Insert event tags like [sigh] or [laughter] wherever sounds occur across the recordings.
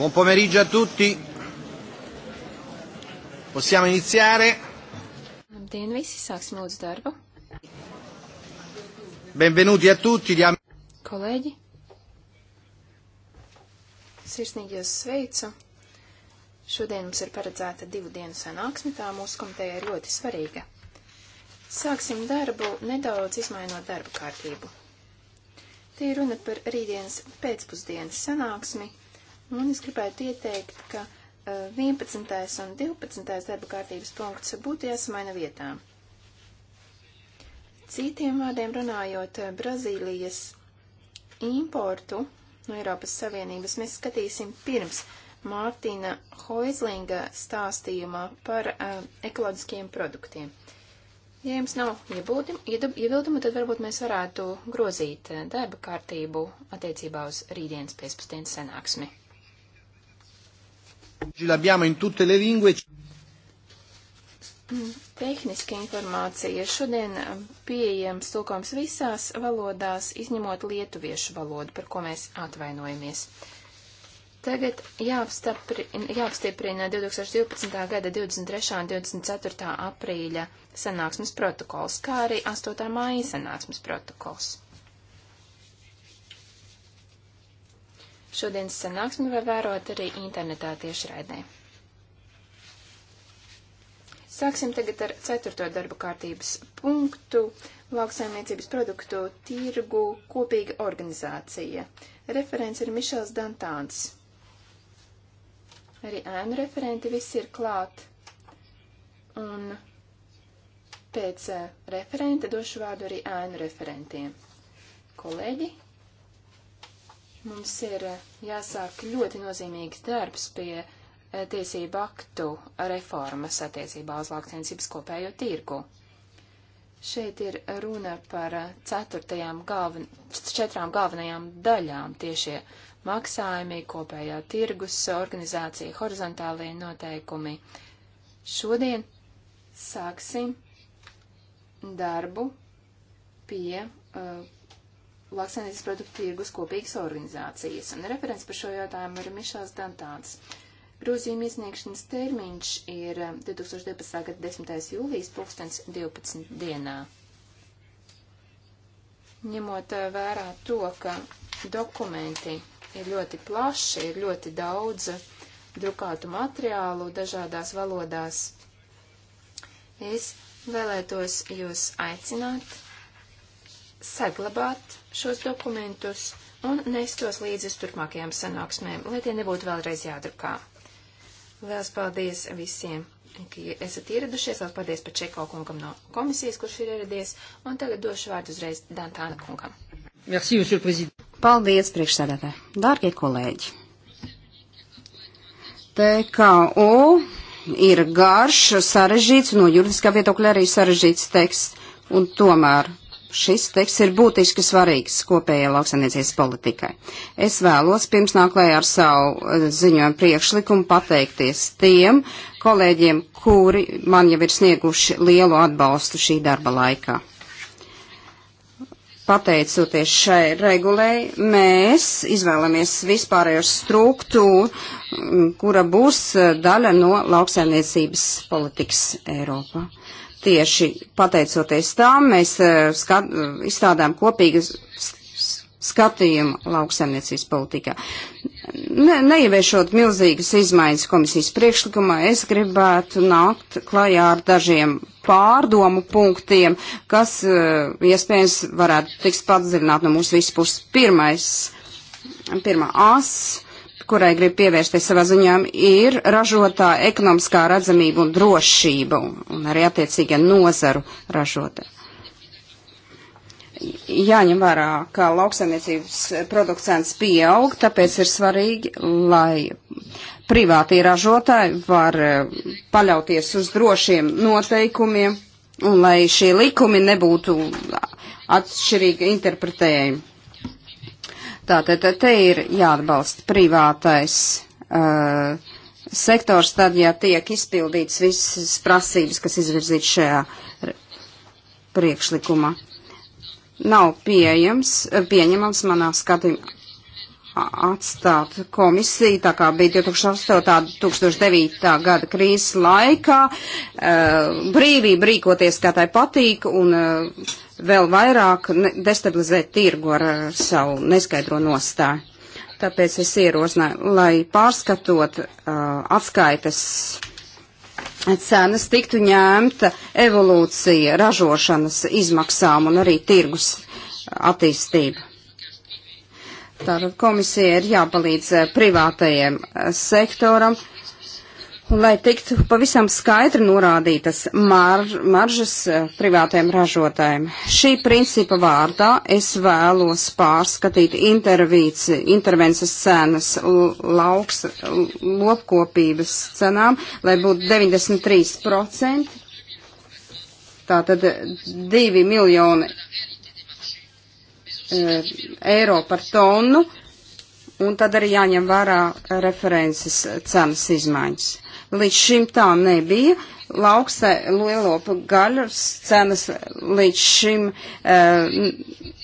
Buon pomeriggio a tutti. Possiamo iniziare? Labdien, visi sāksim lūdzu darbu. Benvenuti a tutti. Diam... Kolēģi, sirsnīgi jūs sveicu. Šodien mums ir paredzēta divu dienu sanāksme, tā mūsu komiteja ir ļoti svarīga. Sāksim darbu nedaudz izmainot darbu kārtību. Tie runa par rītdienas pēcpusdienas sanāksmi, Un es gribētu ieteikt, ka 11. Eh, un 12. darba kārtības punkts būtu jāsamaina vietām. Citiem vārdiem runājot, eh, Brazīlijas importu no Eiropas Savienības mēs skatīsim pirms Mārtiņa Hoizlinga stāstījumā par uh, ekoloģiskiem produktiem. Ja jums nav iebildumu, tad varbūt mēs varētu grozīt darba kārtību attiecībā uz rītdienas pēcpusdienas sanāksmi. Mm, tehniska informācija šodien eh, pieejams tulkojums visās valodās, izņemot lietuviešu valodu, par ko mēs atvainojamies. Tagad jāapstiprina 2012. gada 23. un 24. aprīļa sanāksmes protokols, kā arī 8. māja sanāksmes protokols. Šodienas sanāksmi var vērot arī internetā tiešraidē. Sāksim tagad ar ceturto darba kārtības punktu - lauksaimniecības produktu tirgu kopīga organizācija. Referents ir Mišels Dantāns. Arī ēnu referenti visi ir klāt. Un pēc eh, referenta došu vārdu arī ēnu referentiem. Kolēģi, Mums ir eh, jāsāk ļoti nozīmīgs darbs pie eh, tiesību aktu reformas attiecībā uz lauksaimniecības kopējo tirgu. Šeit ir runa par eh, galven, četrām galvenajām daļām - tiešie maksājumi, kopējā tirgus organizācija, horizontālie noteikumi. Šodien sāksim darbu pie uh, lauksainīcas produktu tirgus kopīgas organizācijas, un referents par šo jautājumu ir Mišāls Dantāns. Grozījuma iesniegšanas termiņš ir 2012. Um, gada 10. jūlijas 2012. dienā. Ņemot uh, vērā to, ka dokumenti ir ļoti plaši, ir ļoti daudz drukātu materiālu dažādās valodās, es vēlētos jūs aicināt saglabāt šos dokumentus un nest tos līdzi uz turpmākajām sanāksmēm, lai tie nebūtu vēlreiz jādrukā. Lielas paldies visiem, ka esat ieradušies, lielas paldies par Čeko kungam no komisijas, kurš ir ieradies, un tagad došu vārdu uzreiz Dantāna kungam. Merci, paldies, priekšsēdētāji. Dārgie kolēģi! TKO ir garš, sarežģīts, no juridiskā viedokļa arī sarežģīts teksts, un tomēr šis teksts ir būtiski svarīgs kopējai lauksaimniecības politikai. Es vēlos pirms nāklēju ar savu eh, ziņojumu priekšlikumu pateikties tiem kolēģiem, kuri man jau ir snieguši lielu atbalstu šī darba laikā. Pateicoties šai regulai, mēs izvēlamies vispārējo struktūru, mm, kura būs eh, daļa no lauksaimniecības politikas Eiropā. Uh, Tieši pateicoties tām, mēs eh, skat, izstādām kopīgu skatījumu lauksaimniecības politikā. Ne, neievēršot milzīgas izmaiņas komisijas priekšlikumā, es gribētu nākt klajā ar dažiem pārdomu punktiem, kas eh, iespējams varētu tiks padziļināt no mūsu visu puses. Pirmais, pirmā asa kurai grib pievērsties savā ziņām, ir ražotā ekonomiskā redzamība un drošība un arī attiecīgie nozaru ražotē. Jāņem vērā, ka lauksaimniecības produkcents pieaug, tāpēc ir svarīgi, lai privātie ražotāji var eh, paļauties uz drošiem noteikumiem un lai šie likumi nebūtu atšķirīgi interpretējami. Tātad te ir jāatbalsta privātais uh, sektors, tad, ja tiek izpildīts visas prasības, kas izvirzīts šajā priekšlikumā. Nav pieejams, uh, pieņemams manā skatījumā atstāt komisiju, tā kā bija 2008. 2009. gada krīzes laikā, uh, brīvība rīkoties, kā tai patīk, un uh, vēl vairāk destabilizēt tirgu ar, ar savu neskaidro nostāju. Tāpēc es ierosināju, lai pārskatot uh, atskaites cenas tiktu ņemta evolūcija ražošanas izmaksām un arī tirgus attīstība. Tātad komisija ir jāpalīdz uh, privātajiem uh, sektoram uh, Un lai tiktu pavisam skaidri norādītas mar, maržas eh, privātajiem ražotājiem. Šī principa vārdā es vēlos pārskatīt intervences cenas lauks lopkopības cenām, lai būtu 93%. Tātad 2 miljoni e, eiro par tonu Un tad arī jāņem vērā references cenas izmaiņas. Līdz šim tā nebija. Lauksa lielopu gaļas cenas līdz šim uh,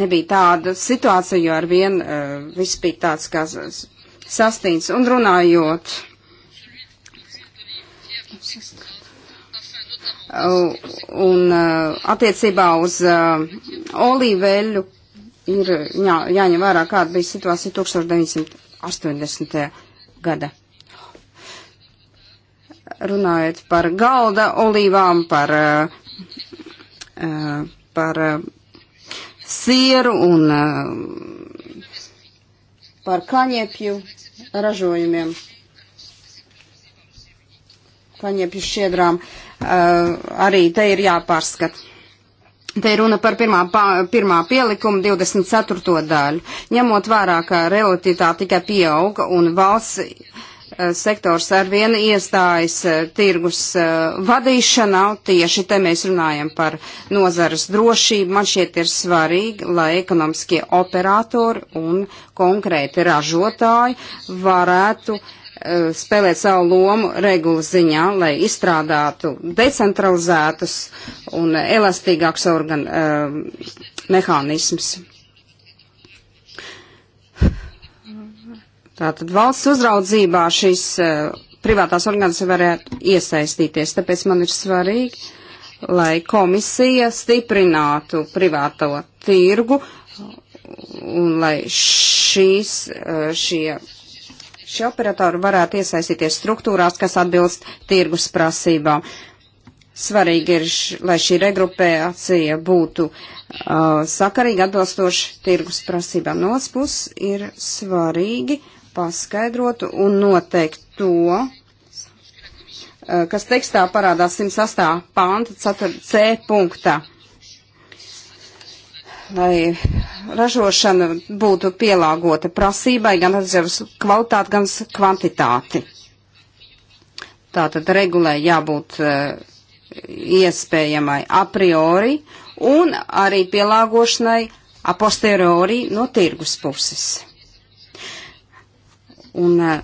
nebija tāda situācija, jo ar vien uh, viss bija tāds kā sastīns. Un runājot. Uh, un uh, attiecībā uz uh, olīveļu ir jā, jāņem vērā, kāda bija situācija 1980. gada. Runājot par galda olīvām, par, eh, eh, par eh, sieru un par kaņepju ražojumiem, kaņepju šķiedrām, arī te ir jāpārskata. Te ir runa par pirmā, pā, pirmā pielikuma 24. daļu. Ņemot vērā, ka relativitāte tikai pieauga un valsts eh, sektors ar vienu iestājas eh, tirgus eh, vadīšanā, tieši te mēs runājam par nozares drošību, man šķiet ir svarīgi, lai ekonomiskie operatori un konkrēti ražotāji varētu uh, Eh, spēlēt savu lomu regulu ziņā, lai izstrādātu decentralizētus un elastīgākus organ, uh, mehānismus. Tātad valsts uzraudzībā šīs uh, privātās organizācijas varētu iesaistīties, tāpēc man ir svarīgi, lai komisija stiprinātu privāto tirgu un lai šīs, uh, šie šie operatori varētu iesaistīties struktūrās, kas atbilst tirgus prasībām. Svarīgi ir, lai šī regrupēcija būtu uh, sakarīga atbilstoši tirgus prasībām. No otras puses ir svarīgi paskaidrot un noteikt to, uh, kas tekstā parādās 108. pānta 4c punktā lai ražošana būtu pielāgota prasībai, gan uz kvalitāti, gan kvantitāti. Tātad regulē jābūt e, iespējamai a priori un arī pielāgošanai a posteriori no tirgus puses. Un e,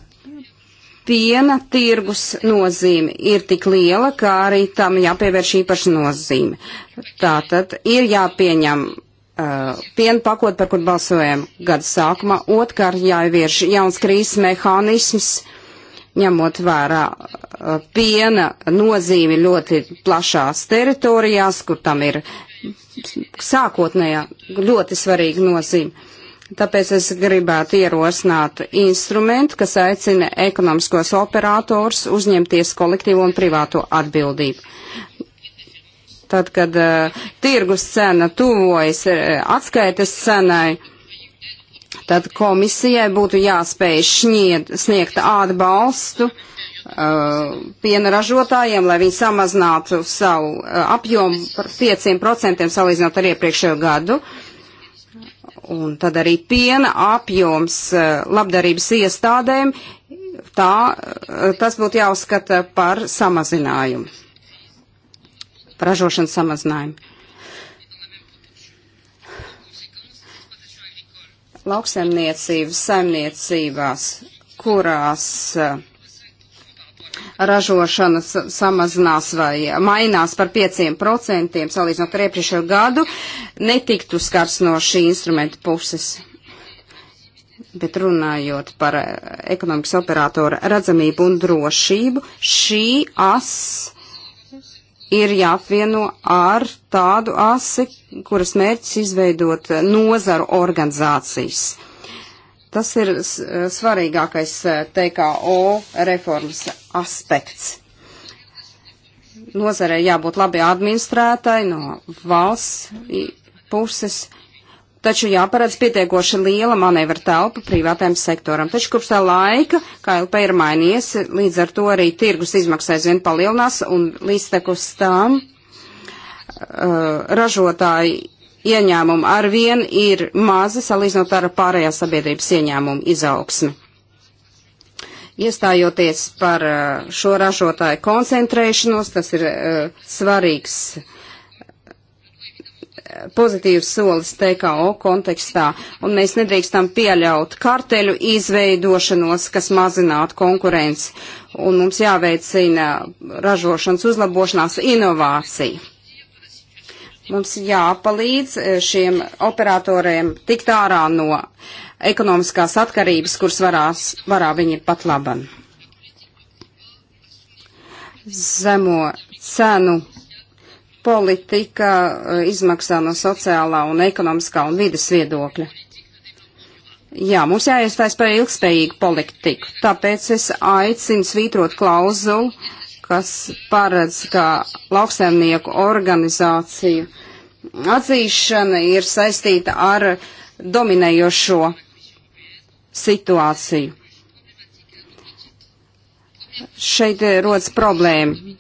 piena tirgus nozīme ir tik liela, ka arī tam jāpievērš īpaša nozīme. Tātad ir jāpieņem uh, piena pakot, par kur balsojam gada sākumā. Otkārt jāievieš jauns krīzes mehānisms, ņemot vērā uh, piena nozīmi ļoti plašās teritorijās, kur tam ir sākotnējā ļoti svarīga nozīme. Tāpēc es gribētu ierosināt instrumentu, kas aicina ekonomiskos operators uzņemties kolektīvo un privāto atbildību. Tad, kad uh, tirgus cena tuvojas uh, atskaites cenai, tad komisijai būtu jāspēj šņied, sniegt atbalstu uh, piena ražotājiem, lai viņi samazinātu savu uh, apjomu par 5% salīdzinot ar iepriekšējo gadu. Un tad arī piena apjoms uh, labdarības iestādēm, tā, uh, tas būtu jāuzskata par samazinājumu ražošanas samazinājumi. Lauksaimniecības saimniecībās, kurās eh, ražošana samazinās vai mainās par 5% salīdzinot ar iepriekšējo gadu, netiktu skars no šī instrumenta puses. Bet runājot par eh, ekonomikas operātora redzamību un drošību, šī as ir jāapvieno ar tādu asi, kuras mērķis izveidot nozaru organizācijas. Tas ir svarīgākais TKO reformas aspekts. Nozarei jābūt labi administrētai no valsts puses taču jāparedz pietiekoši liela manevra telpa privātajam sektoram. Taču kopš tā laika KLP ir mainījies, līdz ar to arī tirgus izmaksas aizvien palielinās un līdztekus tām uh, ražotāji ieņēmumi arvien ir mazi salīdzinot ar pārējā sabiedrības ieņēmumu izaugsmi. Iestājoties par uh, šo ražotāju koncentrēšanos, tas ir uh, svarīgs pozitīvs solis TKO kontekstā, un mēs nedrīkstam pieļaut karteļu izveidošanos, kas mazinātu konkurenci, un mums jāveicina ražošanas uzlabošanās inovācija. Mums jāpalīdz e, šiem operatoriem tikt ārā no ekonomiskās atkarības, kuras varās, varā viņi pat laban. Zemo cenu politika eh, izmaksā no sociālā un ekonomiskā un vides viedokļa. Jā, mums jāiestājas par ilgspējīgu politiku, tāpēc es aicinu svītrot klauzulu, kas paredz, ka lauksaimnieku organizāciju atzīšana ir saistīta ar dominējošo situāciju. Šeit rodas problēma.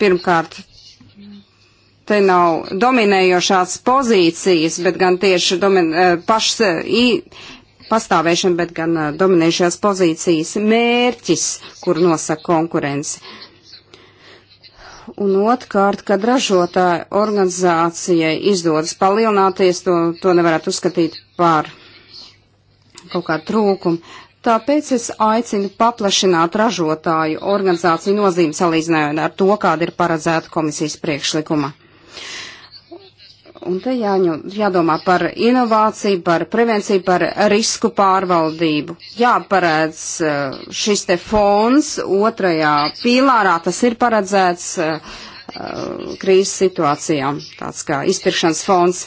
Pirmkārt, te nav dominējošās pozīcijas, bet gan tieši domin, eh, pašs eh, pastāvēšana, bet gan eh, dominējošās pozīcijas mērķis, kur nosaka konkurence. Un otrkārt, kad ražotāja organizācijai izdodas palielināties, to, to nevarētu uzskatīt par kaut kādu trūkumu. Tāpēc es aicinu paplašināt ražotāju organizāciju nozīmi salīdzinājumā ar to, kāda ir paredzēta komisijas priekšlikuma. Un te jāņu, jādomā par inovāciju, par prevenciju, par risku pārvaldību. Jāparedz eh, šis te fons otrajā pīlārā, tas ir paredzēts eh, eh, krīzes situācijām, tāds kā izpirkšanas fonds.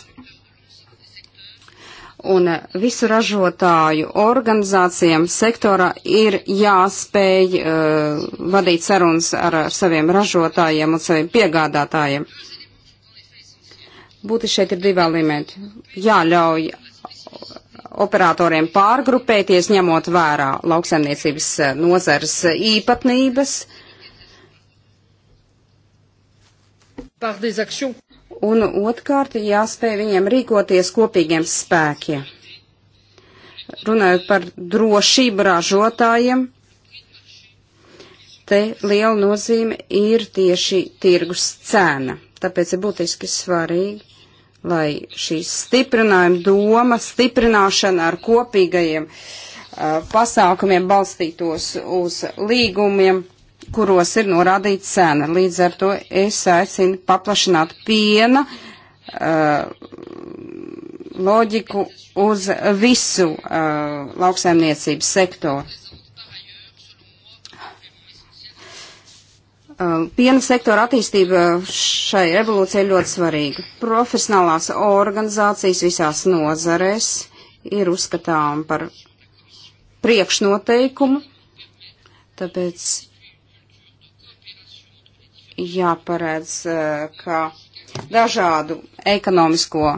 Un visu ražotāju organizācijām sektora ir jāspēj uh, vadīt sarunas ar, ar saviem ražotājiem un saviem piegādātājiem. Uh, Būtiski šeit ir divi elementi. Jāļauj operatoriem pārgrupēties, ņemot vērā lauksaimniecības eh, nozares īpatnības. Un otrkārt jāspēj viņiem rīkoties kopīgiem spēkiem. Runājot par drošību ražotājiem, te liela nozīme ir tieši tirgus cena. Tāpēc ir būtiski svarīgi, lai šī stiprinājuma doma, stiprināšana ar kopīgajiem uh, pasākumiem balstītos uz līgumiem, kuros ir norādīta cena. Līdz ar to es aicinu paplašināt piena uh, loģiku uz visu uh, lauksaimniecības sektoru. Eh, piena sektora attīstība eh, šai revolūcijai ļoti svarīga. Profesionālās organizācijas visās nozarēs ir uzskatām par priekšnoteikumu, tāpēc jāparedz, eh, ka dažādu ekonomisko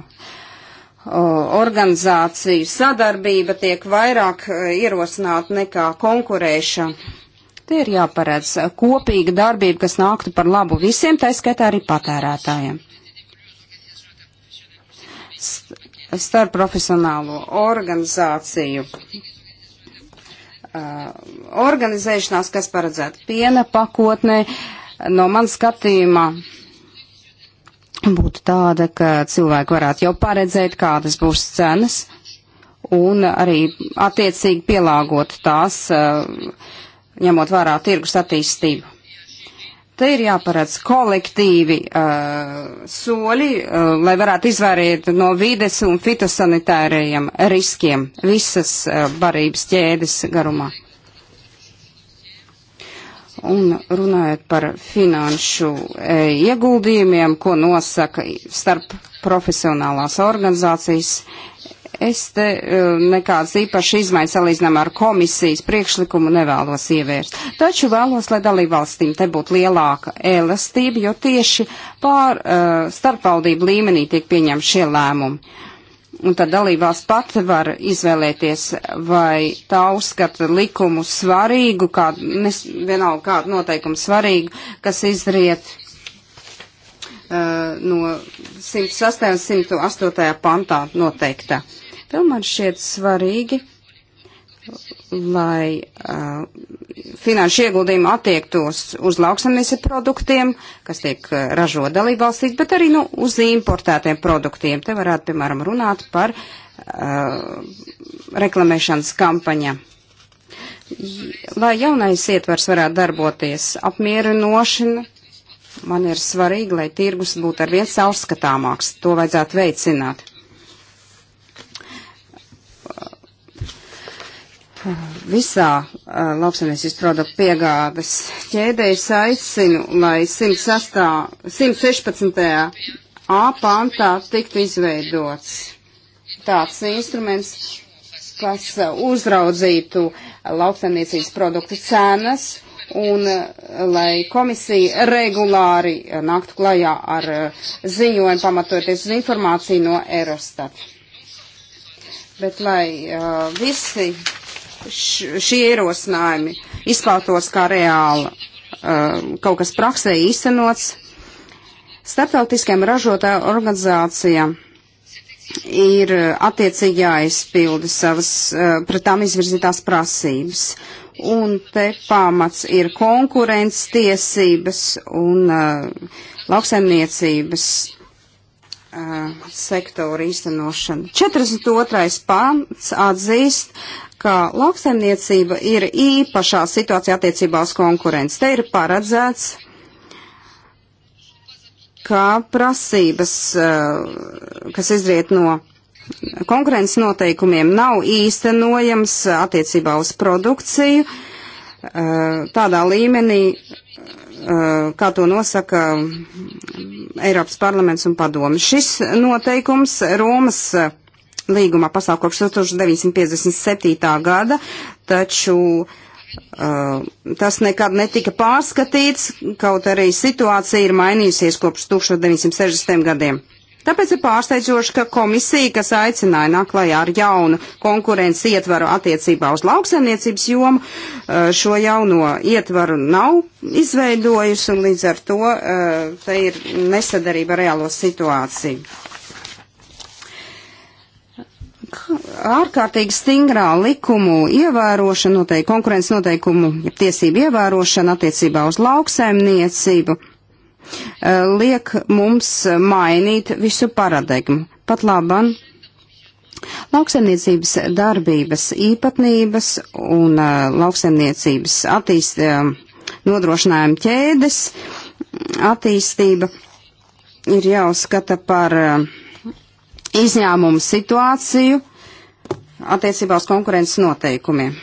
organizāciju sadarbība tiek vairāk ierosināta nekā konkurēšana Te ir jāparedz kopīga darbība, kas nāktu par labu visiem, tā skaitā arī patērētājiem. Starp profesionālo organizāciju uh, organizēšanās, kas paredzēta piena pakotnē, no man skatījumā būtu tāda, ka cilvēki varētu jau paredzēt, kādas būs cenas un arī attiecīgi pielāgot tās uh, ņemot vērā tirgus attīstību. Te ir jāparedz kolektīvi uh, soļi, uh, lai varētu izvairīt no vides un fitosanitārajiem riskiem visas uh, barības ķēdes garumā. Un runājot par finanšu e, ieguldījumiem, ko nosaka starp profesionālās organizācijas, Es te eh, nekādas īpašas izmaiņas salīdzinām ar komisijas priekšlikumu nevēlos ievērst. Taču vēlos, lai dalībvalstīm te būtu lielāka elastība, jo tieši pār eh, starpvaldību līmenī tiek pieņemti šie lēmumi. Un tad dalībvalsts pat var izvēlēties, vai tā uzskata likumu svarīgu, kādu, nes, vienalga kādu noteikumu svarīgu, kas izriet eh, no 106. un 108. pantā noteikta. Vēl man šķiet svarīgi, lai uh, finanšu ieguldījumu attiektos uz lauksamniecības produktiem, kas tiek ražot dalībvalstīs, bet arī nu, uz importētiem produktiem. Te varētu, piemēram, runāt par uh, reklamēšanas kampaņa. Lai jaunais ietvers varētu darboties apmierinoši, man ir svarīgi, lai tirgus būtu arvien caurskatāmāks. To vajadzētu veicināt. visā uh, lauksaimniecības produktu piegādes ķēdē es aicinu, lai 106, 116. A pantā tiktu izveidots tāds instruments, kas uzraudzītu lauksaimniecības produktu cenas un lai komisija regulāri nāktu klajā ar ziņojumu pamatoties uz informāciju no Eurostat. Bet lai uh, visi šie ierosinājumi izpautos kā reāli uh, kaut kas praksē īstenots. Starptautiskajām ražotāju organizācijām ir uh, attiecīgi jāizpilda savas uh, pret tām izvirzītās prasības. Un te pamats ir konkurences tiesības un uh, lauksaimniecības uh, sektoru īstenošanu. 42. pants atzīst ka lauksaimniecība ir īpašā situācija attiecībā uz konkurenci. Te ir paredzēts, ka prasības, eh, kas izriet no konkurences noteikumiem, nav īstenojams attiecībā uz produkciju eh, tādā līmenī, eh, kā to nosaka Eiropas parlaments un padomi. Šis noteikums Romas līgumā pastāv kopš 1957. gada, taču uh, tas nekad netika pārskatīts, kaut arī situācija ir mainījusies kopš 1960. gadiem. Tāpēc ir pārsteidzoši, ka komisija, kas aicināja nākt klajā ar jaunu konkurences ietvaru attiecībā uz lauksaimniecības jomu, uh, šo jauno ietvaru nav izveidojusi un līdz ar to uh, te ir nesadarība reālo situāciju ārkārtīgi stingrā likumu ievērošana, noteikti konkurences noteikumu, ja tiesību ievērošana attiecībā uz lauksaimniecību eh, liek mums mainīt visu paradigmu. Pat laban lauksaimniecības darbības īpatnības un eh, lauksaimniecības attīst, eh, nodrošinājuma ķēdes attīstība ir jāuzskata par uh, izņēmumu situāciju attiecībā uz konkurences noteikumiem.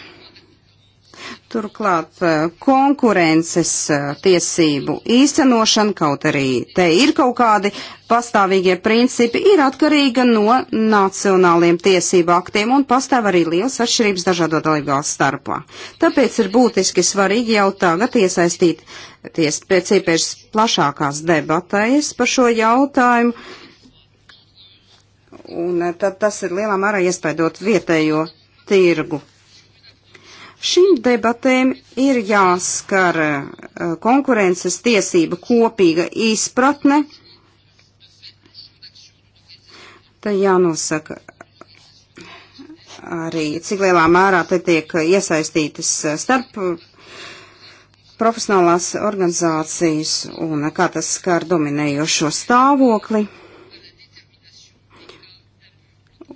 Turklāt eh, konkurences eh, tiesību īstenošana, kaut arī te ir kaut kādi pastāvīgie principi, ir atkarīga no nacionāliem tiesību aktiem un pastāv arī liels atšķirības dažādo dalībvalstu starpā. Tāpēc ir būtiski svarīgi jau tagad iesaistīt ties pēc iepēršas plašākās debatēs par šo jautājumu un eh, tad tas ir lielā mērā iespaidot vietējo tirgu. Šīm debatēm ir jāskar eh, konkurences tiesība kopīga izpratne. Te jānosaka arī, cik lielā mērā te tiek iesaistītas eh, starp profesionālās organizācijas un kā tas skar dominējošo stāvokli.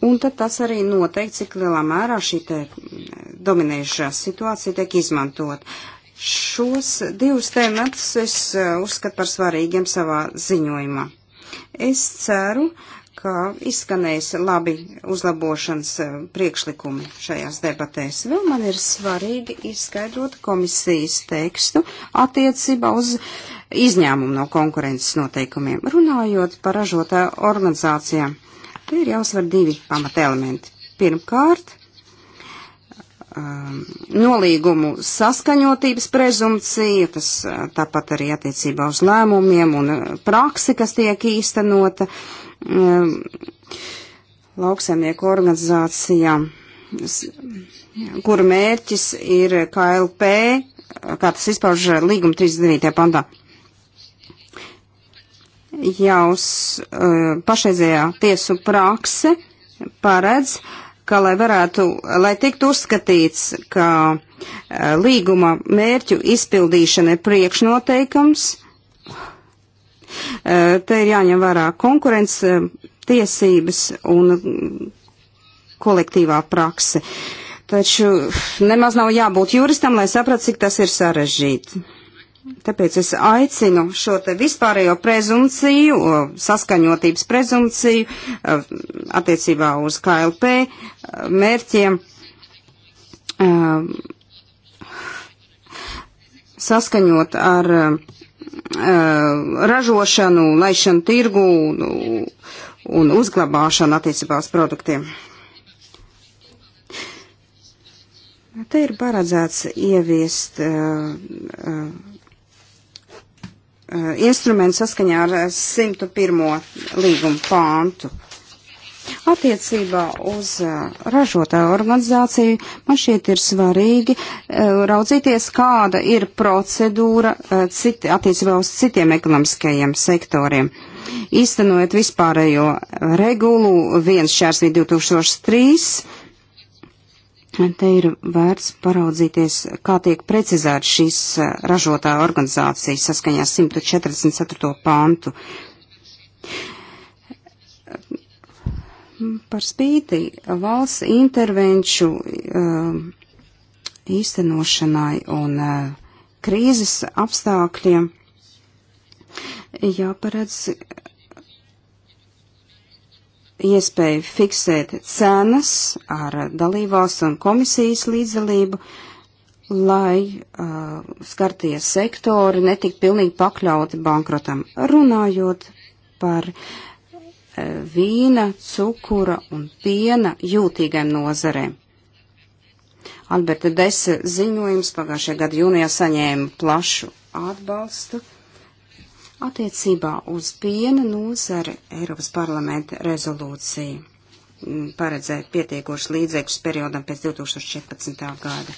Un tad tas arī noteikti, cik lielā mērā šī te mm, dominējušā situācija tiek izmantot. Šos divus tēmatus es eh, uzskatu par svarīgiem savā ziņojumā. Es ceru, ka izskanēs labi uzlabošanas eh, priekšlikumi šajās debatēs. Vēl man ir svarīgi izskaidrot komisijas tekstu attiecībā uz izņēmumu no konkurences noteikumiem, runājot par ražotāju organizācijām. Te ir jāuzsver divi pamatelementi. Pirmkārt, um, nolīgumu saskaņotības prezumcija, tas uh, tāpat arī attiecībā uz lēmumiem un uh, praksi, kas tiek īstenota um, lauksaimnieku organizācijām, kuru mērķis ir KLP, kā tas izpauž uh, līguma 39. pantā jaus uh, e, pašreizējā tiesu prakse paredz, ka, lai varētu, lai tiktu uzskatīts, ka uh, līguma mērķu izpildīšana ir priekšnoteikums, uh, te ir jāņem vērā konkurences tiesības un kolektīvā prakse. Taču nemaz nav jābūt juristam, lai saprastu, cik tas ir sarežģīti. Tāpēc es aicinu šo te vispārējo prezumciju, saskaņotības prezumciju attiecībā uz KLP mērķiem saskaņot ar ražošanu, laišanu tirgu un uzglabāšanu attiecībā uz produktiem. Te ir paredzēts ieviest uh, uh, Eh, instrumentu saskaņā ar 101. līgumu pāntu. Attiecībā uz eh, ražotāju organizāciju man šķiet ir svarīgi eh, raudzīties, kāda ir procedūra citi, attiecībā uz citiem ekonomiskajiem sektoriem. Īstenojot vispārējo regulu 1 šķērsvī 2003 Te ir vērts paraudzīties, kā tiek precizēts šīs eh, ražotāja organizācijas saskaņā 144. pantu. Par spīti valsts intervenču eh, īstenošanai un eh, krīzes apstākļiem jāparedz iespēju fiksēt cenas ar dalībvalstu un komisijas līdzdalību, lai uh, skartie sektori netiktu pilnīgi pakļauti bankrotam. Runājot par uh, vīna, cukura un piena jūtīgiem nozarēm. Alberta Dese ziņojums pagājušajā gada jūnijā saņēma plašu atbalstu. Attiecībā uz piena nozari Eiropas parlamenta rezolūcija mm, paredzēja pietiekošas līdzekļus periodam pēc 2014. gada.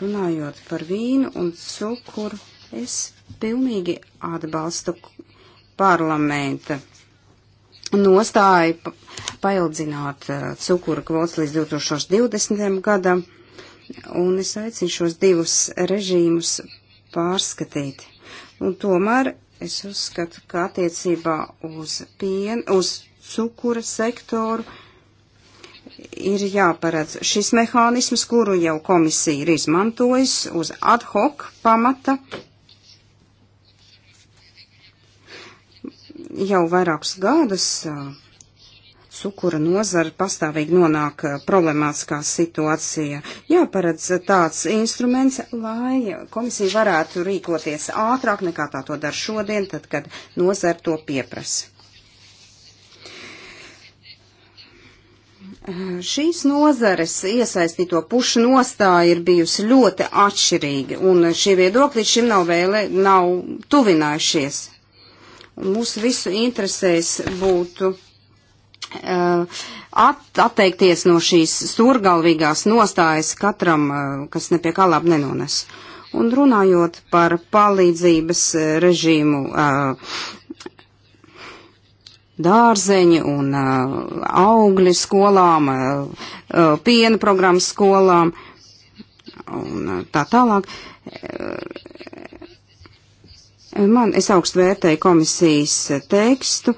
Runājot par vīnu un cukuru, es pilnīgi atbalstu parlamenta nostāju paildzināt eh, cukuru kvotas līdz 2020. gadam, un es aicinu šos divus režīmus pārskatīt. Un tomēr Es uzskatu, ka attiecībā uz pienu, uz cukura sektoru ir jāparedz šis mehānisms, kuru jau komisija ir izmantojis uz ad hoc pamata jau vairākus gadus. Uh, cukura nozara pastāvīgi nonāk eh, problemātiskā situācijā. Jāparedz eh, tāds instruments, lai komisija varētu rīkoties ātrāk nekā tā to dara šodien, tad, kad nozara to pieprasa. Eh, šīs nozares iesaistīto pušu nostāja ir bijusi ļoti atšķirīga, un šie viedokļi šim nav vēlē, nav tuvinājušies. Mūsu visu interesēs būtu Uh, at, atteikties no šīs stūrgalvīgās nostājas katram, uh, kas ne pie kā labi nenones. Un runājot par palīdzības uh, režīmu dārzeņu un augļu skolām, piena programmas skolām un tā tālāk. Man, es augstu vērtēju komisijas tekstu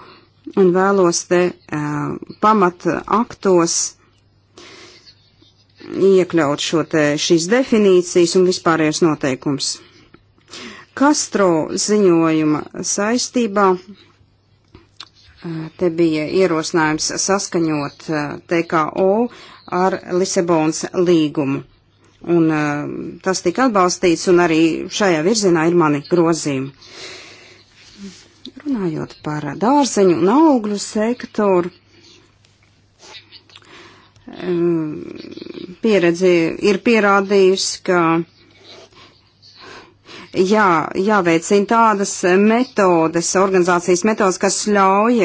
un vēlos te uh, pamat aktos iekļaut šo te šīs definīcijas un vispārējos noteikums. Kastro ziņojuma saistībā uh, te bija ierosinājums saskaņot uh, TKO ar Lisabonas līgumu. Un uh, tas tika atbalstīts, un arī šajā virzienā ir mani grozījumi. Uh, Runājot par dārzeņu un augļu sektoru, pieredze ir pierādījusi, ka jā, jāveicina tādas metodes, organizācijas metodes, kas ļauj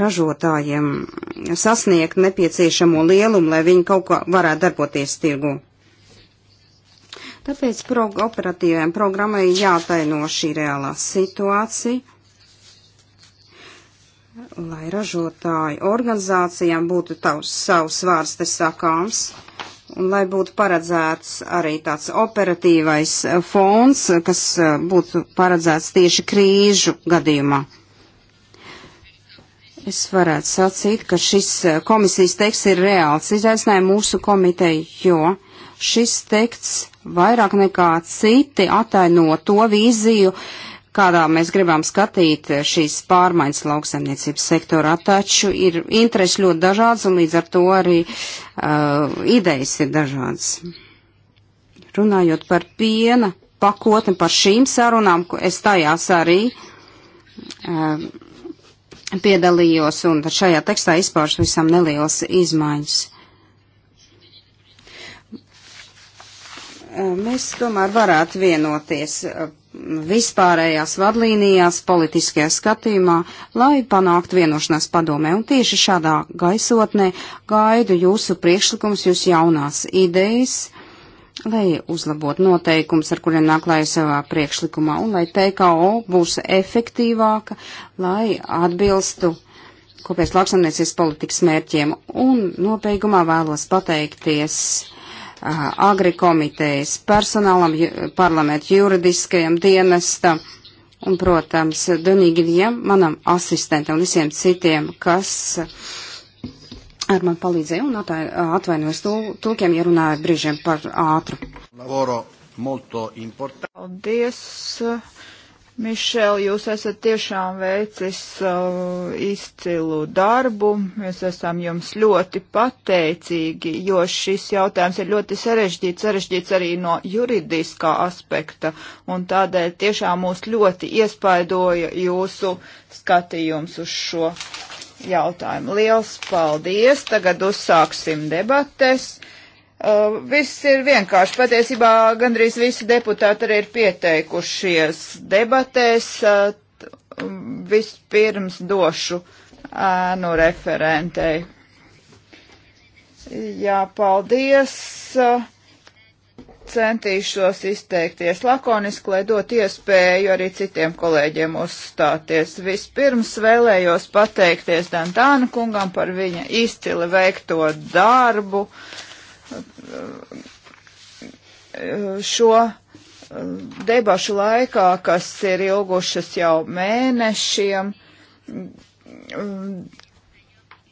ražotājiem sasniegt nepieciešamo lielumu, lai viņi kaut kā varētu darboties tirgu. Tāpēc prog operatīvajām programmai jātaino šī reālā situācija lai ražotāju organizācijām būtu tavs, savs vārds te sakāms, un lai būtu paredzēts arī tāds operatīvais eh, fonds, kas eh, būtu paredzēts tieši krīžu gadījumā. Es varētu sacīt, ka šis eh, komisijas teksts ir reāls izaicinājums mūsu komiteju, jo šis teksts vairāk nekā citi ataino to vīziju, uh, kādā mēs gribam skatīt šīs pārmaiņas lauksaimniecības sektorā, taču ir interesi ļoti dažādas un līdz ar to arī uh, idejas ir dažādas. Runājot par piena pakotni, par šīm sarunām, es tajās arī uh, piedalījos un šajā tekstā izpaužas visam nelielas izmaiņas. Uh, mēs tomēr varētu vienoties uh, vispārējās vadlīnijās, politiskajā skatījumā, lai panāktu vienošanās padomē. Un tieši šādā gaisotnē gaidu jūsu priekšlikums, jūs jaunās idejas, lai uzlabotu noteikums, ar kuriem nāk lai savā priekšlikumā, un lai TKO būs efektīvāka, lai atbilstu kopējas lauksamniecības politikas mērķiem. Un nobeigumā vēlos pateikties agri komitejas personālam, parlamentu juridiskajam dienestam un, protams, Dunīgiem, manam asistentam un visiem citiem, kas ar man palīdzēja un atvainojos tulkiem, ja runāju brīžiem par ātru. Paldies! Mišel, jūs esat tiešām veicis uh, izcilu darbu. Mēs esam jums ļoti pateicīgi, jo šis jautājums ir ļoti sarežģīts, sarežģīts arī no juridiskā aspekta. Un tādēļ tiešām mūs ļoti iespaidoja jūsu skatījums uz šo jautājumu. Liels paldies! Tagad uzsāksim debates. Uh, Uh, viss ir vienkārši. Patiesībā gandrīz visi deputāti arī ir pieteikušies debatēs. Uh, vispirms došu ēnu uh, referentei. Jā, paldies. Centīšos izteikties lakoniski, lai dot iespēju arī citiem kolēģiem uzstāties. Vispirms vēlējos pateikties Dantāna kungam par viņa izcili veikto darbu. Uh, šo uh, debašu laikā, kas ir ilgušas jau mēnešiem,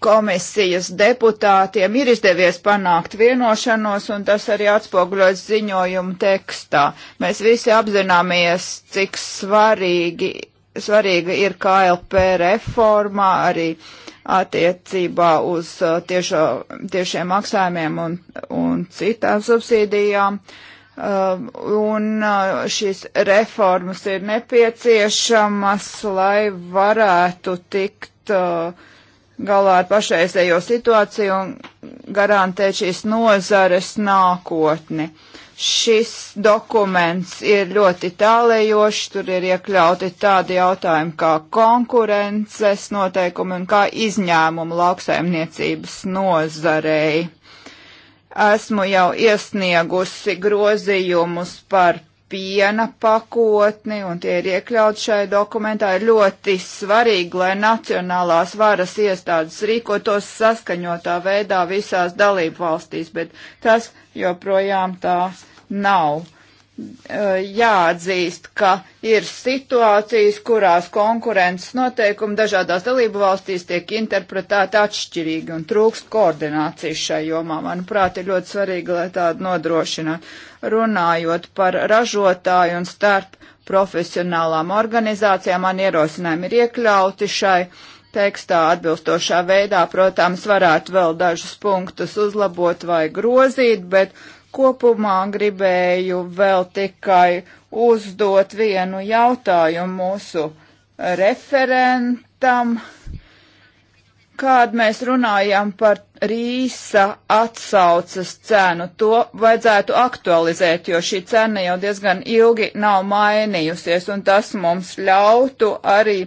komisijas deputātiem ir izdevies panākt vienošanos, un tas arī atspoguļots ziņojumu tekstā. Mēs visi apzināmies, cik svarīgi, svarīga ir KLP reforma, arī uh, attiecībā uz uh, tiešo, tiešiem maksājumiem un, un citām subsīdijām. Uh, un uh, šīs reformas ir nepieciešamas, lai varētu tikt galā ar pašreizējo situāciju un garantēt šīs nozares nākotni. Uh, Šis dokuments ir ļoti tālējošs, tur ir iekļauti tādi jautājumi kā konkurences noteikumi un kā izņēmumu lauksaimniecības nozarei. Esmu jau iesniegusi grozījumus par piena pakotni, un tie ir iekļauti šai dokumentā, ir ļoti svarīgi, lai nacionālās varas iestādes rīkotos saskaņotā veidā visās dalību valstīs, bet tas joprojām tā nav. Eh, jāatzīst, ka ir situācijas, kurās konkurences noteikumi dažādās dalību valstīs tiek interpretēti atšķirīgi un trūkst koordinācijas šai jomā. Manuprāt, ir ļoti svarīgi, lai tādu nodrošinātu. Runājot par ražotāju un starp profesionālām organizācijām, man ierosinājumi ir iekļauti šai uh, tekstā atbilstošā veidā, protams, varētu vēl dažus punktus uzlabot vai grozīt, bet kopumā gribēju vēl tikai uzdot vienu jautājumu mūsu referentam. Kād mēs runājam par rīsa atsaucas cenu, to vajadzētu aktualizēt, jo šī cena jau diezgan ilgi nav mainījusies, un tas mums ļautu arī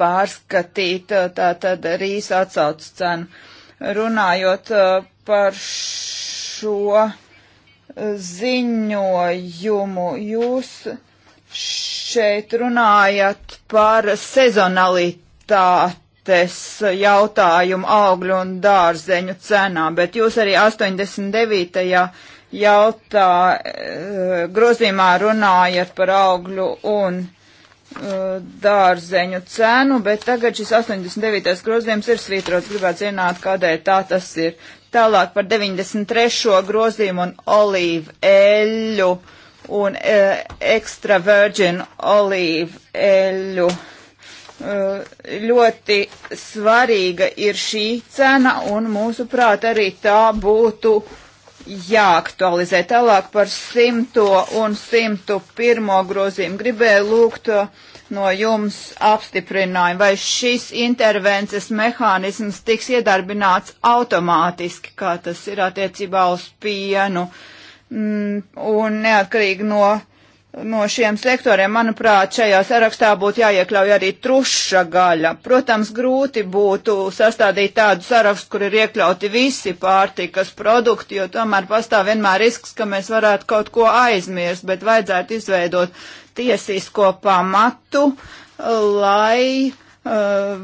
pārskatīt eh, tātad rīs atsaucu cenu. Runājot eh, par šo eh, ziņojumu, jūs šeit runājat par sezonalitātes jautājumu augļu un dārzeņu cenām, bet jūs arī 89. jautā grozījumā runājat par augļu un dārzeņu dārzeņu cenu, bet tagad šis 89. grozījums ir svītrots. Gribētu zināt, kādēļ tā tas ir. Tālāk par 93. grozījumu un olīvu eļu un e, extra virgin olīvu eļu. E, ļoti svarīga ir šī cena un mūsuprāt arī tā būtu uh, jāaktualizē tālāk par 100 un 101 grozījumu. Gribēju lūgt no jums apstiprinājumu, vai šis intervences mehānisms tiks iedarbināts automātiski, kā tas ir attiecībā uz pienu, mm, un neatkarīgi no no šiem sektoriem, manuprāt, šajā sarakstā būtu jāiekļauj arī truša gaļa. Protams, grūti būtu sastādīt tādu sarakstu, kur ir iekļauti visi pārtikas produkti, jo tomēr pastāv vienmēr risks, ka mēs varētu kaut ko aizmirst, bet vajadzētu izveidot tiesisko pamatu, lai uh,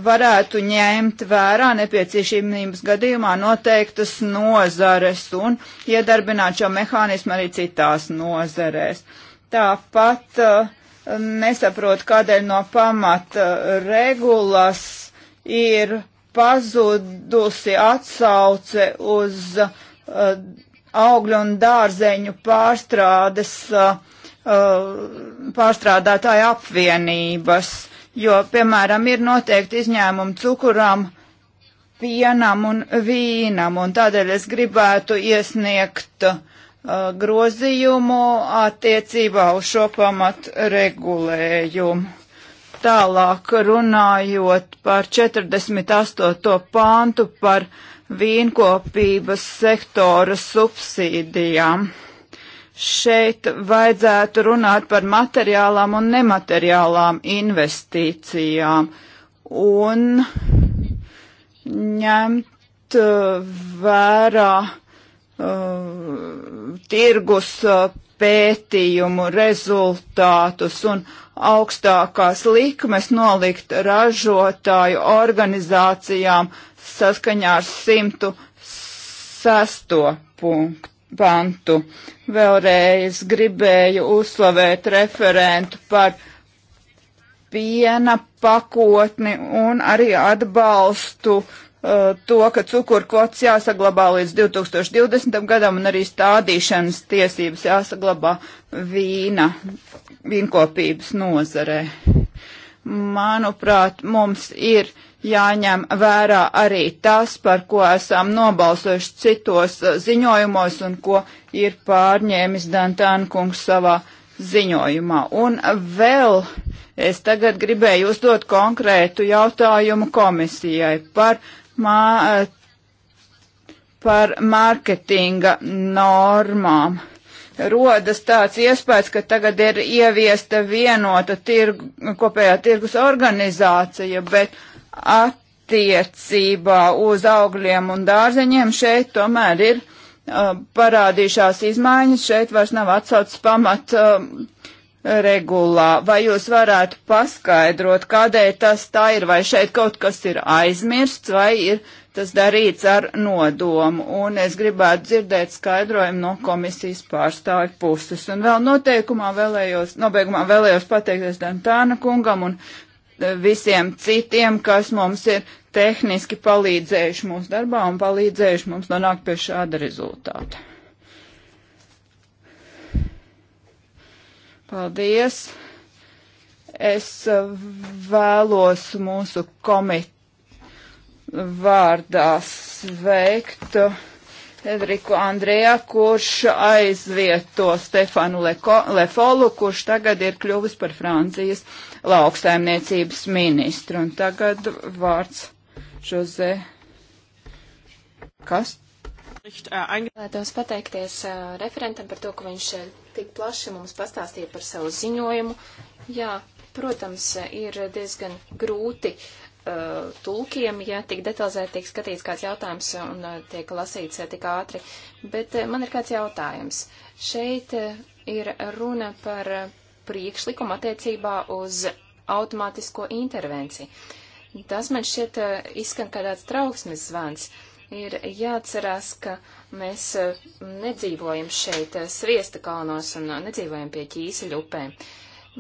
varētu ņemt vērā nepieciešamības gadījumā noteiktas nozares un iedarbināt šo mehānismu arī citās nozarēs. Uh, Tāpat eh, nesaprot, kādēļ no pamata regulas ir pazudusi atsauce uz eh, augļu un dārzeņu pārstrādes, eh, pārstrādātāja apvienības, jo, piemēram, ir noteikti izņēmumi cukuram, pienam un vīnam, un tādēļ es gribētu iesniegt uh, Uh, grozījumu attiecībā uz šo pamat regulējumu. Tālāk runājot par 48. pāntu par vīnkopības sektora subsīdijām. Šeit vajadzētu runāt par materiālām un nemateriālām investīcijām un ņemt uh, vērā uh, Uh, tirgus uh, pētījumu rezultātus un augstākās likmes nolikt ražotāju organizācijām saskaņā ar 106. punktu pantu. Vēlreiz gribēju uzslavēt referentu par piena pakotni un arī atbalstu uh, Uh, to, ka cukurkvots jāsaglabā līdz 2020. gadam un arī stādīšanas tiesības jāsaglabā vīna, vīnkopības nozarē. Manuprāt, mums ir jāņem vērā arī tas, par ko esam nobalsojuši citos uh, ziņojumos un ko ir pārņēmis Dantānkungs savā ziņojumā. Un vēl es tagad gribēju uzdot konkrētu jautājumu komisijai par uh, mā, eh, par mārketinga normām. Rodas tāds iespējas, ka tagad ir ieviesta vienota tirgu, kopējā tirgus organizācija, bet attiecībā uz augļiem un dārzeņiem šeit tomēr ir uh, parādījušās izmaiņas, šeit vairs nav atsaucis pamat uh, regulā. Vai jūs varētu paskaidrot, kādēļ tas tā ir, vai šeit kaut kas ir aizmirsts, vai ir tas darīts ar nodomu? Un es gribētu dzirdēt skaidrojumu no komisijas pārstāvju puses. Un vēl noteikumā vēlējos, nobeigumā vēlējos pateikties Dantāna kungam un e, visiem citiem, kas mums ir tehniski palīdzējuši mūsu darbā un palīdzējuši mums nonākt pie šāda rezultāta. Paldies! Es eh, vēlos mūsu komiteju vārdā sveikt Edriku eh, Andrejā, kurš aizvieto Stefanu Leko, Lefolu, kurš tagad ir kļuvis par Francijas lauksaimniecības ministru. Un tagad vārds Jose Kast. Äh, Vēlētos pateikties referentam par to, ka viņš tik plaši mums pastāstīja par savu ziņojumu. Jā, protams, ir diezgan grūti uh, tulkiem, ja tik detalizēti tiek skatīts kāds jautājums un uh, tiek lasīts uh, tik ātri, bet man ir kāds jautājums. Šeit ir runa par priekšlikumu attiecībā uz automātisko intervenciju. Tas man šķiet izskan kā tāds trauksmes zvans. Uh, ir jāatcerās, ka mēs e, nedzīvojam šeit e, sviesta kalnos un e, nedzīvojam pie ķīseļu upēm.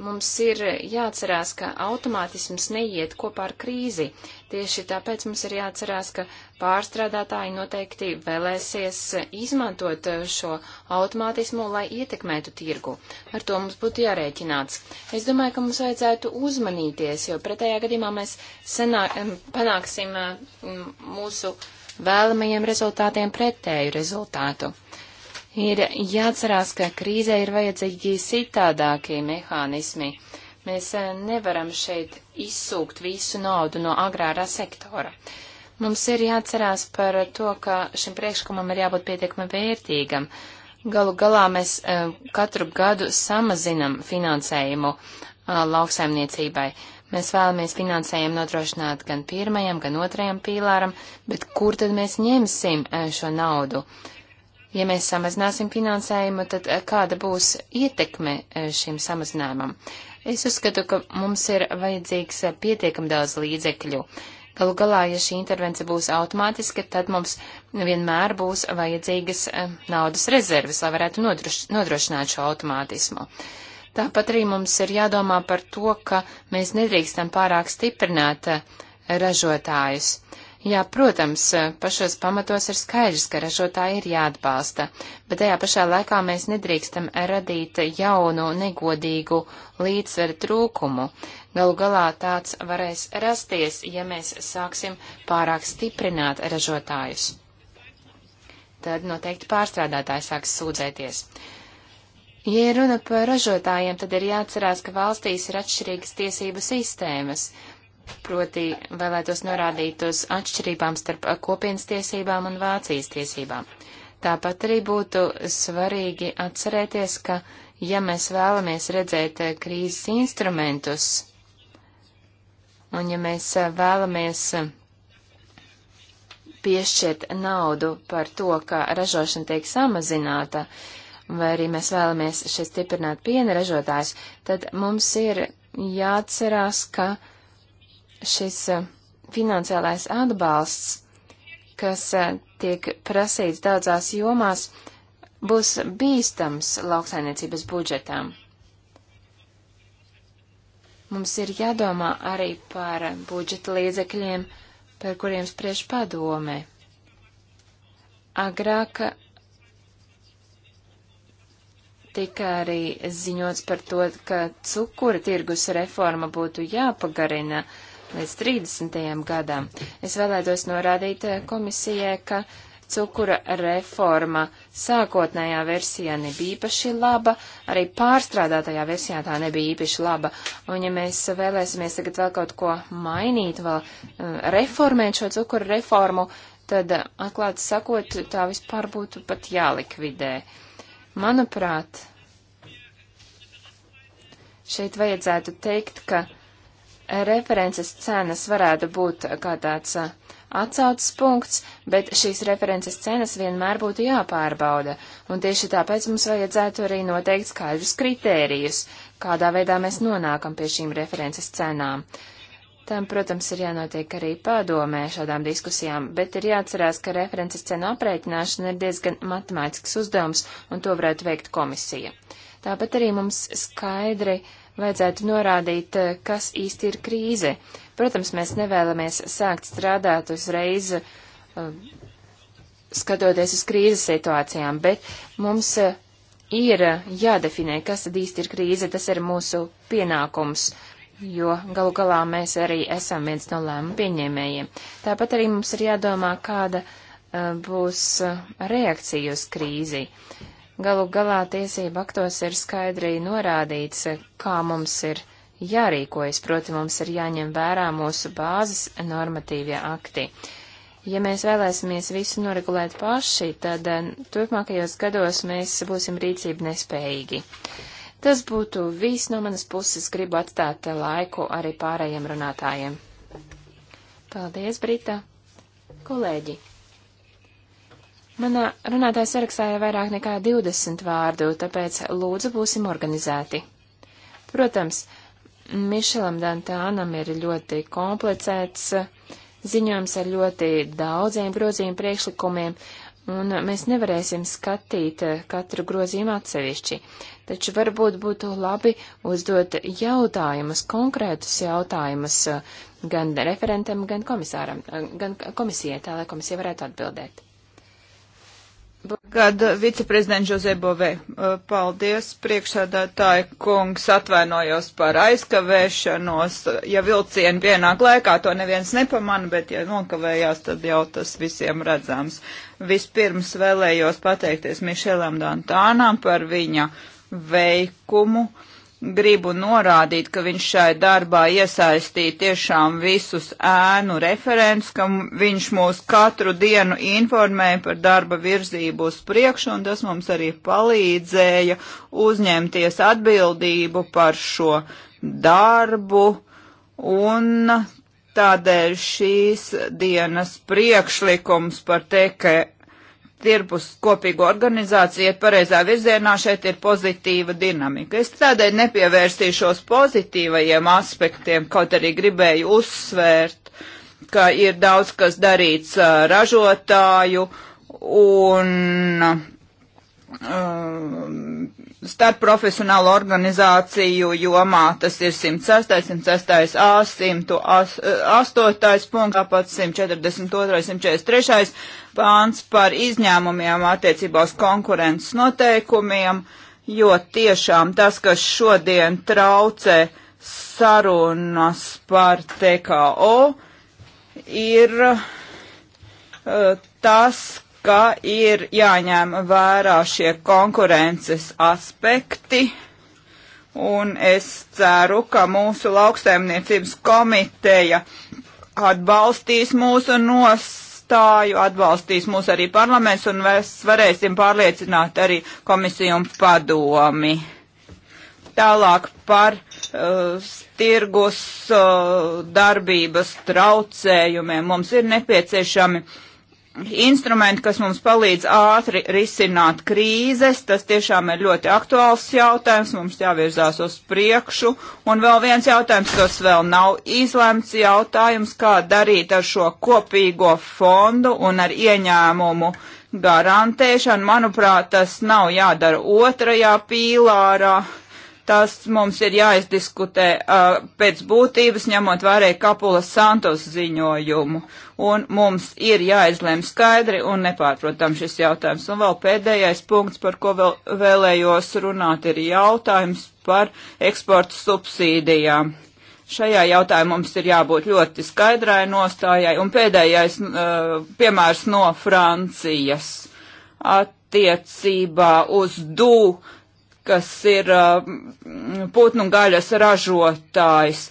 Mums ir jāatcerās, ka automātisms neiet kopā ar krīzi. Tieši tāpēc mums ir jāatcerās, ka pārstrādātāji noteikti vēlēsies izmantot šo automātismu, lai ietekmētu tirgu. Ar to mums būtu jārēķināts. Es domāju, ka mums vajadzētu uzmanīties, jo pretējā gadījumā mēs senā, panāksim mūsu vēlamajiem rezultātiem pretēju rezultātu. Ir jāatcerās, ka krīzē ir vajadzīgi citādākie mehānismi. Mēs eh, nevaram šeit izsūkt visu naudu no agrārā sektora. Mums ir jāatcerās par to, ka šim priekšlikumam ir jābūt pietiekami vērtīgam. Galu galā mēs eh, katru gadu samazinam finansējumu eh, lauksaimniecībai. Mēs vēlamies finansējumu nodrošināt gan pirmajam, gan otrajam pīlāram, bet kur tad mēs ņemsim eh, šo naudu? Ja mēs samazināsim finansējumu, tad eh, kāda būs ietekme eh, šim samazinājumam? Es uzskatu, ka mums ir vajadzīgs pietiekam daudz līdzekļu. Galu galā, ja šī intervence būs automātiska, tad mums vienmēr būs vajadzīgas naudas rezerves, lai varētu nodrošināt šo automātismu. Uh, Tāpat arī mums ir jādomā par to, ka mēs nedrīkstam pārāk stiprināt eh, ražotājus. Jā, protams, eh, pašos pamatos ir skaidrs, ka ražotāji ir jāatbalsta, bet tajā pašā laikā mēs nedrīkstam radīt jaunu, negodīgu līdzsveru trūkumu. Galu galā tāds varēs rasties, ja mēs sāksim pārāk stiprināt ražotājus. Tad noteikti pārstrādātāji sāks sūdzēties. Ja runa par ražotājiem, tad ir jāatcerās, ka valstīs ir atšķirīgas tiesību sistēmas. Proti, vēlētos norādīt uz atšķirībām starp kopienas tiesībām un Vācijas tiesībām. Tāpat arī būtu svarīgi atcerēties, ka, ja mēs vēlamies redzēt eh, krīzes instrumentus, un ja mēs eh, vēlamies eh, piešķirt naudu par to, ka ražošana tiek samazināta, uh, vai arī mēs vēlamies šeit stiprināt piena ražotājs, tad mums ir jāatcerās, ka šis e, finansiālais atbalsts, kas e, tiek prasīts daudzās jomās, būs bīstams lauksainiecības budžetām. Mums ir jādomā arī par budžeta līdzekļiem, par kuriem spriež padome. Agrāk Tika arī ziņots par to, ka cukura tirgus reforma būtu jāpagarina līdz 30. gadam. Es vēlētos norādīt eh, komisijai, ka cukura reforma sākotnējā versijā nebija īpaši laba, arī pārstrādātajā versijā tā nebija īpaši laba. Un ja mēs vēlēsimies tagad vēl kaut ko mainīt, vēl eh, reformēt šo cukura reformu, tad eh, atklāti sakot, tā vispār būtu pat jālikvidē. Uh, Manuprāt, šeit vajadzētu teikt, ka references cenas varētu būt kā tāds atsaucas punkts, bet šīs references cenas vienmēr būtu jāpārbauda, un tieši tāpēc mums vajadzētu arī noteikt skaidrus kritērijus, kādā veidā mēs nonākam pie šīm references cenām. Tam, protams, ir jānotiek arī padomē šādām diskusijām, bet ir jāatcerās, ka references cenu aprēķināšana ir diezgan matemātisks uzdevums, un to varētu veikt komisija. Tāpat arī mums skaidri vajadzētu norādīt, eh, kas īsti ir krīze. Protams, mēs nevēlamies sākt strādāt uzreiz, eh, skatoties uz krīzes situācijām, bet mums eh, ir jādefinē, kas tad īsti ir krīze, tas ir mūsu pienākums jo galu galā mēs arī esam viens no lēmumu pieņēmējiem. Tāpat arī mums ir jādomā, kāda uh, būs uh, reakcija uz krīzi. Galu galā tiesība aktos ir skaidri norādīts, uh, kā mums ir jārīkojas, proti mums ir jāņem vērā mūsu bāzes normatīvie akti. Ja mēs vēlēsimies visu noregulēt paši, tad uh, turpmākajos gados mēs būsim rīcība nespējīgi. Uh, Tas būtu viss no manas puses. Gribu atstāt laiku arī pārējiem runātājiem. Paldies, Brita! Kolēģi! Manā runātāja sarakstā ir vairāk nekā 20 vārdu, tāpēc lūdzu būsim organizēti. Protams, Mišelam Dantānam ir ļoti komplicēts ziņojums ar ļoti daudziem grozījumu priekšlikumiem, un mēs nevarēsim skatīt eh, katru grozījumu atsevišķi, taču varbūt būtu labi uzdot jautājumus, konkrētus jautājumus eh, gan referentam, gan komisāram, eh, gan komisijai, tā lai komisija varētu atbildēt. Kad viceprezidents Žozē Bovē, uh, paldies, priekšsādātāji kungs, atvainojos par aizkavēšanos. Ja vilcieni vienāk laikā to neviens nepamana, bet ja nokavējās, tad jau tas visiem redzams. Vispirms vēlējos pateikties Mišelam Dantānam par viņa veikumu. Uh, gribu norādīt, ka viņš šai darbā iesaistīja tiešām visus ēnu referents, ka viņš mūs katru dienu informēja par darba virzību uz priekšu, un tas mums arī palīdzēja uzņemties atbildību par šo darbu, un tādēļ šīs dienas priekšlikums par TKE tirpus kopīgu organizāciju iet pareizā virzienā, šeit ir pozitīva dinamika. Es tādēļ nepievērstīšos pozitīvajiem aspektiem, kaut arī gribēju uzsvērt, ka ir daudz kas darīts ražotāju un um, starp profesionālu organizāciju jomā tas ir 106, 106, A, 108 eh, punkts, tāpat 142, 143 pāns par izņēmumiem attiecībā uz konkurences noteikumiem, jo tiešām tas, kas šodien traucē sarunas par TKO, ir uh, tas, ka ir jāņem vērā šie konkurences aspekti, un es ceru, ka mūsu lauksaimniecības komiteja atbalstīs mūsu nostāju, atbalstīs mūs arī parlaments, un mēs varēsim pārliecināt arī komisiju un padomi. Tālāk par uh, tirgus uh, darbības traucējumiem mums ir nepieciešami uh, instrumenti, kas mums palīdz ātri risināt krīzes. Tas tiešām ir ļoti aktuāls jautājums, mums jāvirzās uz priekšu. Un vēl viens jautājums, kas vēl nav izlemts jautājums, kā darīt ar šo kopīgo fondu un ar ieņēmumu garantēšanu. Manuprāt, tas nav jādara otrajā pīlārā Tas mums ir jāizdiskutē uh, pēc būtības, ņemot vērā Kapula Santos ziņojumu. Un mums ir jāizlem skaidri un nepārprotam šis jautājums. Un vēl pēdējais punkts, par ko vēl, vēlējos runāt, ir jautājums par eksporta subsīdijām. Šajā jautājumā mums ir jābūt ļoti skaidrai nostājai. Un pēdējais uh, piemērs no Francijas attiecībā uz DU kas ir uh, putnu gaļas ražotājs.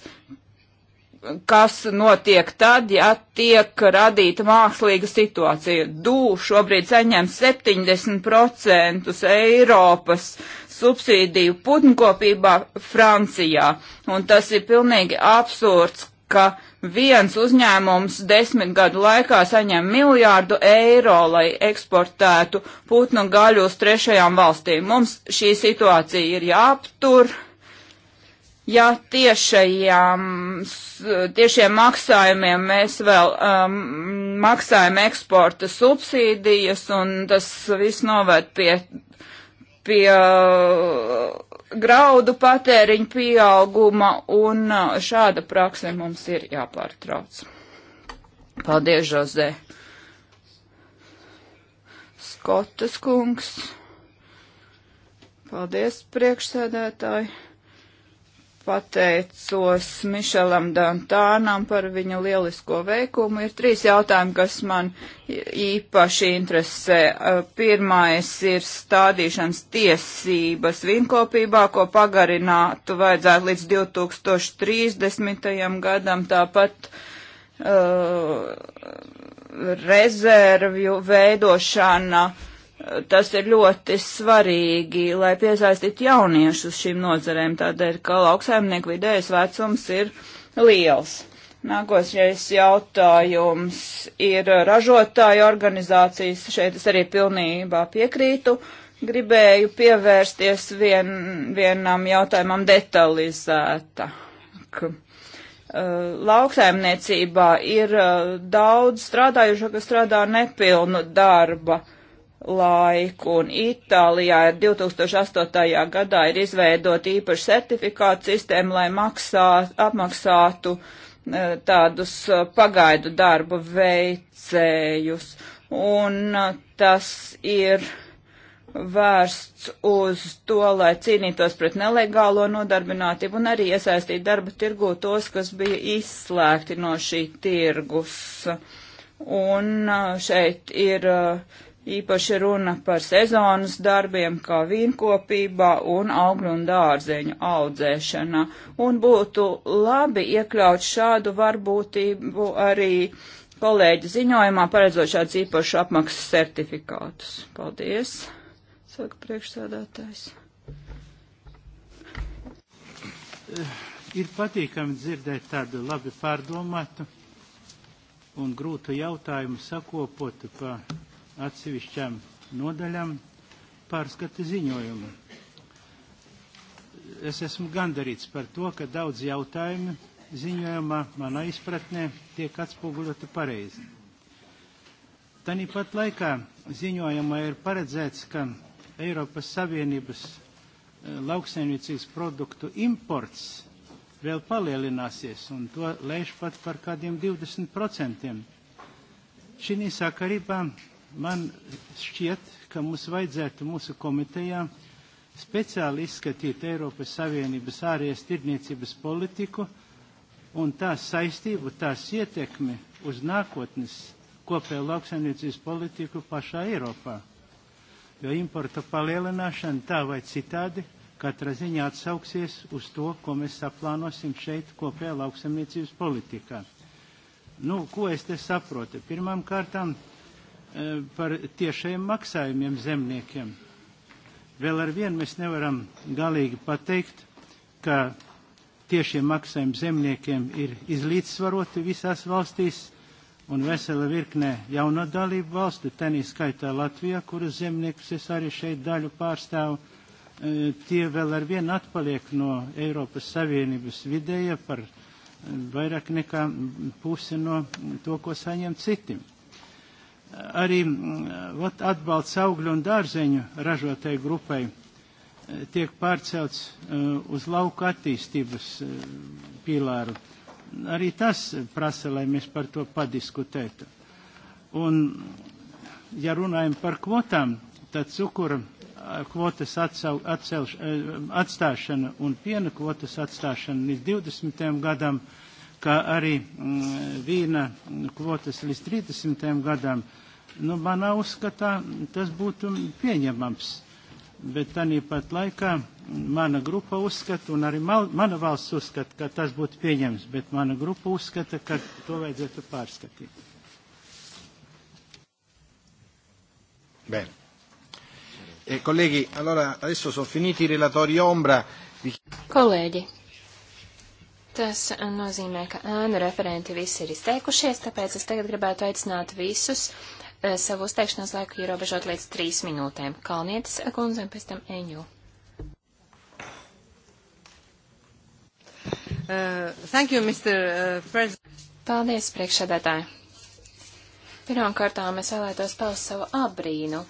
Kas notiek tad, ja tiek radīta mākslīga situācija? Dū šobrīd saņem 70% Eiropas subsīdiju putnkopībā Francijā, un tas ir pilnīgi absurds, ka uh, viens uzņēmums desmit gadu laikā saņem miljārdu eiro, lai eksportētu putnu gaļu uz trešajām valstīm. Mums šī situācija ir jāaptur. Ja tiešajām, tiešiem maksājumiem mēs vēl um, maksājam eksporta subsīdijas, un tas viss novērt pie, pie uh, graudu patēriņu pieauguma, un uh, šāda prakse mums ir jāpārtrauc. Paldies, Žozē. Skotas kungs. Paldies, priekšsēdētāji pateicos Mišelam Dantānam par viņa lielisko veikumu. Ir trīs jautājumi, kas man īpaši interesē. Pirmais ir stādīšanas tiesības vinkopībā, ko pagarinātu vajadzētu līdz 2030. gadam. Tāpat uh, rezervju veidošana. Uh, tas ir ļoti svarīgi, lai piesaistītu jauniešus šīm nozarēm, tādēļ, ka lauksaimnieku vidējais vecums ir liels. Nākošais jautājums ir ražotāju organizācijas. Šeit es arī pilnībā piekrītu. Gribēju pievērsties vien, vienam jautājumam detalizētāk. Uh, lauksaimniecībā ir uh, daudz strādājušo, kas strādā nepilnu darba uh, laiku, un Itālijā ir 2008. gadā ir izveidota īpaša certifikāta sistēma, lai maksā, apmaksātu e, tādus e, pagaidu darbu veicējus, un e, tas ir vērsts uz to, lai cīnītos pret nelegālo nodarbinātību un arī iesaistīt darba tirgu tos, kas bija izslēgti no šī tirgus. Un šeit ir uh, īpaši runa par sezonas darbiem, kā vīnkopībā un augļu un dārzeņu audzēšanā. Un būtu labi iekļaut šādu varbūtību arī kolēģi ziņojumā, paredzot šādus īpašu apmaksas certifikātus. Paldies, saka priekšsēdētājs. Eh, ir patīkami dzirdēt tādu labi pārdomātu un grūtu jautājumu sakopotu pa atsevišķām nodaļām pārskata ziņojumu. Es esmu gandarīts par to, ka daudz jautājumu ziņojumā, manā izpratnē, tiek atspoguļoti pareizi. Tāpat laikā ziņojumā ir paredzēts, ka Eiropas Savienības eh, lauksaimniecības produktu imports vēl palielināsies, un to lēš pat par kādiem 20%. Šī sakarībā man šķiet, ka mums vajadzētu mūsu komitejā speciāli izskatīt Eiropas Savienības ārējas tirdzniecības politiku un tās saistību, tās ietekmi uz nākotnes kopējo lauksaimniecības politiku pašā Eiropā. Jo importa palielināšana tā vai citādi katrā ziņā atsauksies uz to, ko mēs saplānosim šeit kopējā lauksaimniecības politikā. Nu, ko es te saprotu? Pirmām kārtām Eh, par tiešajiem maksājumiem zemniekiem. Vēl ar vienu mēs nevaram galīgi pateikt, ka tiešie maksājumi zemniekiem ir izlīdzsvaroti visās valstīs un vesela virknē jauno dalību valstu, tenī skaitā Latvijā, kuras zemniekus es arī šeit daļu pārstāvu, eh, tie vēl ar vienu atpaliek no Eiropas Savienības vidēja par eh, vairāk nekā pusi no to, ko saņem citim arī mm, vat, atbalsts augļu un dārzeņu ražotai grupai e, tiek pārcelts e, uz lauku attīstības e, pīlāru. Arī tas prasa, lai mēs par to padiskutētu. Un, ja runājam par kvotām, tad cukura kvotas atsau, atcelš, atstāšana un piena kvotas atstāšana līdz 20. gadam uh, kā arī m, mm, vīna kvotas līdz 30. gadam, nu, manā uzskatā tas būtu pieņemams. Bet tāpat laikā mana grupa uzskata, un arī mal, mana valsts uzskata, ka tas būtu pieņems, bet mana grupa uzskata, ka to vajadzētu pārskatīt. Bene. Eh, colleghi, allora adesso sono finiti i relatori ombra. Colleghi, Tas nozīmē, ka ēnu referenti visi ir izteikušies, tāpēc es tagad gribētu aicināt visus eh, savu uzteikšanās laiku ierobežot līdz trīs minūtēm. Kalnietis eh, kundze un pēc tam Eņu. Uh, thank you, Mr. Uh, president. Paldies, priekšsēdētāji. Pirmkārtām es vēlētos paust savu abrīnu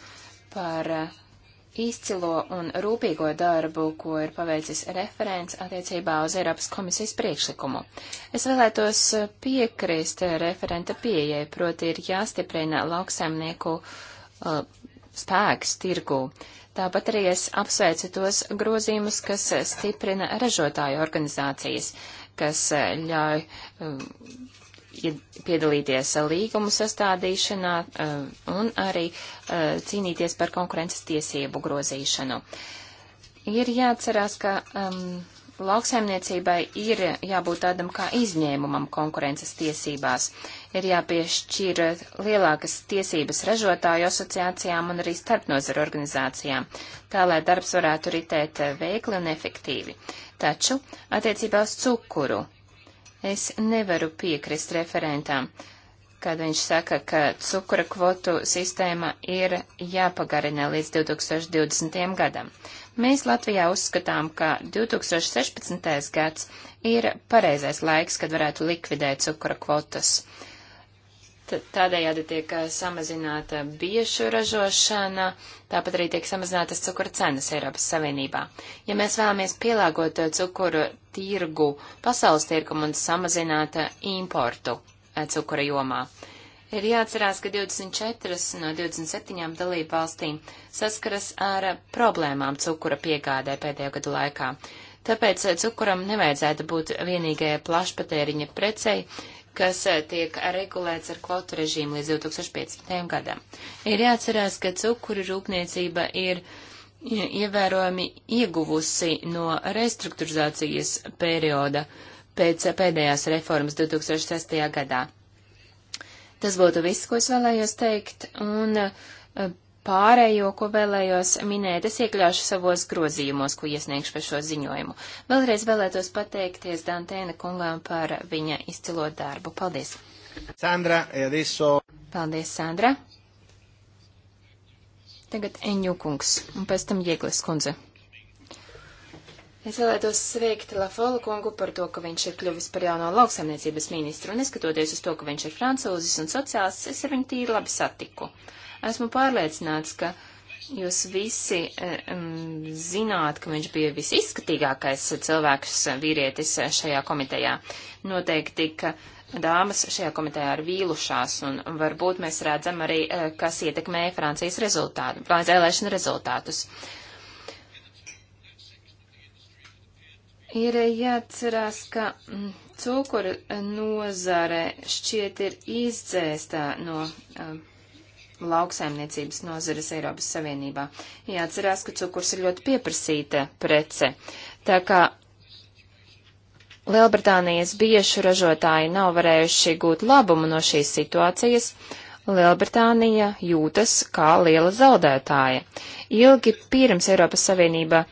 par uh, izcilo un rūpīgo darbu, ko ir paveicis referents attiecībā uz Eiropas komisijas priekšlikumu. Es vēlētos piekrist referenta pieejai, proti ir jāstiprina lauksaimnieku uh, spēks tirgū. Tāpat arī es apsveicu tos grozījumus, kas stiprina ražotāju organizācijas, kas uh, ļauj uh, piedalīties līgumu sastādīšanā eh, un arī eh, cīnīties par konkurences tiesību grozīšanu. Ir jāatcerās, ka um, lauksaimniecībai ir jābūt tādam kā izņēmumam konkurences tiesībās. Ir jāpiešķir lielākas tiesības ražotāju asociācijām un arī starpnozaru organizācijām, tā lai darbs varētu ritēt eh, veikli un efektīvi. Taču attiecībā uz cukuru Es nevaru piekrist referentam, kad viņš saka, ka cukura kvotu sistēma ir jāpagarina līdz 2020. gadam. Mēs Latvijā uzskatām, ka 2016. gads ir pareizais laiks, kad varētu likvidēt cukura kvotas. Uh, Tādējādi tiek eh, samazināta biešu ražošana, tāpat arī tiek samazinātas cukura cenas Eiropas Savienībā. Ja mēs vēlamies pielāgot eh, cukuru tirgu pasaules tirgumu un samazināt eh, importu cukura jomā, ir jāatcerās, ka 24 no 27 dalību valstīm saskaras ar problēmām cukura piegādē pēdējo gadu laikā. Tāpēc cukuram nevajadzētu būt vienīgajai plašpatēriņa precei, kas eh, tiek regulēts ar kvotu režīmu līdz 2015. gadam. Ir jāatcerās, ka cukuru rūpniecība ir ievērojami ieguvusi no restruktūrizācijas perioda pēc pēdējās reformas 2006. gadā. Tas būtu viss, ko es vēlējos teikt, un eh, pārējo, ko vēlējos minēt, es iekļaušu savos grozījumos, ko iesniegšu par šo ziņojumu. Vēlreiz vēlētos pateikties Dantēna kungām par viņa izcilo darbu. Paldies! Sandra, e adesso... Paldies, Sandra! Tagad Eņu kungs, un pēc tam Jēglis kundze. Es vēlētos sveikt Lafola kungu par to, ka viņš ir kļuvis par jauno lauksaimniecības ministru, un neskatoties uz to, ka viņš ir francūzis un sociāls, es ar viņu tīri labi satiku. Uh, Esmu pārliecināts, ka jūs visi um, zināt, ka viņš bija visizskatīgākais cilvēks eh, vīrietis eh, šajā komitejā. Noteikti, ka dāmas šajā komitejā ir vīlušās, un varbūt mēs redzam arī, kas ietekmē Francijas rezultātu, vēlēšanu rezultātus. Ir jāatcerās, ka mm, cukuru nozare šķiet ir izdzēstā no lauksaimniecības nozares Eiropas Savienībā. Jāatcerās, ka cukurs ir ļoti pieprasīta prece. Tā kā Lielbritānijas biešu ražotāji nav varējuši gūt labumu no šīs situācijas, Lielbritānija jūtas kā liela zaudētāja. Ilgi pirms Eiropas Savienība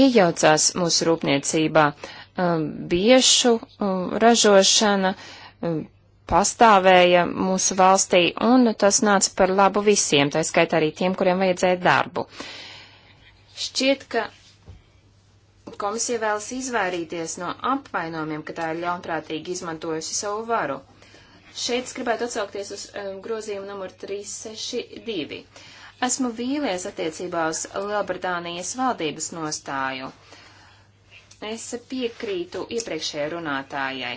iejaucās mūsu rūpniecībā, um, biešu um, ražošana um, pastāvēja mūsu valstī, un tas nāca par labu visiem, tā skaitā arī tiem, kuriem vajadzēja darbu. Šķiet, ka komisija vēlas izvairīties no apvainojumiem, ka tā ir ļaunprātīgi izmantojusi savu varu. Šeit es gribētu atsaukties uz um, grozījumu numur 362. Esmu vīlies attiecībā uz Lielbritānijas valdības nostāju. Es piekrītu iepriekšējai runātājai.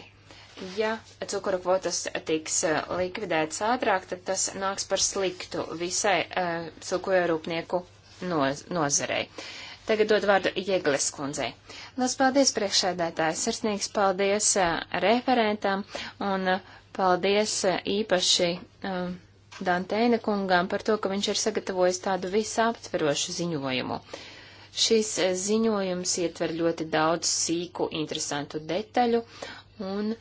Ja cukuru kvotas tiks eh, likvidētas ātrāk, tad tas nāks par sliktu visai uh, cukuru rūpnieku noz nozarei. Tagad dod vārdu Jēgles kundzei. Lielas paldies priekšēdētājs, sirsnīgs paldies uh, referentam un uh, paldies uh, īpaši uh, Dantēna kungām par to, ka viņš ir sagatavojis tādu visaptverošu ziņojumu. Šis ziņojums ietver ļoti daudz sīku, interesantu detaļu, un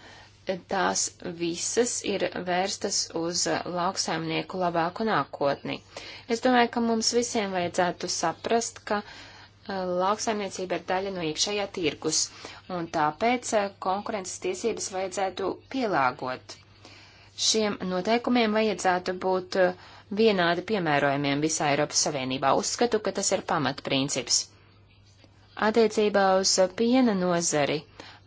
tās visas ir vērstas uz lauksaimnieku labāku nākotni. Es domāju, ka mums visiem vajadzētu saprast, ka e, lauksaimniecība ir daļa no iekšējā tirgus, un tāpēc e, konkurences tiesības vajadzētu pielāgot. Šiem noteikumiem vajadzētu būt e, vienādi piemērojumiem visā Eiropas Savienībā. Uzskatu, ka tas ir pamatprincips. Attiecībā uz piena nozari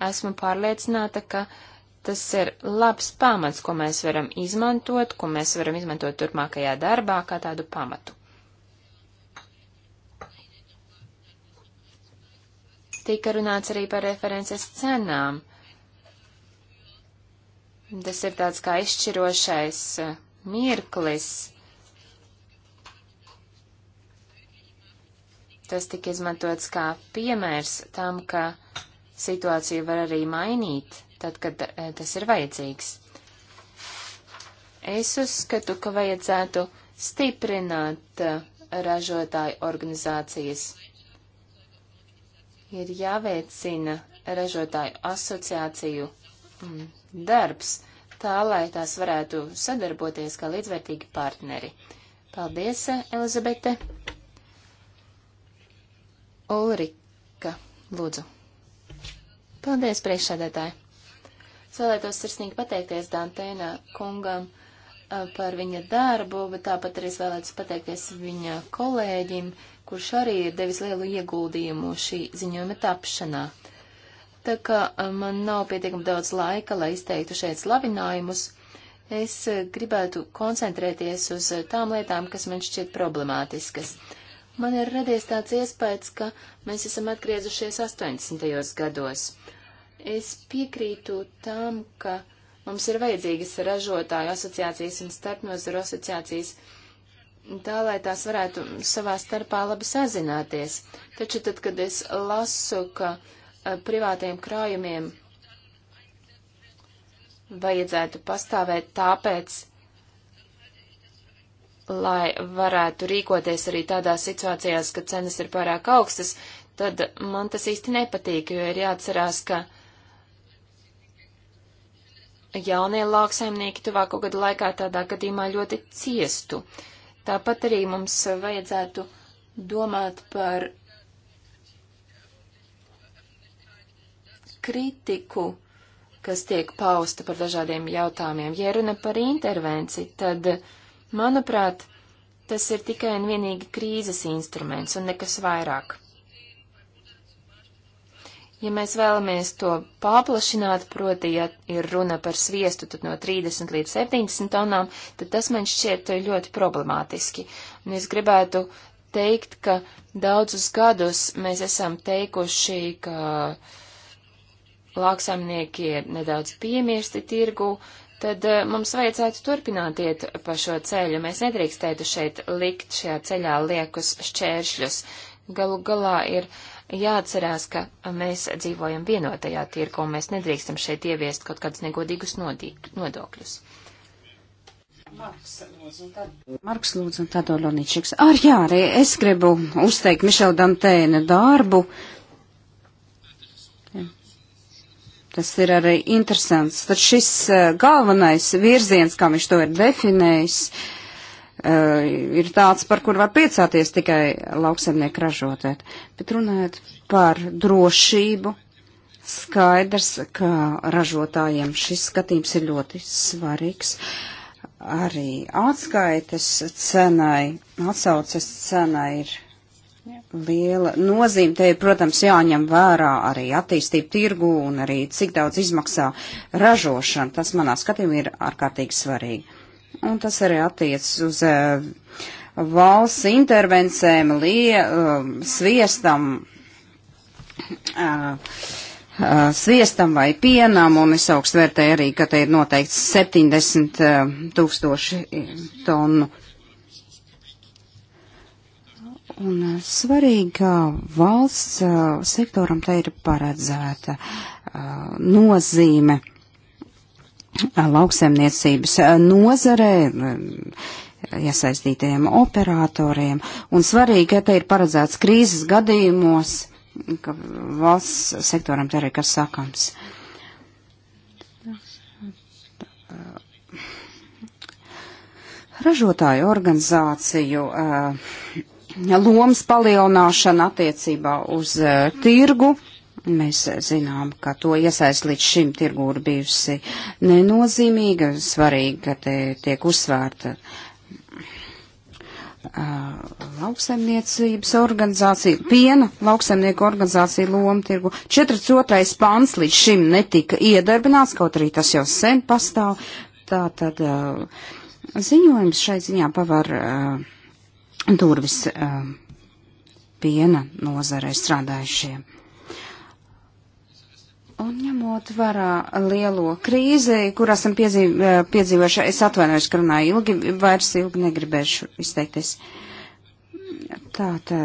esmu pārliecināta, ka uh, tas ir labs pamats, ko mēs varam izmantot, ko mēs varam izmantot turpmākajā darbā kā tādu pamatu. Tika runāts arī par references cenām. Tas ir tāds kā izšķirošais eh, mirklis. Tas tika izmantots kā piemērs tam, ka situāciju var arī mainīt tad, kad e, tas ir vajadzīgs. Es uzskatu, ka vajadzētu stiprināt e, ražotāju organizācijas. Ir jāveicina ražotāju asociāciju mm, darbs, tā lai tās varētu sadarboties kā līdzvērtīgi partneri. Paldies, e, Elizabete. Ulrika, lūdzu. Paldies, priekšsēdētāji. Es vēlētos sirsnīgi pateikties Dantēna kungam par viņa darbu, bet tāpat arī es vēlētos pateikties viņa kolēģim, kurš arī ir devis lielu ieguldījumu šī ziņojuma tapšanā. Tā kā man nav pietiekami daudz laika, lai izteiktu šeit slavinājumus, es gribētu koncentrēties uz tām lietām, kas man šķiet problemātiskas. Man ir radies tāds iespējas, ka mēs esam atgriezušies 80. gados. Es piekrītu tam, ka mums ir vajadzīgas ražotāju asociācijas un starpnozaru asociācijas, tā lai tās varētu savā starpā labi sazināties. Taču tad, kad es lasu, ka eh, privātiem krājumiem vajadzētu pastāvēt tāpēc, lai varētu rīkoties arī tādās situācijās, kad cenas ir pārāk augstas, tad man tas īsti nepatīk, jo ir jāatcerās, ka uh, jaunie lauksaimnieki tuvāko gadu laikā tādā gadījumā ļoti ciestu. Tāpat arī mums vajadzētu domāt par kritiku, kas tiek pausta par dažādiem jautājumiem. Ja runa par intervenciju, tad, manuprāt, tas ir tikai un vienīgi krīzes instruments un nekas vairāk. Ja mēs vēlamies to paplašināt, proti, ja ir runa par sviestu, tad no 30 līdz 70 tonām, tad tas man šķiet ļoti problemātiski. Un es gribētu teikt, ka daudzus gadus mēs esam teikuši, ka lauksaimnieki ir nedaudz piemirsti tirgu, tad eh, mums vajadzētu turpināt iet pa šo ceļu. Mēs nedrīkstētu šeit likt šajā ceļā liekus šķēršļus. Galu galā ir jāatcerās, ka mēs dzīvojam vienotajā tirku, un mēs nedrīkstam šeit ieviest kaut kādus negodīgus nodīk, nodokļus. Marks Lūdzu un Tādo Loničiks. Ar jā, arī es gribu uzteikt Mišela Dantēna darbu. Tas ir arī interesants. Tad šis eh, galvenais virziens, kā viņš to ir definējis, uh, Eh, ir tāds, par kur var piecāties tikai lauksemnieku ražotēt. Bet runājot par drošību, skaidrs, ka ražotājiem šis skatījums ir ļoti svarīgs. Arī atskaites cenai, atsauces cenai ir liela nozīme. Te, protams, jāņem vērā arī attīstība tirgu un arī cik daudz izmaksā ražošana. Tas manā skatījumā ir ārkārtīgi svarīgi un tas arī attiecas uz uh, valsts intervencēm, lie, uh, sviestam, uh, uh, sviestam vai pienam, un es augstu vērtēju arī, ka te ir noteikti 70 uh, tūkstoši tonu. Un uh, svarīgi, ka valsts uh, sektoram te ir paredzēta uh, nozīme. Uh, lauksemniecības eh, nozarē, eh, iesaistītajiem operatoriem, un svarīgi, ka te ir paredzēts krīzes gadījumos, ka valsts sektoram te arī kas sakams. Ražotāju organizāciju uh, lomas palielināšana attiecībā uz uh, tirgu Mēs zinām, ka to iesaist līdz šim tirgū ir bijusi nenozīmīga, svarīgi, ka te tiek uzsvērta Uh, lauksaimniecības organizācija, piena lauksaimnieku organizācija loma tirgu. 42. pants līdz šim netika iedarbināts, kaut arī tas jau sen pastāv. Tā tad uh, ziņojums šai ziņā pavar uh, durvis piena nozarei strādājušiem. Un ņemot vērā lielo krīzi, kur esam piedzīv, eh, piedzīvojuši, es atvainojos, ka runāju ilgi, vairs ilgi negribēšu izteikties. Tā, tā.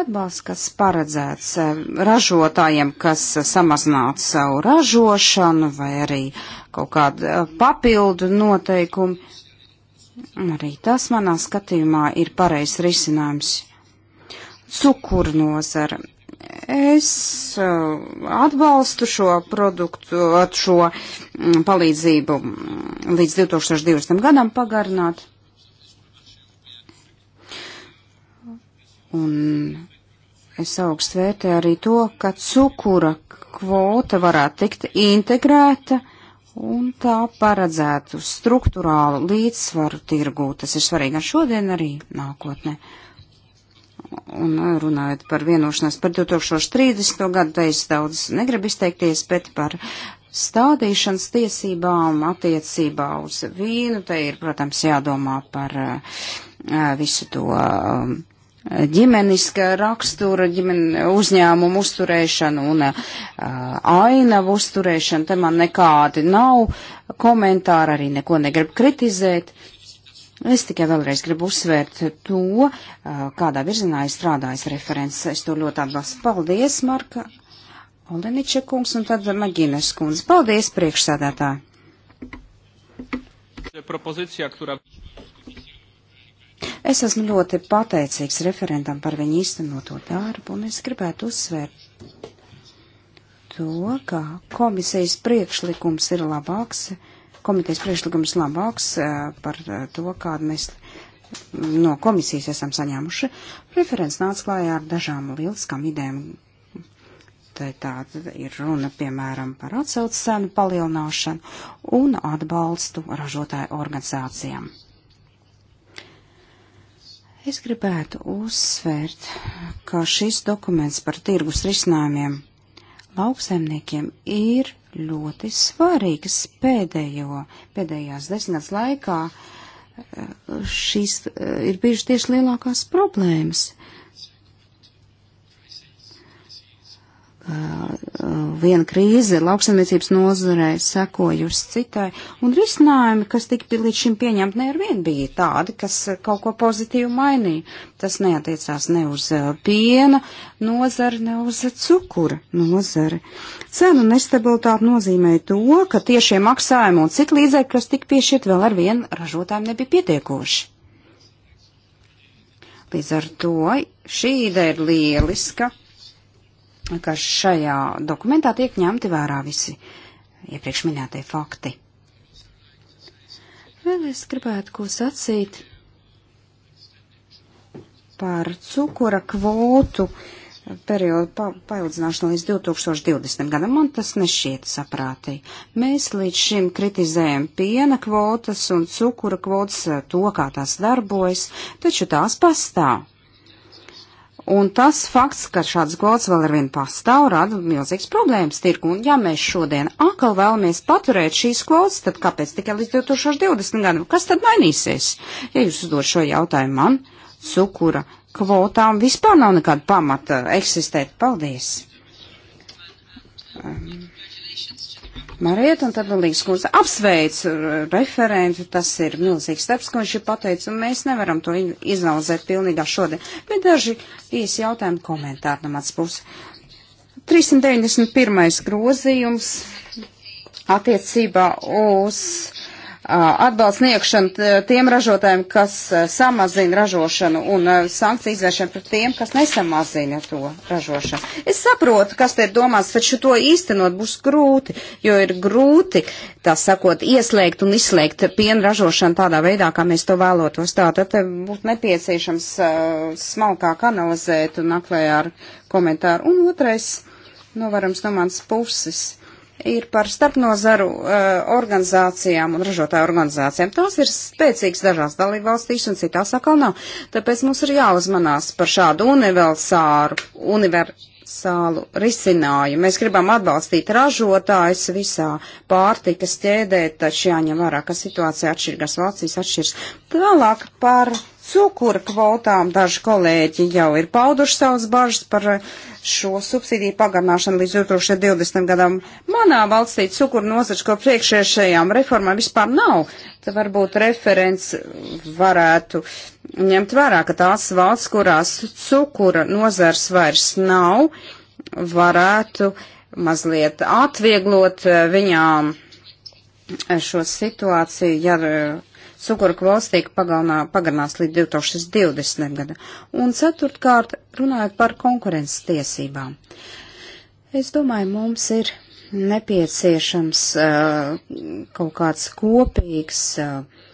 Atbalsts, kas paredzēts eh, ražotājiem, kas samazinātu savu ražošanu vai arī kaut kādu eh, papildu noteikumu, arī tas manā skatījumā ir pareizs risinājums. Cukurnozara Es uh, atbalstu šo produktu, šo mm, palīdzību mm, līdz 2020. gadam pagarināt. Un es augstu vērtēju arī to, ka cukura kvota varētu tikt integrēta un tā paredzētu struktūrālu līdzsvaru tirgū. Tas ir svarīgi ar šodien arī nākotnē un uh, runājot par vienošanās par 2030. gadu, te es daudz negribu izteikties, bet par stādīšanas tiesībām attiecībā uz vīnu, te ir, protams, jādomā par uh, uh, visu to um, ģimeniska rakstura, ģimen, uzņēmumu uzturēšanu un uh, ainavu uzturēšanu. Te man nekādi nav komentāri, arī neko negribu kritizēt. Uh, Es tikai vēlreiz gribu uzsvērt to, kādā virzienā ir strādājis referents. Es to ļoti atbalstu. Paldies, Marka Oleniča kungs un tad Magīnes kungs. Paldies, priekšsādātā. Es esmu ļoti pateicīgs referentam par viņu īstenoto darbu, un es gribētu uzsvērt to, ka komisijas priekšlikums ir labāks komitejas priekšlikums labāks eh, par eh, to, kādu mēs no komisijas esam saņēmuši. Referents nāca klājā ar dažām lieliskām idejām. Tā tāda ir runa, piemēram, par atsaucu cenu palielināšanu un atbalstu ražotāju organizācijām. Es gribētu uzsvērt, ka šis dokuments par tirgus risinājumiem lauksaimniekiem ir ļoti svarīgas pēdējo, pēdējās desmitgadus laikā. Eh, šīs eh, ir bijušas tieši lielākās problēmas. Uh, viena krīze lauksamniecības nozarē sekojusi citai, un risinājumi, kas tika līdz šim pieņemti, ne ar vienu bija tādi, kas kaut ko pozitīvu mainīja. Tas neatiecās ne uz piena nozari, ne uz cukura nozari. Cenu nestabilitāte nozīmē to, ka tiešie maksājumi un citi līdzekļi, kas tika piešķirt vēl ar vienu ražotājiem, nebija pietiekoši. Līdz ar to šī ideja ir lieliska ka šajā dokumentā tiek ņemti vērā visi iepriekš minētie fakti. Vēl es gribētu ko sacīt par cukura kvotu periodu paildzināšanu līdz 2020 gadam. Man tas nešķiet saprātīgi. Mēs līdz šim kritizējam piena kvotas un cukura kvotas, to, kā tās darbojas, taču tās pastāv. Un tas fakts, ka šāds golds vēl ar vienu pastāv, rada milzīgs problēmas tirku. Un ja mēs šodien atkal vēlamies paturēt šīs golds, tad kāpēc tikai līdz 2020 gadam? Kas tad mainīsies? Ja jūs uzdod šo jautājumu man, cukura kvotām vispār nav nekāda pamata eksistēt. Paldies! Um, Mariet, un tad Līs kundze apsveic referentu, tas ir milzīgs steps, ko viņš ir pateicis, un mēs nevaram to izanalizēt pilnīgā šodien. Bet daži īsi jautājumi komentāri no mans puses. 391. grozījums attiecībā uz atbalsts sniegšanu tiem ražotājiem, kas samazina ražošanu un sankciju izvēršanu pret tiem, kas nesamazina to ražošanu. Es saprotu, kas te ir domāts, taču to īstenot būs grūti, jo ir grūti, tā sakot, ieslēgt un izslēgt piena ražošanu tādā veidā, kā mēs to vēlotos. Tātad būtu nepieciešams uh, smalkāk analizēt un aklējā ar komentāru. Un otrais novarams nu, no manas puses ir par starpnozaru uh, organizācijām un ražotāju organizācijām. Tās ir spēcīgas dažās dalībvalstīs un citās atkal nav. Tāpēc mums ir jāuzmanās par šādu universāru, universālu risinājumu. Mēs gribam atbalstīt ražotājus visā pārtikas ķēdē, taču jāņem vērā, ka situācija atšķirīgās valstīs atšķirs. Tālāk par cukura kvotām. Daži kolēģi jau ir pauduši savas bažas par šo subsīdiju pagarnāšanu līdz 2020. gadam. Manā valstī cukura nozačko priekšēšajām reformām vispār nav. Tad varbūt referents varētu ņemt vērā, ka tās valsts, kurās cukura nozars vairs nav, varētu mazliet atvieglot eh, viņām eh, šo situāciju, ja eh, cukura kvotas tiek pagarinās līdz 2020. gada. Un ceturtkārt, runājot par konkurences tiesībām. Es domāju, mums ir nepieciešams uh, kaut kāds kopīgs uh,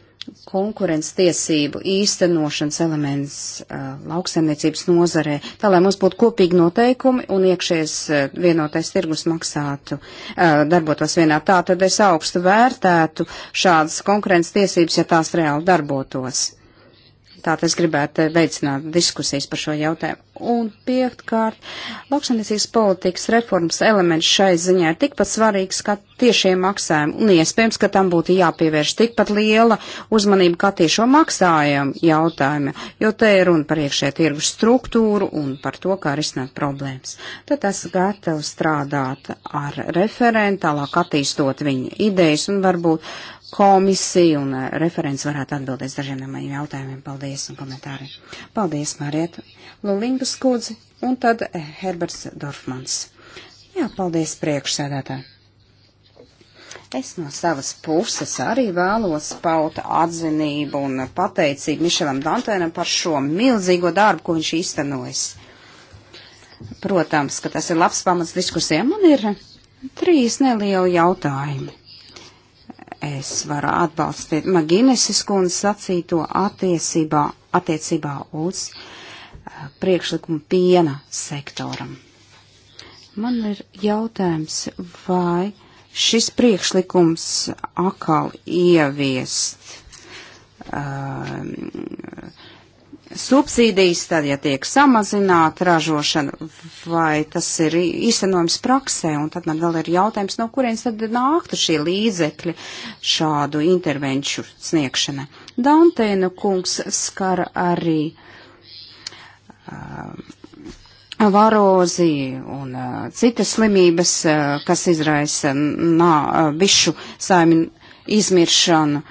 konkurences tiesību īstenošanas elements uh, lauksaimniecības nozarē, tā lai mums būtu kopīgi noteikumi un iekšies uh, vienotais tirgus maksātu, uh, darbotos vienā tā, tad es augstu vērtētu šādas konkurences tiesības, ja tās reāli darbotos. Tātad es gribētu veicināt diskusijas par šo jautājumu. Un piektkārt, lauksaimniecības politikas reformas elements šai ziņā ir tikpat svarīgs kā tiešie maksājumi, un iespējams, ka tam būtu jāpievērš tikpat liela uzmanība kā tiešo maksājumu jautājumi, jo te ir runa par iekšē tirgu struktūru un par to, kā risināt problēmas. Tad es gatavu strādāt ar referentu, tālāk attīstot viņa idejas un varbūt komisija un eh, referents varētu atbildēt dažiem no maniem jautājumiem. Paldies un komentāri. Paldies, Mariet Lulingas kundze un tad eh, Herberts Dorfmans. Jā, paldies priekšsēdētā. Es no savas puses arī vēlos paut atzinību un pateicību Mišelam Dantēnam par šo milzīgo darbu, ko viņš īstenojas. Protams, ka tas ir labs pamats diskusijām. Man ir trīs nelieli jautājumi es varu atbalstīt Magineses kundzes sacīto attiecībā, attiecībā uz eh, priekšlikumu piena sektoram. Man ir jautājums, vai šis priekšlikums atkal ieviest uh, subsīdijas, tad, ja tiek samazināta ražošana, vai tas ir īstenojums praksē, un tad man vēl ir jautājums, no kurienes tad nāktu šie līdzekļi šādu intervenču sniegšana. Dantēna kungs skar arī uh, varozi un uh, citas slimības, uh, kas izraisa nā, uh, bišu saimni izmiršanu. Uh,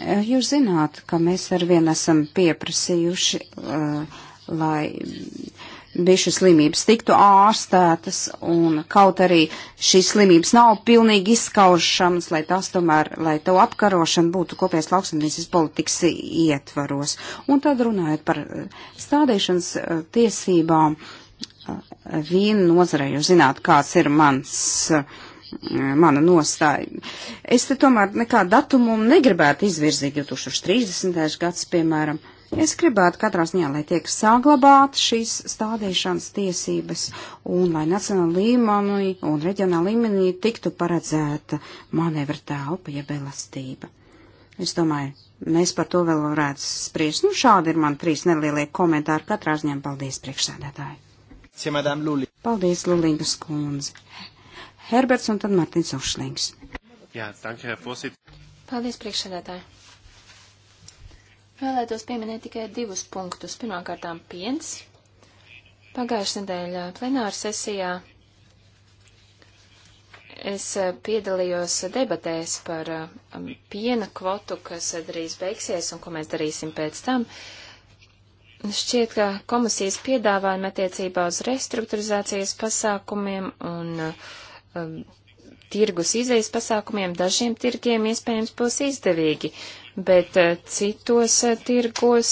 Eh, jūs zināt, ka mēs ar vienu esam pieprasījuši, eh, lai bišu slimības tiktu ārstētas, un kaut arī šīs slimības nav pilnīgi izskaušamas, lai tās tomēr, lai to apkarošana būtu kopējas lauksamniecības politikas ietvaros. Un tad runājot par eh, stādīšanas tiesībām, vīna nozarē, jūs zināt, kāds ir mans uh, mana nostāja. Es te tomēr nekādu datumu negribētu izvirzīt 2030. gads, piemēram. Es gribētu katrā ziņā, lai tiek saglabāta šīs stādīšanas tiesības un lai nacionāla līmenī un reģionāla līmenī tiktu paredzēta manevra telpa, jeb elastība. Es domāju, mēs par to vēl varētu spriest. Nu, šādi ir man trīs nelielie komentāri. Katrā ziņā paldies priekšsēdētāji. Paldies, Lulīgas kundze. Herberts un tad Martins Ošlings. Jā, danke, Fosit. Paldies, priekšsēdētāji. Vēlētos pieminēt tikai divus punktus. Pirmkārtām piens. Pagājušajā nedēļā plenāra sesijā es eh, piedalījos debatēs par eh, piena kvotu, kas drīz beigsies un ko mēs darīsim pēc tam. Šķiet, ka komisijas piedāvājumi attiecībā uz restruktūrizācijas pasākumiem un uh, um, tirgus izējas pasākumiem dažiem tirgiem iespējams būs izdevīgi, bet uh, citos uh, tirgos,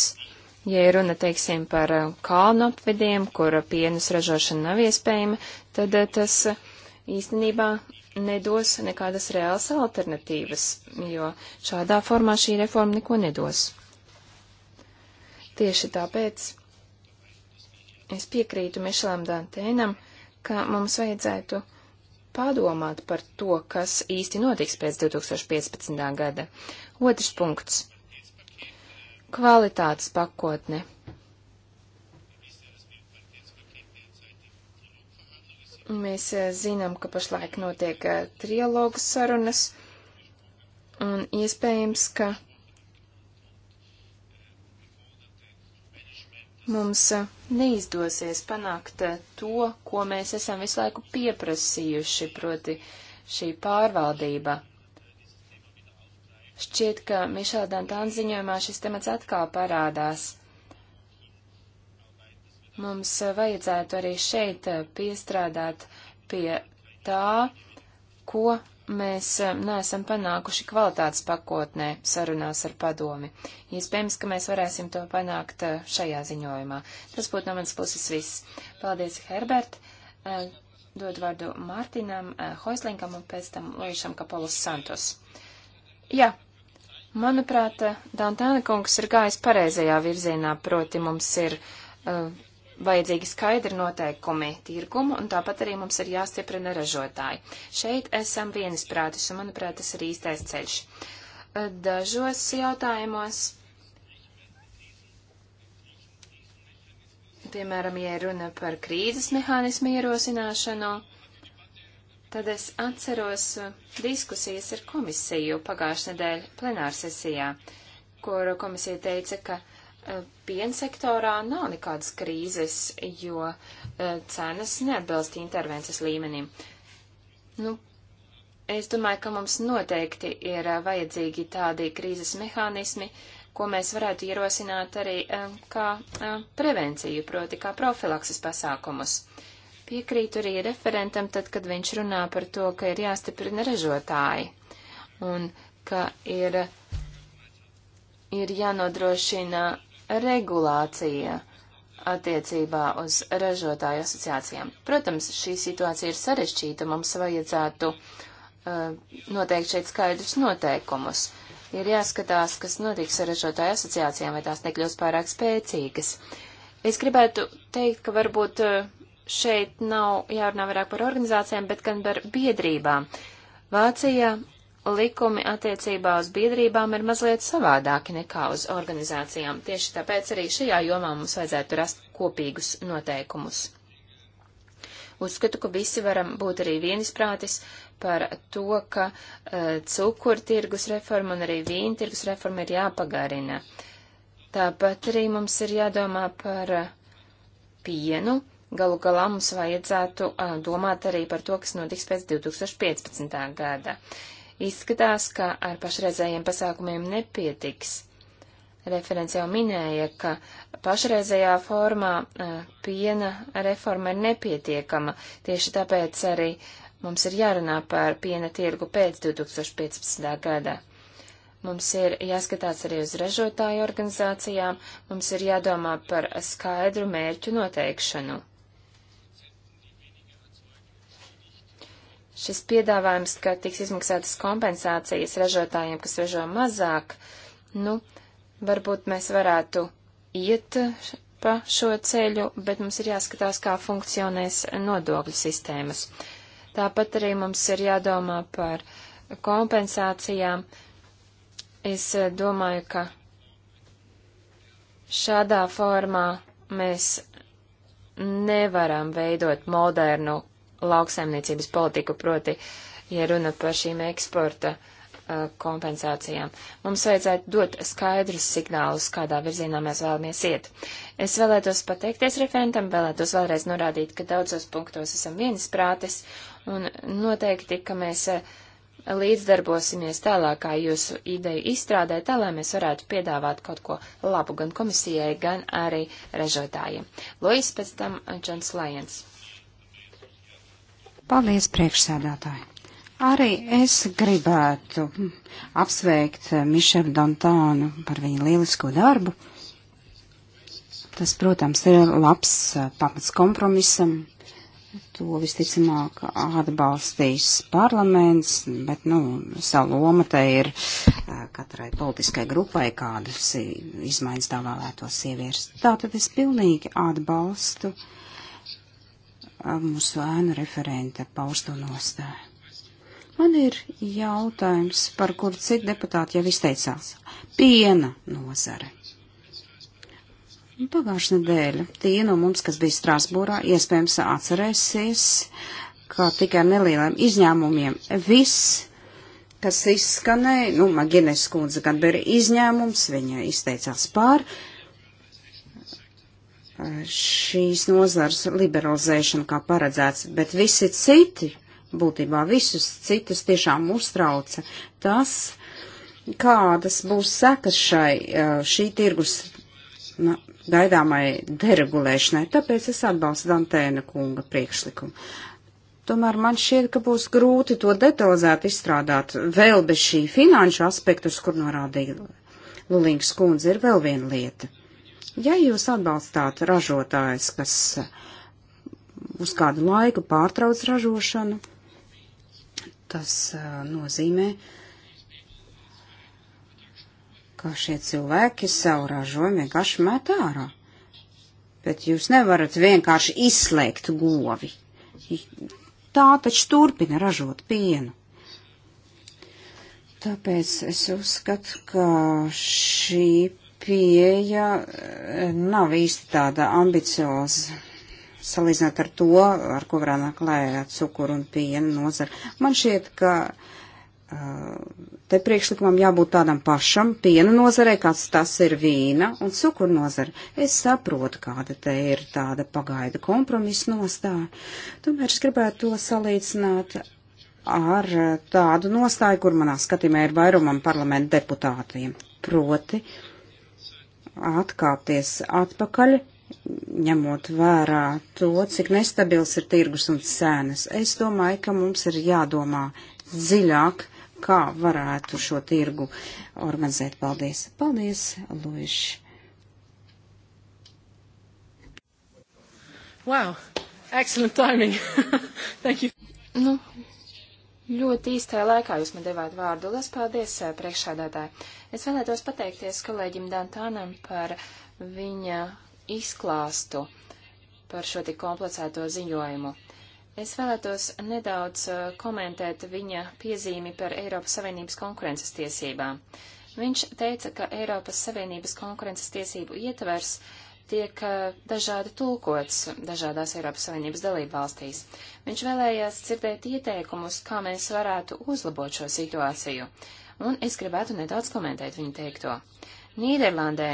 ja runa, teiksim, par uh, kalnu apvediem, kur uh, pienas ražošana nav iespējama, tad uh, tas uh, īstenībā nedos nekādas reālas alternatīvas, jo šādā formā šī reforma neko nedos. Tieši tāpēc es piekrītu Mišelam Dantēnam, ka mums vajadzētu uh, padomāt par to, kas īsti notiks pēc 2015. gada. Otrs punkts. Kvalitātes pakotne. Mēs eh, zinām, ka pašlaik notiek eh, trialogu sarunas, un iespējams, ka mums eh, neizdosies panākt eh, to, ko mēs esam visu laiku pieprasījuši, proti šī pārvaldība. Šķiet, ka Mišela Dantāna ziņojumā šis temats atkal parādās. Mums eh, vajadzētu arī šeit piestrādāt pie tā, ko mēs eh, neesam panākuši kvalitātes pakotnē sarunās ar padomi. Iespējams, ka mēs varēsim to panākt eh, šajā ziņojumā. Tas būtu no manas puses viss. Paldies, Herbert. Eh, dod vārdu Mārtinam, Hoislinkam un pēc tam Lojušam Kapolus Santos. Jā, manuprāt, Dantāna kungs ir gājis pareizajā virzienā, proti mums ir uh, vajadzīgi skaidri noteikumi tirgumu, un tāpat arī mums ir jāstiprina ražotāji. Šeit esam vienisprātis, un manuprāt, tas ir īstais ceļš. Dažos jautājumos, piemēram, ja runa par krīzes mehānismu ierosināšanu, tad es atceros diskusijas ar komisiju pagājušajā nedēļ plenārsesijā, kur komisija teica, ka piensektorā nav nekādas krīzes, jo e, cenas neatbilst intervences līmenim. Nu, es domāju, ka mums noteikti ir e, vajadzīgi tādi krīzes mehānismi, ko mēs varētu ierosināt arī e, kā prevenciju, proti kā profilakses pasākumus. Piekrītu arī referentam tad, kad viņš runā par to, ka ir jāstiprina ražotāji un ka ir ir jānodrošina regulācija attiecībā uz ražotāju asociācijām. Protams, šī situācija ir sarežģīta, mums vajadzētu uh, noteikt šeit skaidrus noteikumus. Ir jāskatās, kas notiks ar ražotāju asociācijām, vai tās nekļūst pārāk spēcīgas. Es gribētu teikt, ka varbūt eh, šeit nav jārunā vairāk par organizācijām, bet gan par biedrībām. Vācija likumi attiecībā uz biedrībām ir mazliet savādāki nekā uz organizācijām. Tieši tāpēc arī šajā jomā mums vajadzētu rast kopīgus noteikumus. Uzskatu, ka visi varam būt arī vienisprātis par to, ka uh, cukurtirgus reforma un arī vīntirgus reforma ir jāpagarina. Tāpat arī mums ir jādomā par uh, pienu. Galu galā mums vajadzētu uh, domāt arī par to, kas notiks pēc 2015. gada. Uh, Izskatās, ka ar pašreizējiem pasākumiem nepietiks. Referents jau minēja, ka pašreizējā formā piena reforma ir nepietiekama, tieši tāpēc arī mums ir jārunā par piena tirgu pēc 2015. gada. Mums ir jāskatās arī uz ražotāju organizācijām, mums ir jādomā par skaidru mērķu noteikšanu. Šis piedāvājums, ka tiks izmaksātas kompensācijas ražotājiem, kas ražo mazāk, nu, varbūt mēs varētu iet pa šo ceļu, bet mums ir jāskatās, kā funkcionēs nodokļu sistēmas. Tāpat arī mums ir jādomā par kompensācijām. Es eh, domāju, ka šādā formā mēs nevaram veidot modernu lauksaimniecības politiku, proti, ja runa par šīm eksporta uh, kompensācijām. Mums vajadzētu dot skaidrus signālus, kādā virzienā mēs vēlamies iet. Es vēlētos pateikties referentam, vēlētos vēlreiz norādīt, ka daudzos punktos esam viensprātis un noteikti, ka mēs uh, līdzdarbosimies tālākā jūsu ideju izstrādē, tā lai mēs varētu piedāvāt kaut ko labu gan komisijai, gan arī ražotājiem. Lois pēc tam Džons uh, Lajens. Paldies, priekšsēdētāji! Arī es gribētu apsveikt eh, Mišelu Dantānu par viņa lielisko darbu. Tas, protams, ir labs eh, pamats kompromisam. To visticamāk atbalstīs parlaments, bet, nu, savu lomu te ir eh, katrai politiskai grupai, kādas izmaiņas tā vēlētos ieviest. Tātad es pilnīgi atbalstu uh, mūsu ēnu referenta pausto nostāju. Man ir jautājums, par kuru citi deputāti jau izteicās. Piena nozare. Pagājušā nedēļa tie no mums, kas bija Strasbūrā, iespējams atcerēsies, ka tikai nelieliem izņēmumiem viss, kas izskanēja, nu, Maginēs kundze gan bija izņēmums, viņa izteicās pār, uh, šīs nozars liberalizēšana kā paredzēts, bet visi citi, būtībā visus citus tiešām uztrauca tas, kādas būs sekas šai šī tirgus na, gaidāmai deregulēšanai. Tāpēc es atbalstu Dantēna kunga priekšlikumu. Tomēr man šķiet, ka būs grūti to detalizēt izstrādāt vēl bez šī finanšu aspektu, uz kur norādīja Lulīngas kundze, ir vēl viena lieta. Ja jūs atbalstāt ražotājs, kas eh, uz kādu laiku pārtrauc ražošanu, tas eh, nozīmē, ka šie cilvēki savu ražojumu vienkārši met ārā. Bet jūs nevarat vienkārši izslēgt govi. Tā taču turpina ražot pienu. Tāpēc es uzskatu, ka šī pieeja eh, nav īsti tāda ambicioza salīdzinot ar to, ar ko varētu nākt klājā cukuru un piena nozara. Man šķiet, ka eh, te priekšlikumam jābūt tādam pašam piena nozarei, kāds tas ir vīna un cukuru nozara. Es saprotu, kāda te ir tāda pagaida kompromisa nostāja. Tomēr es gribētu to salīdzināt ar tādu nostāju, kur manā skatījumā ir vairumam parlamentu deputātiem. Proti, uh, atkāpties atpakaļ, ņemot vērā to, cik nestabils ir tirgus un sēnes. Es domāju, ka mums ir jādomā dziļāk, kā varētu šo tirgu organizēt. Paldies! Paldies, Luiši! Wow! Excellent timing! [laughs] Thank you! Nu, Ļoti īstajā laikā jūs man devāt vārdu. Lielas paldies, eh, priekšādātāji. Es vēlētos pateikties kolēģim Dantānam par viņa izklāstu par šo tik komplicēto ziņojumu. Es vēlētos nedaudz eh, komentēt viņa piezīmi par Eiropas Savienības konkurences tiesībām. Viņš teica, ka Eiropas Savienības konkurences tiesību ietvers uh, tiek eh, dažādi tulkots dažādās Eiropas Savienības dalību valstīs. Viņš vēlējās dzirdēt ieteikumus, kā mēs varētu uzlabot šo situāciju, un es gribētu nedaudz komentēt viņu teikto. Nīderlandē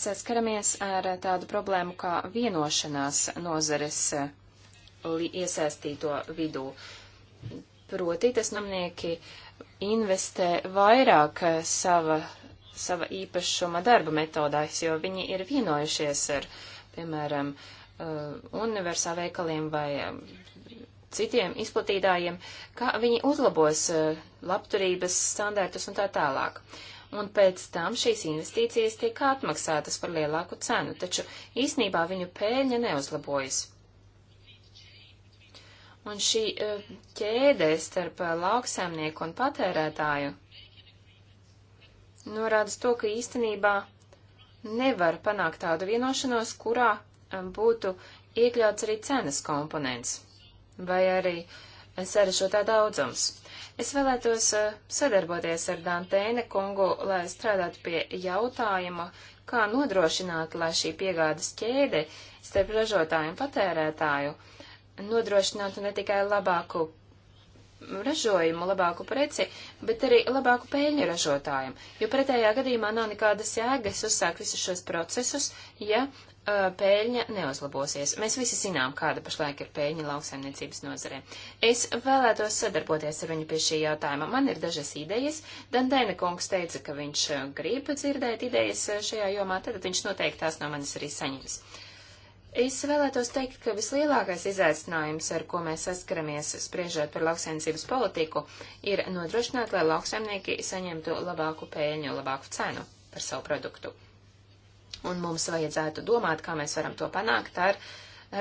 saskaramies ar tādu problēmu kā vienošanās nozares eh, iesaistīto vidū. Proti, tas nomnieki uh, investē vairāk eh, sava, sava īpašuma darba metodās, jo viņi ir vienojušies ar, piemēram, eh, universā veikaliem vai eh, citiem izplatītājiem, kā viņi uzlabos labturības standartus un tā tālāk. Un pēc tam šīs investīcijas tiek atmaksātas par lielāku cenu, taču īsnībā viņu pēļņa neuzlabojas. Un šī e, ķēdē starp e, lauksaimnieku un patērētāju norādas nu, to, ka īstenībā nevar panākt tādu vienošanos, kurā e, būtu iekļauts arī cenas komponents vai arī sarežģītā daudzums. Es vēlētos sadarboties ar Dantēne kungu, lai strādātu pie jautājuma, kā nodrošināt, lai šī piegādes ķēde starp ražotāju un patērētāju uh, nodrošinātu ne tikai labāku ražojumu, labāku preci, bet arī labāku peļņu ražotājiem. Jo pretējā gadījumā nav nekādas jēgas uzsākt visus šos procesus, ja uh, peļņa neuzlabosies. Mēs visi zinām, kāda pašlaik ir peļņa lauksaimniecības nozarē. Es vēlētos sadarboties ar viņu pie šī jautājuma. Man ir dažas idejas. Dandēna kungs teica, ka viņš grib dzirdēt idejas šajā jomā, tad viņš noteikti tās no manis arī saņems. Uh, Es vēlētos teikt, ka vislielākais izaicinājums, ar ko mēs saskaramies, spriežot par lauksaimniecības politiku, ir nodrošināt, lai lauksaimnieki saņemtu labāku pēļņu, labāku cenu par savu produktu. Un mums vajadzētu domāt, kā mēs varam to panākt ar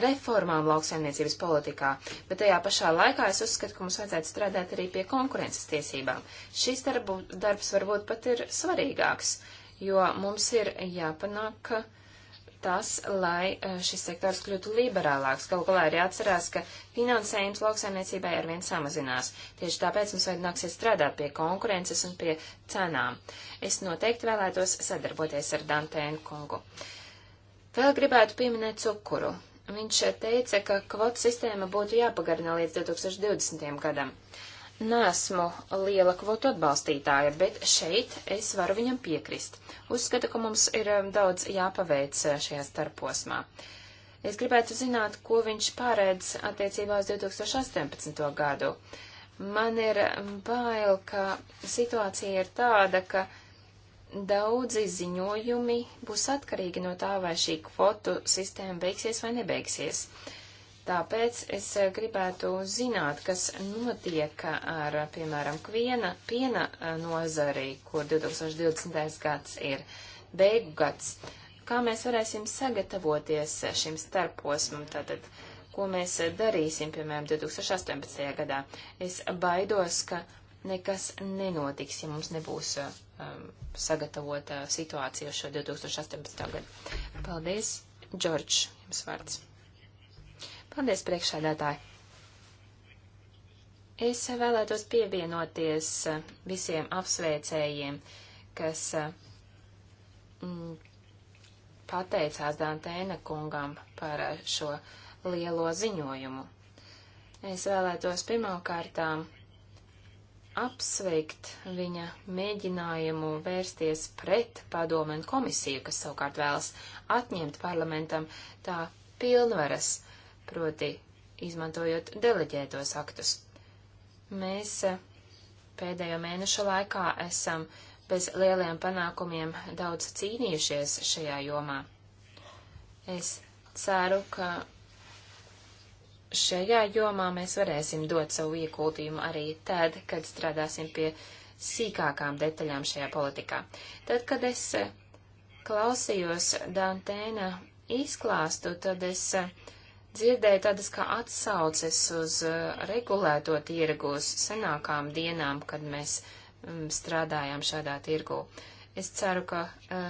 reformām lauksaimniecības politikā, bet tajā pašā laikā es uzskatu, ka mums vajadzētu strādāt arī pie konkurences tiesībām. Šis darbu, darbs varbūt pat ir svarīgāks, jo mums ir jāpanāk, ka tas, lai eh, šis sektors kļūtu liberālāks. Kaut galā arī atcerās, ka finansējums lauksaimniecībai arvien samazinās. Tieši tāpēc mums vajag nāksies strādāt pie konkurences un pie cenām. Es noteikti vēlētos sadarboties ar Dantēnu kungu. Vēl gribētu pieminēt cukuru. Viņš teica, ka kvotu sistēma būtu jāpagarina līdz 2020. gadam. Uh, Nesmu liela kvotu atbalstītāja, bet šeit es varu viņam piekrist. Uzskatu, ka mums ir um, daudz jāpaveic uh, šajā starposmā. Es gribētu zināt, ko viņš pārēdz attiecībā uz 2018. gadu. Man ir um, bail, ka situācija ir tāda, ka daudzi ziņojumi būs atkarīgi no tā, vai šī kvotu sistēma beigsies vai nebeigsies. Uh, Tāpēc es eh, gribētu zināt, kas notiek ar, eh, piemēram, kviena, piena eh, nozarī, kur 2020. gads ir beigu gads. Kā mēs varēsim sagatavoties šim starposmam, tātad, ko mēs darīsim, piemēram, 2018. gadā. Es baidos, ka nekas nenotiks, ja mums nebūs um, sagatavota situācija uz šo 2018. gadu. Paldies, Džordž, jums vārds. Paldies, priekšsēdētāji! Es vēlētos pievienoties eh, visiem apsveicējiem, kas mm, pateicās Dantēna kungam par eh, šo lielo ziņojumu. Es vēlētos pirmkārtām apsveikt viņa mēģinājumu vērsties pret padomu un komisiju, kas savukārt vēlas atņemt parlamentam tā pilnvaras proti izmantojot deleģētos aktus. Mēs eh, pēdējo mēnešu laikā esam bez lieliem panākumiem daudz cīnījušies šajā jomā. Es ceru, ka šajā jomā mēs varēsim dot savu iekultījumu arī tad, kad strādāsim pie sīkākām detaļām šajā politikā. Tad, kad es eh, klausījos Dantēna izklāstu, tad es uh, dzirdēju tādas kā atsauces uz uh, regulēto tirgus senākām dienām, kad mēs um, strādājām šādā tirgu. Es ceru, ka uh,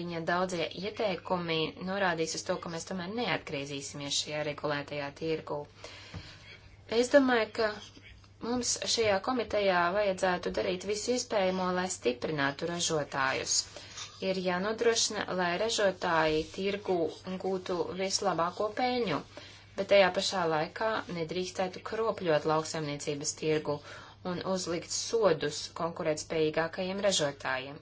viņa daudzie ieteikumi norādīs uz to, ka mēs tomēr neatgriezīsimies šajā regulētajā tirgu. Es domāju, ka mums šajā komitejā vajadzētu darīt visu iespējamo, lai stiprinātu ražotājus. Uh, ir jānodrošina, lai ražotāji tirgu gūtu vislabāko peļņu, bet tajā pašā laikā nedrīkstētu kropļot lauksaimniecības tirgu un uzlikt sodus konkurētspējīgākajiem ražotājiem.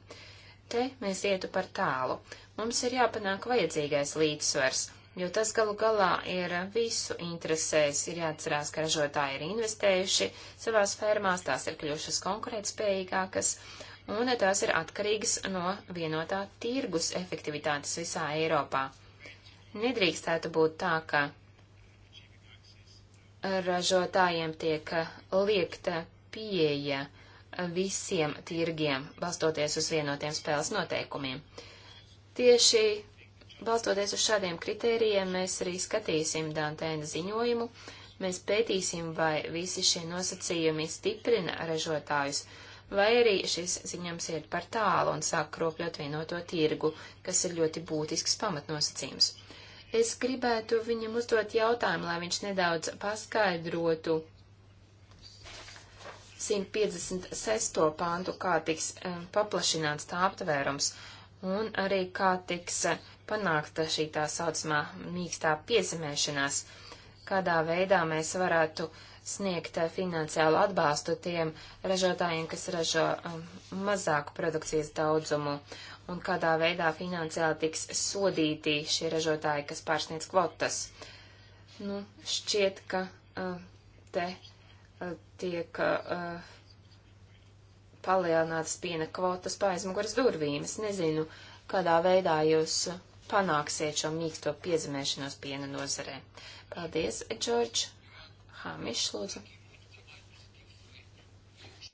Te mēs ietu par tālu. Mums ir jāpanāk vajadzīgais līdzsvars, jo tas galu galā ir visu interesēs. Ir jāatcerās, ka ražotāji ir investējuši savās fermās, tās ir kļuvušas konkurētspējīgākas, un tās ir atkarīgas no vienotā tirgus efektivitātes visā Eiropā. Nedrīkstētu būt tā, ka ražotājiem tiek liekta pieeja visiem tirgiem, balstoties uz vienotiem spēles noteikumiem. Tieši balstoties uz šādiem kritērijiem, mēs arī skatīsim Dantēna ziņojumu, mēs pētīsim, vai visi šie nosacījumi stiprina ražotājus, vai arī šis ziņams iet par tālu un sāk kropļot vienoto tirgu, kas ir ļoti būtisks pamatnosacījums. Es gribētu viņam uzdot jautājumu, lai viņš nedaudz paskaidrotu 156. pāntu, kā tiks eh, paplašināts tā aptvērums, un arī kā tiks eh, panākta šī tā saucamā mīkstā piezemēšanās, kādā veidā mēs varētu uh, sniegt eh, finansiālu atbalstu tiem ražotājiem, kas ražo um, mazāku produkcijas daudzumu, un kādā veidā finansiāli tiks sodīti šie ražotāji, kas pārsniedz kvotas. Nu, šķiet, ka uh, te uh, tiek uh, palielinātas piena kvotas pa aizmugures durvīm. Es nezinu, kādā veidā jūs panāksiet šo mīksto piezemēšanos piena nozarē. Paldies, Džordž! Hāmišs, lūdzu.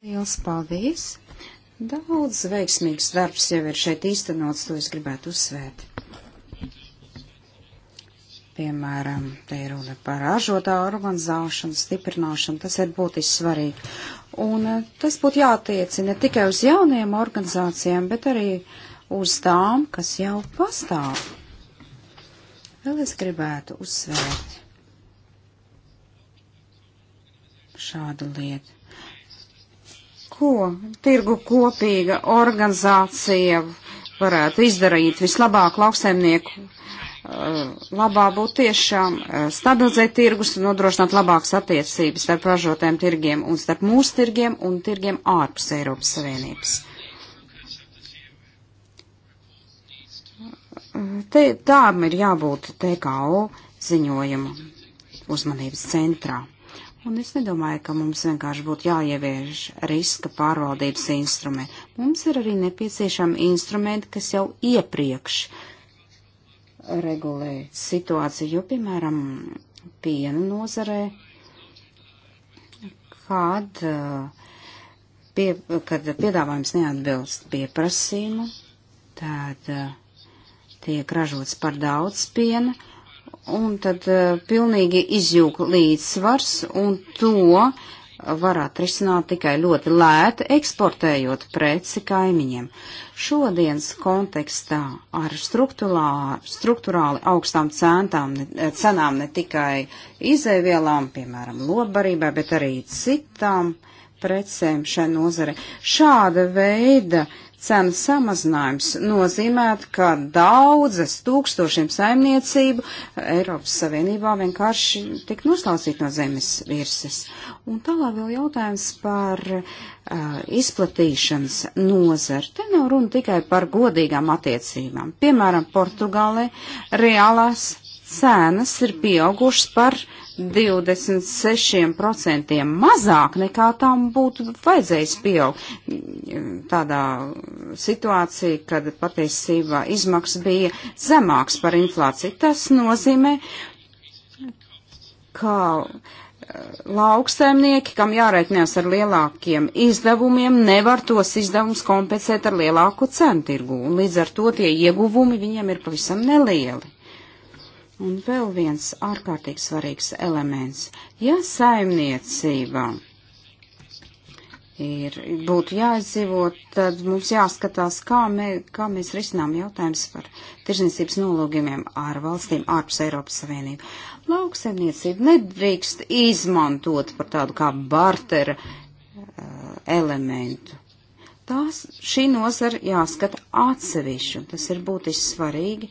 Liels paldies! Daudz veiksmīgs darbs jau ir šeit īstenots, to es gribētu uzsvērt. Piemēram, te ir runa par ražotā organizāšanu, stiprināšanu, tas ir būtiski svarīgi. Un eh, tas būtu jātiecina ne tikai uz jauniem organizācijām, bet arī uz tām, kas jau pastāv. Vēl es gribētu uzsvērt šādu lietu. Ko tirgu kopīga organizācija varētu izdarīt vislabāk lauksaimnieku? Uh, labā būtu tiešām uh, stabilizēt tirgus un nodrošināt labākas attiecības starp ražotēm tirgiem un starp mūsu tirgiem un tirgiem ārpus Eiropas Savienības. Te, tām ir jābūt TKO ziņojuma uzmanības centrā. Un es nedomāju, ka mums vienkārši būtu jāievieš riska pārvaldības instrumenti. Mums ir arī nepieciešami instrumenti, kas jau iepriekš regulē situāciju, jo, piemēram, piena nozarē, kad, eh, pie, kad piedāvājums neatbilst pieprasījumu, tad eh, tiek ražots par daudz piena un tad uh, pilnīgi izjūg līdzsvars, un to var atrisināt tikai ļoti lēti, eksportējot preci kaimiņiem. Šodienas kontekstā ar struktūrāli augstām centām, ne, cenām ne tikai izēvielām, piemēram, lodbarībai, bet arī citām precēm šai nozare. Šāda veida uh, cenu samazinājums nozīmētu, ka daudzas tūkstošiem saimniecību Eiropas Savienībā vienkārši tik noslaucīt no zemes virses. Un tālāk vēl jautājums par uh, izplatīšanas nozaru. Te nav runa tikai par godīgām attiecībām. Piemēram, Portugālē reālās cenas ir pieaugušas par 26% mazāk nekā tam būtu vajadzējis pieaugt. Tādā situācija, kad patiesībā izmaksas bija zemāks par inflāciju, tas nozīmē, ka eh, lauksaimnieki, kam jārēķinās ar lielākiem izdevumiem, nevar tos izdevumus kompensēt ar lielāku cenu tirgu. Līdz ar to tie ieguvumi viņiem ir pavisam nelieli. Un vēl viens ārkārtīgi svarīgs elements. Ja saimniecībām ir, būtu jāizdzīvot, tad mums jāskatās, kā, mē, kā mēs risinām jautājums par tirzniecības nolūgumiem ar valstīm ārpus Eiropas Savienību. Lauksaimniecība nedrīkst izmantot par tādu kā bartera uh, eh, elementu. Tās šī nozara jāskata atsevišķi, un tas ir būtiski svarīgi. Uh,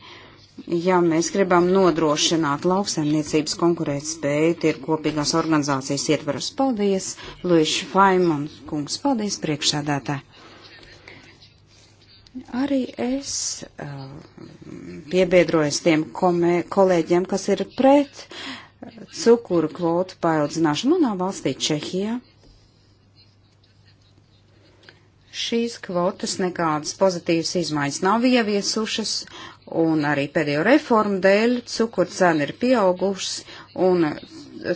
Ja mēs gribam nodrošināt lauksaimniecības konkurētspēju, tie ir kopīgās organizācijas ietveras. Paldies, Luīši Faimon kungs, paldies priekšsādātā. Arī es uh, piebiedrojos tiem komē, kolēģiem, kas ir pret cukuru kvotu paildzināšanu manā valstī Čehijā. Šīs kvotas nekādas pozitīvas izmaiņas nav ieviesušas, un arī pēdējo reformu dēļ cukuru cena ir pieaugušas, un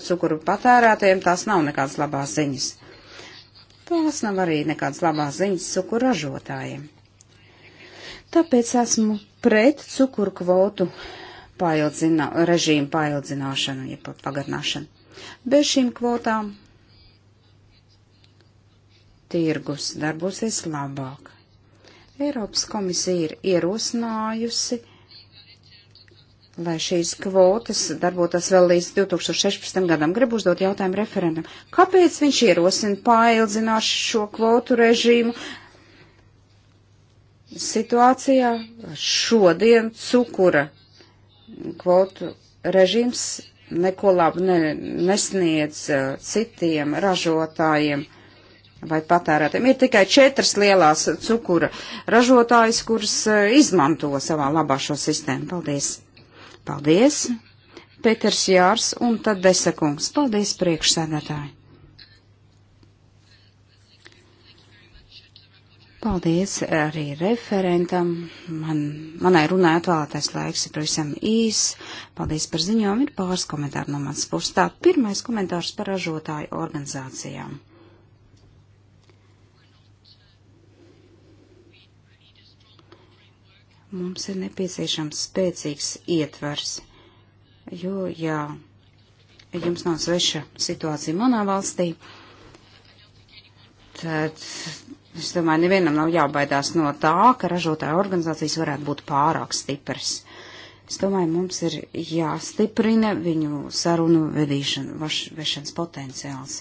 cukuru patērētiem tās nav nekādas labās ziņas. Tās nav arī nekādas labās ziņas cukuru ražotājiem. Tāpēc esmu pret cukuru kvotu paildzina, režīmu paildzināšanu, ja pagarināšanu. Bez šīm kvotām tirgus darbosies labāk. Eiropas komisija ir ierosinājusi, lai šīs kvotas darbotos vēl līdz 2016. gadam. Gribu uzdot jautājumu referendam. Kāpēc viņš ierosina paildzināt šo kvotu režīmu situācijā šodien cukura kvotu režīms neko labu ne, nesniedz uh, citiem ražotājiem? vai patērētiem. Ir tikai četras lielās cukura ražotājas, kuras eh, izmanto savā labā šo sistēmu. Paldies! Paldies! Peters Jārs un tad Desakungs. Paldies priekšsēdētāji! Paldies arī referentam. Man, manai runai atvēlētais laiks ir pavisam īs. Paldies par ziņām. Ir pāris komentāri no manas puses. Tā pirmais komentārs par ražotāju organizācijām. Mums ir nepieciešams spēcīgs ietvers, jo, ja jums nav sveša situācija manā valstī, tad es domāju, nevienam nav jābaidās no tā, ka ražotāja organizācijas varētu būt pārāk stipras. Es domāju, mums ir jāstiprina viņu sarunu vedīšana, vešanas potenciāls.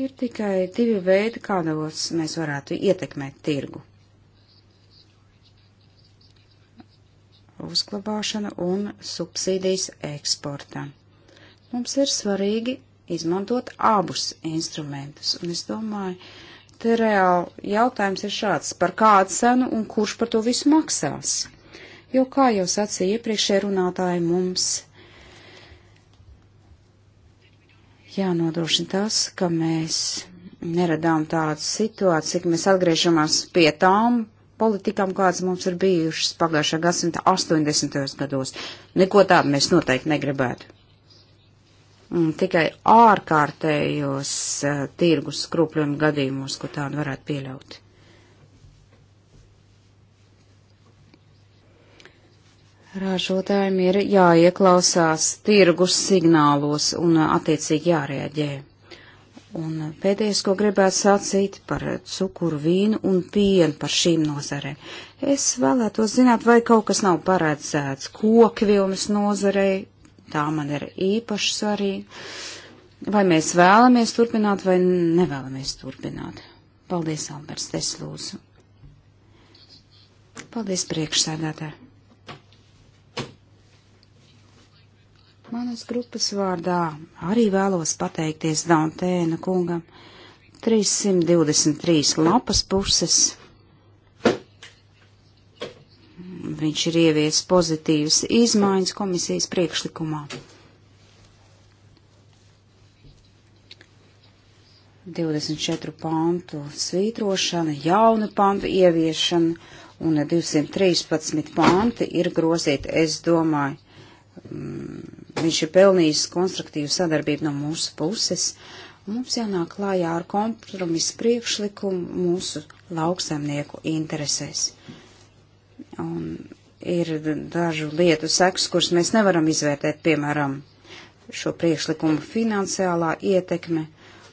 Ir tikai divi veidi, kādos mēs varētu ietekmēt tirgu. Uzglabāšana un subsīdijas eksportam. Mums ir svarīgi izmantot abus instrumentus, un es domāju, te reāli jautājums ir šāds, par kādu cenu un kurš par to visu maksās. Jo, kā jau sacīja iepriekšē runātāji, mums jānodrošina tas, ka mēs neradām tādu situāciju, ka mēs atgriežamies pie tām politikām, kādas mums ir bijušas pagājušā gadsimta 80. gados. Neko tādu mēs noteikti negribētu. Un tikai ārkārtējos uh, tirgus skrupļiem gadījumos, ko tādu varētu pieļaut. Ražotājiem ir jāieklausās tirgus signālos un uh, attiecīgi jārēģē. Un uh, pēdējais, ko gribētu sacīt par cukuru, vīnu un pienu par šīm nozarēm. Es vēlētos zināt, vai kaut kas nav paredzēts kokvilnas nozarei, tā man ir īpaši svarīga. Vai mēs vēlamies turpināt vai nevēlamies turpināt? Paldies, Alberts, es lūdzu. Paldies, priekšsēdētāji. Manas grupas vārdā arī vēlos pateikties Dantēna kungam. 323 lapas puses. Viņš ir ievies pozitīvas izmaiņas komisijas priekšlikumā. 24 pantu svītrošana, jaunu pantu ieviešana un 213 panti ir grozīti, es domāju, mm, viņš ir pelnījis konstruktīvu sadarbību no mūsu puses. Mums jānāk klājā ar kompromisu priekšlikumu mūsu lauksaimnieku interesēs. Un ir dažu lietu sekas, kuras mēs nevaram izvērtēt, piemēram, šo priekšlikumu finansiālā ietekme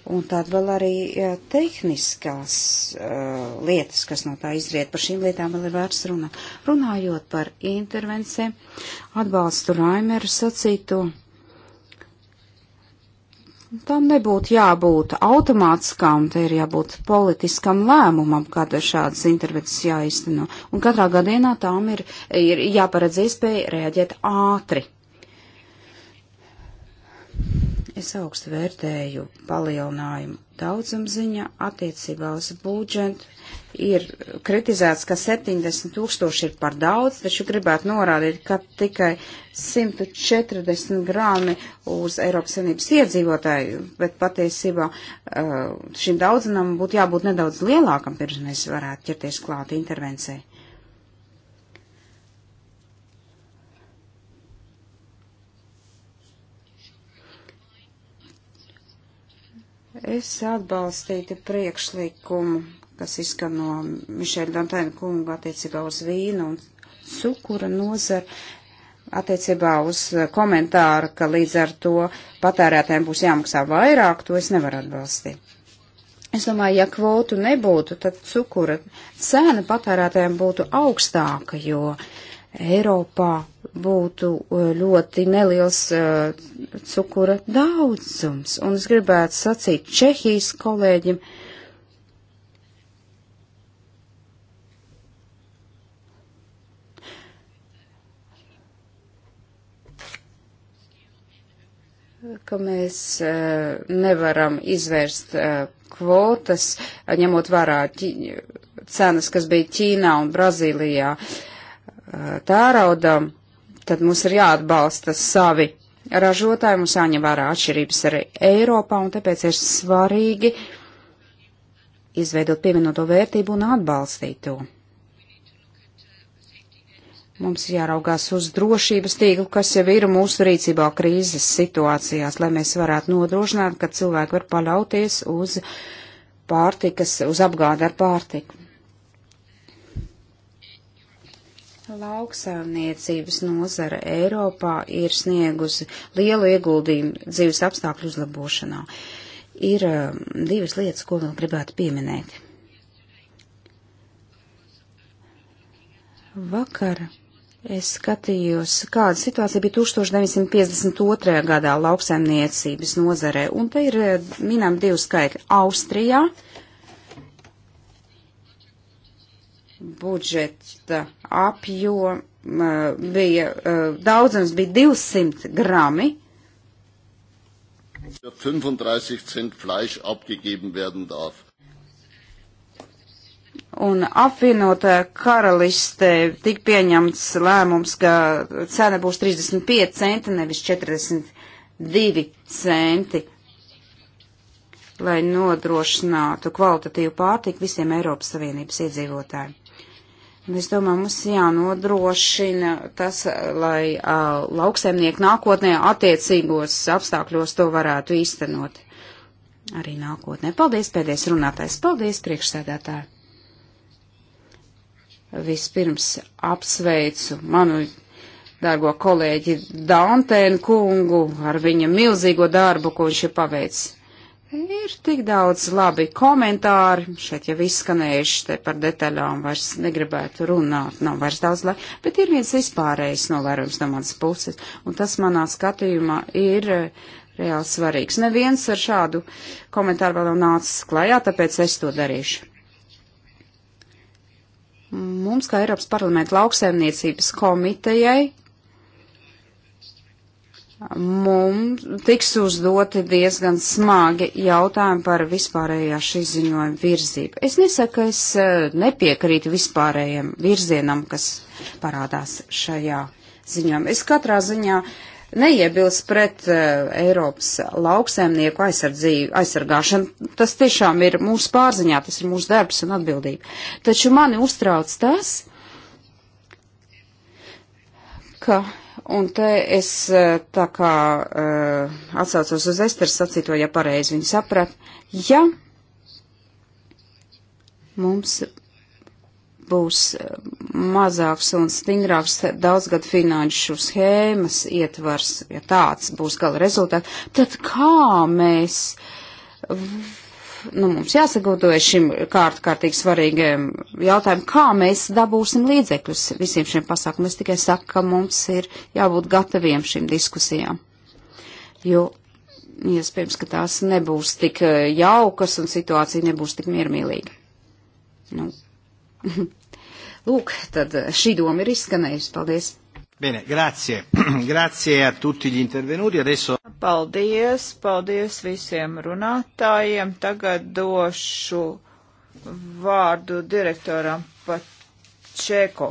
Un tad vēl arī e, tehniskās uh, lietas, kas no tā izriet. Par šīm lietām vēl ir vērts runa. Runājot par intervencēm, atbalstu Raimera sacīto. Tam nebūtu jābūt automātiskām, te ir jābūt politiskam lēmumam, kad šādas intervences jāizteno. Un katrā gadienā tām ir, ir jāparedz iespēja reaģēt ātri. Es augstu vērtēju palielinājumu daudzumziņa attiecībā uz budžetu. Ir kritizēts, ka 70 tūkstoši ir par daudz, taču gribētu norādīt, ka tikai 140 grāmi uz Eiropas Savienības iedzīvotāju, bet patiesībā uh, šim daudzumam būtu jābūt nedaudz lielākam, pirms mēs varētu ķerties klāt intervencijai. Es atbalstītu priekšlikumu, kas izskan no Mišēļa Dantēna kunga attiecībā uz vīnu un cukura nozaru, attiecībā uz eh, komentāru, ka līdz ar to patērētēm būs jāmaksā vairāk, to es nevaru atbalstīt. Es domāju, ja kvotu nebūtu, tad cukura cena patērētēm būtu augstāka, jo uh, Eiropā būtu uh, ļoti neliels uh, cukura daudzums. Un es gribētu sacīt Čehijas kolēģim, ka mēs uh, nevaram izvērst uh, kvotas, ņemot vērā cenas, kas bija Ķīnā un Brazīlijā. Uh, tēraudam, tad mums ir jāatbalsta savi ražotāji, mums jāņem vērā atšķirības arī Eiropā, un tāpēc ir svarīgi izveidot pievienoto vērtību un atbalstīt to. Mums jāraugās uz drošības tīklu, kas jau ir mūsu rīcībā krīzes situācijās, lai mēs varētu nodrošināt, ka cilvēki var paļauties uz pārtikas, uz apgādi ar pārtiku. Lauksaimniecības nozara Eiropā ir sniegusi lielu ieguldījumu dzīves apstākļu uzlabošanā. Ir uh, divas lietas, ko vēl gribētu pieminēt. Vakar es skatījos, kāda situācija bija 1952. gadā lauksaimniecības nozarē, un te ir eh, minām divi skaitļi. Austrijā budžeta apjoma eh, bija, eh, daudzums bija 200 grami. 35 cent Fleisch abgegeben werden darf. Un apvienotā karalistē tik pieņemts lēmums, ka cena būs 35 centi, nevis 42 centi, lai nodrošinātu kvalitatīvu pārtiku visiem Eiropas Savienības iedzīvotājiem. Un es domāju, mums jānodrošina tas, lai uh, lauksaimnieki nākotnē attiecīgos apstākļos to varētu īstenot. Arī nākotnē. Paldies, pēdējais runātājs. Paldies, priekšsēdētāji. Vispirms apsveicu manu dārgo kolēģi Dantēnu kungu ar viņa milzīgo darbu, ko viņš ir paveicis. Ir tik daudz labi komentāri, šeit jau izskanējuši te par detaļām, vairs negribētu runāt, nav vairs daudz laika, bet ir viens vispārējais novērojums no manas puses, un tas manā skatījumā ir eh, reāli svarīgs. Neviens ar šādu komentāru vēl nav nācis klajā, tāpēc es to darīšu. Mums, kā Eiropas parlamenta lauksaimniecības komitejai, Mums tiks uzdoti diezgan smagi jautājumi par vispārējā šī ziņojuma virzību. Es nesaku, ka es eh, nepiekrītu vispārējiem virzienam, kas parādās šajā ziņojumā. Es katrā ziņā neiebilst pret uh, Eiropas lauksēmnieku aizsargāšanu. Tas tiešām ir mūsu pārziņā, tas ir mūsu darbs un atbildība. Taču mani uztrauc tas, ka Un te es eh, tā kā uh, atsaucos uz Esteras sacīto, ja pareizi viņu saprat. Ja mums būs eh, mazāks un stingrāks daudzgad finanšu schēmas ietvars, ja tāds būs gala rezultāts, tad kā mēs nu, mums jāsagatavojas šim kārt, kārtīgi svarīgiem jautājumiem, kā mēs dabūsim līdzekļus visiem šiem pasākumiem. Es tikai saku, ka mums ir jābūt gataviem šīm diskusijām. Jo iespējams, ka tās nebūs tik eh, jaukas un situācija nebūs tik miermīlīga. Nu. [laughs] Lūk, tad eh, šī doma ir izskanējusi. Paldies! Bene, grazie. [clears throat] grazie a tutti gli intervenuti. Adesso... Paldies, paldies visiem runātājiem. Tagad došu vārdu direktoram Pačeko.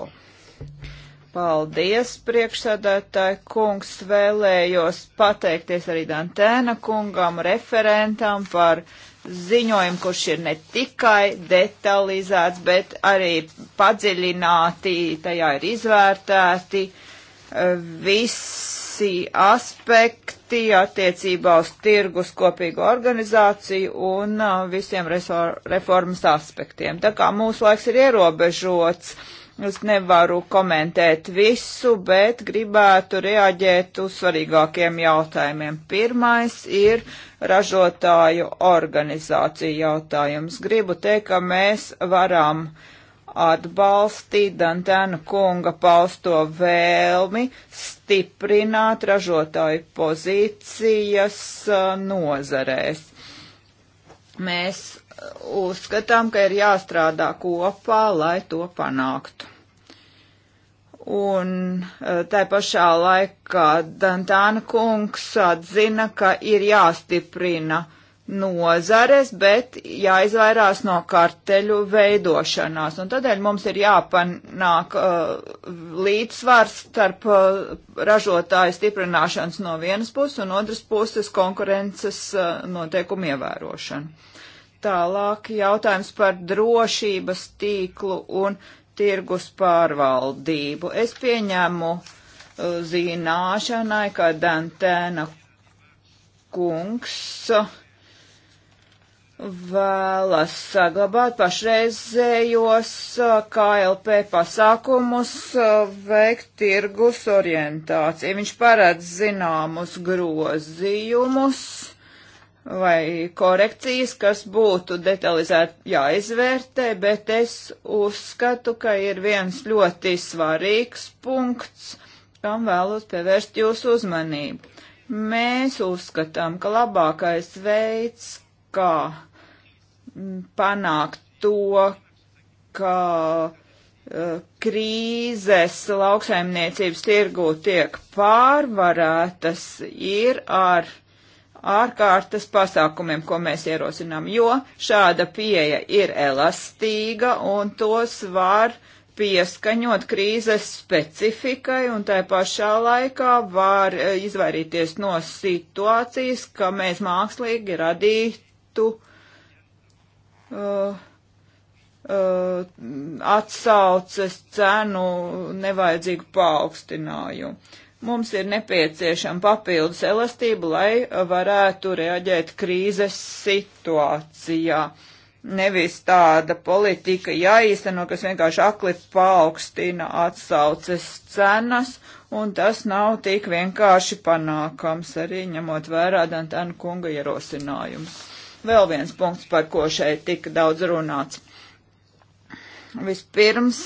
Paldies, priekšsādātāji kungs. Vēlējos pateikties arī Dantēna kungam, referentam par ziņojumu, kurš ir ne tikai detalizēts, bet arī padziļināti, tajā ir izvērtēti visi aspekti attiecībā uz tirgus kopīgu organizāciju un visiem reformas aspektiem. Tā kā mūsu laiks ir ierobežots, es nevaru komentēt visu, bet gribētu reaģēt uz svarīgākiem jautājumiem. Pirmais ir ražotāju organizāciju jautājums. Gribu teikt, ka mēs varam uh, atbalstīt Dantēna kunga pausto vēlmi stiprināt ražotāju pozīcijas uh, nozarēs. Mēs uh, uzskatām, ka ir jāstrādā kopā, lai to panāktu. Un uh, tā pašā laikā Dantāna kungs atzina, ka ir jāstiprina uh, nozares, bet jāizvairās no karteļu veidošanās. Un tādēļ mums ir jāpanāk uh, līdzsvars starp uh, ražotāju stiprināšanas no vienas puses un otras puses konkurences uh, noteikumu ievērošanu. Tālāk jautājums par drošības tīklu un tirgus pārvaldību. Es pieņemu uh, zināšanai, ka Dantēna kungs uh, vēlas saglabāt pašreizējos uh, KLP pasākumus, uh, veikt tirgus orientāciju. Viņš paredz zināmus grozījumus vai korekcijas, kas būtu detalizēti jāizvērtē, bet es uzskatu, ka ir viens ļoti svarīgs punkts, kam vēlos pievērst jūsu uzmanību. Mēs uzskatām, ka labākais veids, kā panākt to, ka eh, krīzes lauksaimniecības tirgū tiek pārvarētas, ir ar ārkārtas pasākumiem, ko mēs ierosinām, jo šāda pieeja ir elastīga un tos var pieskaņot krīzes specifikai un tai pašā laikā var eh, izvairīties no situācijas, ka mēs mākslīgi radītu uh, uh, uh, atsauces cenu nevajadzīgu paaugstinājumu. Mums ir nepieciešama papildus elastība, lai varētu reaģēt krīzes situācijā. Nevis tāda politika jāīsteno, kas vienkārši akli paaugstina atsauces cenas, un tas nav tik vienkārši panākams, arī ņemot vērā Dantana kunga ierosinājumus vēl viens punkts, par ko šeit tika daudz runāts. Vispirms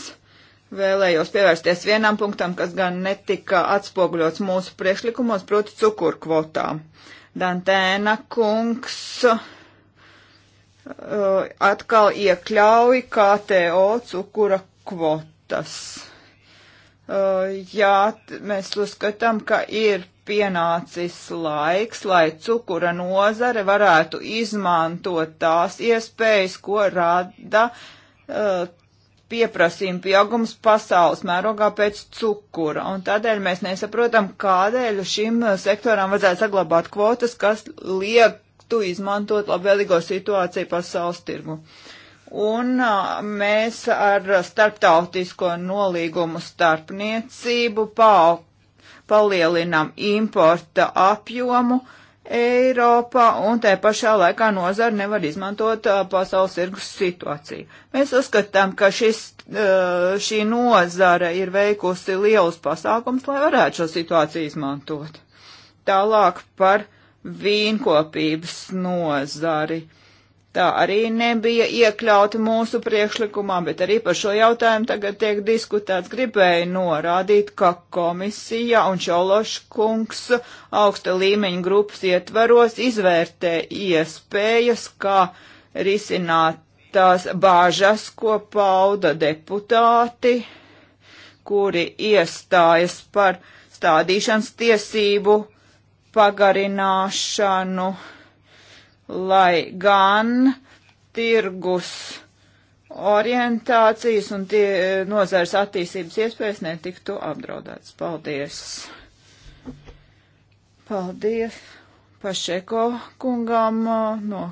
vēlējos pievērsties vienam punktam, kas gan netika atspoguļots mūsu priekšlikumos, proti cukurkvotām. Dantēna kungs uh, atkal iekļauj KTO cukura kvotas. Uh, jā, mēs uzskatām, ka ir pienācis laiks, lai cukura nozare varētu izmantot tās iespējas, ko rada uh, pieprasījuma pieaugums pasaules mērogā pēc cukura. Un tādēļ mēs nesaprotam, kādēļ šim sektoram vajadzētu saglabāt kvotas, kas liektu izmantot labvēlīgo situāciju pasaules tirgu. Un a, uh, mēs ar starptautisko nolīgumu starpniecību paaugstinām palielinam importa apjomu Eiropā, un te pašā laikā nozara nevar izmantot pasaules tirgus situāciju. Mēs uzskatām, ka šis, šī nozara ir veikusi lielus pasākums, lai varētu šo situāciju izmantot. Tālāk par vīnkopības nozari. Uh, Tā arī nebija iekļauta mūsu priekšlikumā, bet arī par šo jautājumu tagad tiek diskutēts. Gribēju norādīt, ka komisija un Čološkungs augsta līmeņa grupas ietvaros izvērtē iespējas, kā risināt tās bāžas, ko pauda deputāti, kuri iestājas par stādīšanas tiesību pagarināšanu lai gan tirgus orientācijas un tie eh, nozars attīstības iespējas netiktu apdraudētas. Paldies! Paldies Pašeko kungam eh, no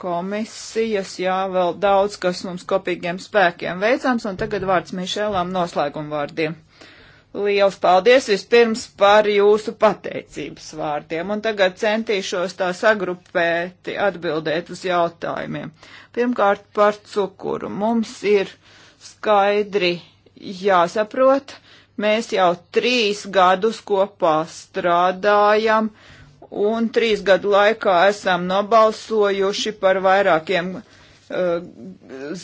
komisijas. Jā, vēl daudz, kas mums kopīgiem spēkiem veicams, un tagad vārds Mišēlām noslēguma vārdiem. Liels paldies vispirms par jūsu pateicības vārdiem, un tagad centīšos tā sagrupēti atbildēt uz jautājumiem. Pirmkārt, par cukuru. Mums ir skaidri jāsaprot, mēs jau trīs gadus kopā strādājam, un trīs gadu laikā esam nobalsojuši par vairākiem uh,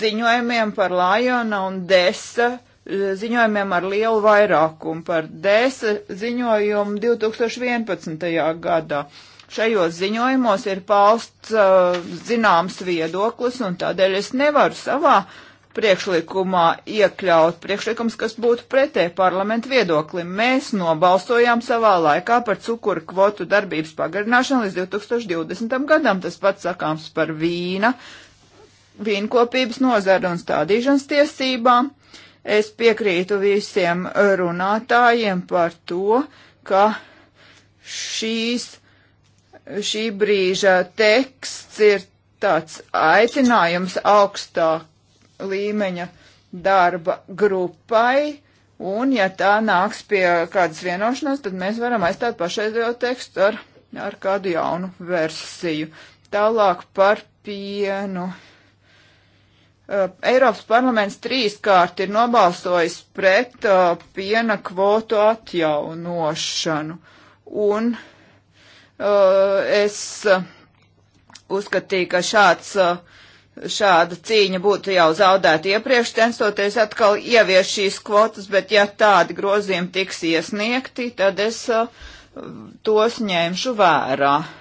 ziņojumiem par Lajona un Desa ziņojumiem ar lielu vairākumu par desa ziņojumu 2011. gadā. Šajos ziņojumos ir pausts uh, zināms viedoklis, un tādēļ es nevaru savā priekšlikumā iekļaut priekšlikums, kas būtu pretē parlamentu viedoklim. Mēs nobalsojām savā laikā par cukuru kvotu darbības pagarināšanu līdz 2020. gadam. Tas pats sakāms par vīna, vīnkopības nozaru un stādīšanas tiesībām Es piekrītu visiem runātājiem par to, ka šīs, šī brīža teksts ir tāds aicinājums augstā līmeņa darba grupai, un ja tā nāks pie kādas vienošanās, tad mēs varam aizstāt pašreizējo tekstu ar, ar kādu jaunu versiju. Tālāk par pienu. Uh, Eh, Eiropas parlaments trīskārt ir nobalsojis pret uh, piena kvotu atjaunošanu. Un uh, es uzskatīju, ka šāds, šāda cīņa būtu jau zaudēta iepriekš, censtoties atkal ievies šīs kvotas, bet ja tādi grozījumi tiks iesniegti, tad es uh, tos ņemšu vērā. Uh,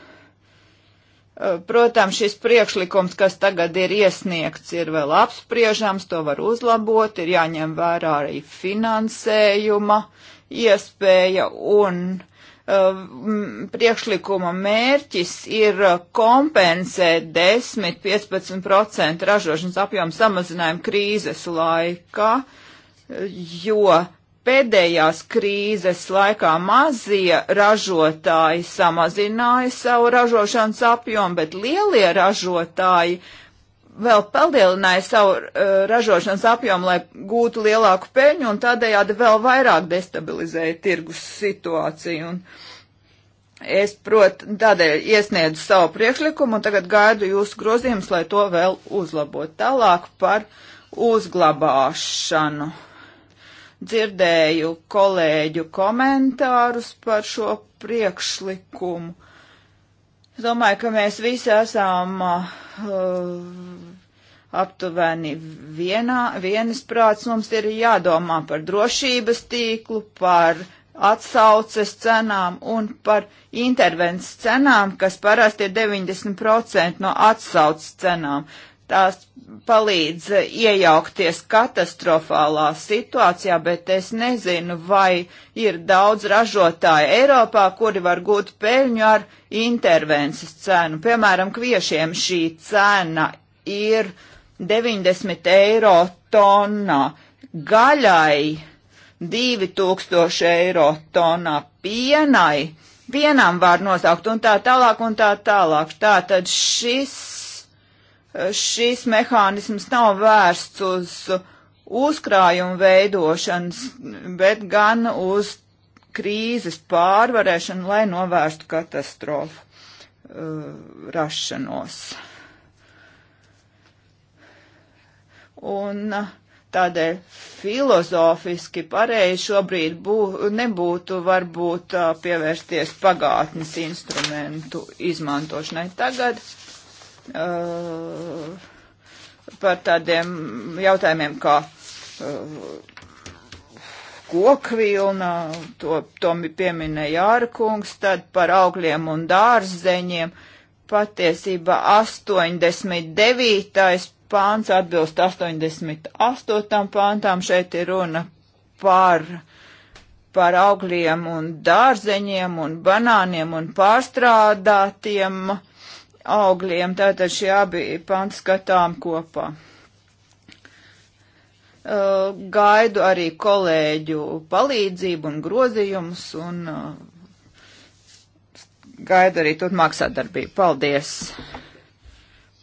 Eh, protams, šis priekšlikums, kas tagad ir iesniegts, ir vēl apspriežams, to var uzlabot, ir jāņem vērā arī finansējuma iespēja un uh, priekšlikuma mērķis ir kompensēt 10-15% ražošanas apjomu samazinājumu krīzes laikā, jo pēdējās krīzes laikā mazie ražotāji samazināja savu ražošanas apjomu, bet lielie ražotāji vēl palielināja savu uh, ražošanas apjomu, lai gūtu lielāku peļņu un tādējādi vēl vairāk destabilizēja tirgus situāciju. Un es, prot, tādēļ iesniedzu savu priekšlikumu un tagad gaidu jūsu grozījumus, lai to vēl uzlabot. Tālāk par uzglabāšanu dzirdēju kolēģu komentārus par šo priekšlikumu. Es domāju, ka mēs visi esam uh, aptuveni vienā, vienas prāts. Mums ir jādomā par drošības tīklu, par atsauces cenām un par intervences cenām, kas parasti ir 90% no atsauces cenām tās palīdz iejaukties katastrofālā situācijā, bet es nezinu, vai ir daudz ražotāju Eiropā, kuri var gūt peļņu ar intervences cenu. Piemēram, kviešiem šī cena ir 90 eiro tonnā, gaļai 2000 eiro tonnā, pienai vienam var nosaukt un tā tālāk un tā tālāk. Tātad šis šīs mehānisms nav vērsts uz uzkrājumu veidošanas, bet gan uz krīzes pārvarēšanu, lai novērstu katastrofu uh, rašanos. Un uh, tādēļ filozofiski pareizi šobrīd bū, nebūtu varbūt uh, pievērsties pagātnes instrumentu izmantošanai. Tagad uh, Uh, par tādiem jautājumiem kā uh, kokvilna, to, to pieminēja Ārkungs, tad par augļiem un dārzeņiem. Patiesībā 89. pāns atbilst 88. pāntām. Šeit ir runa par, par augļiem un dārzeņiem un banāniem un pārstrādātiem uh, augļiem. Tātad šie abi panti skatām kopā. Uh, gaidu arī kolēģu palīdzību un grozījumus un uh, gaidu arī turpmāk sadarbību. Paldies!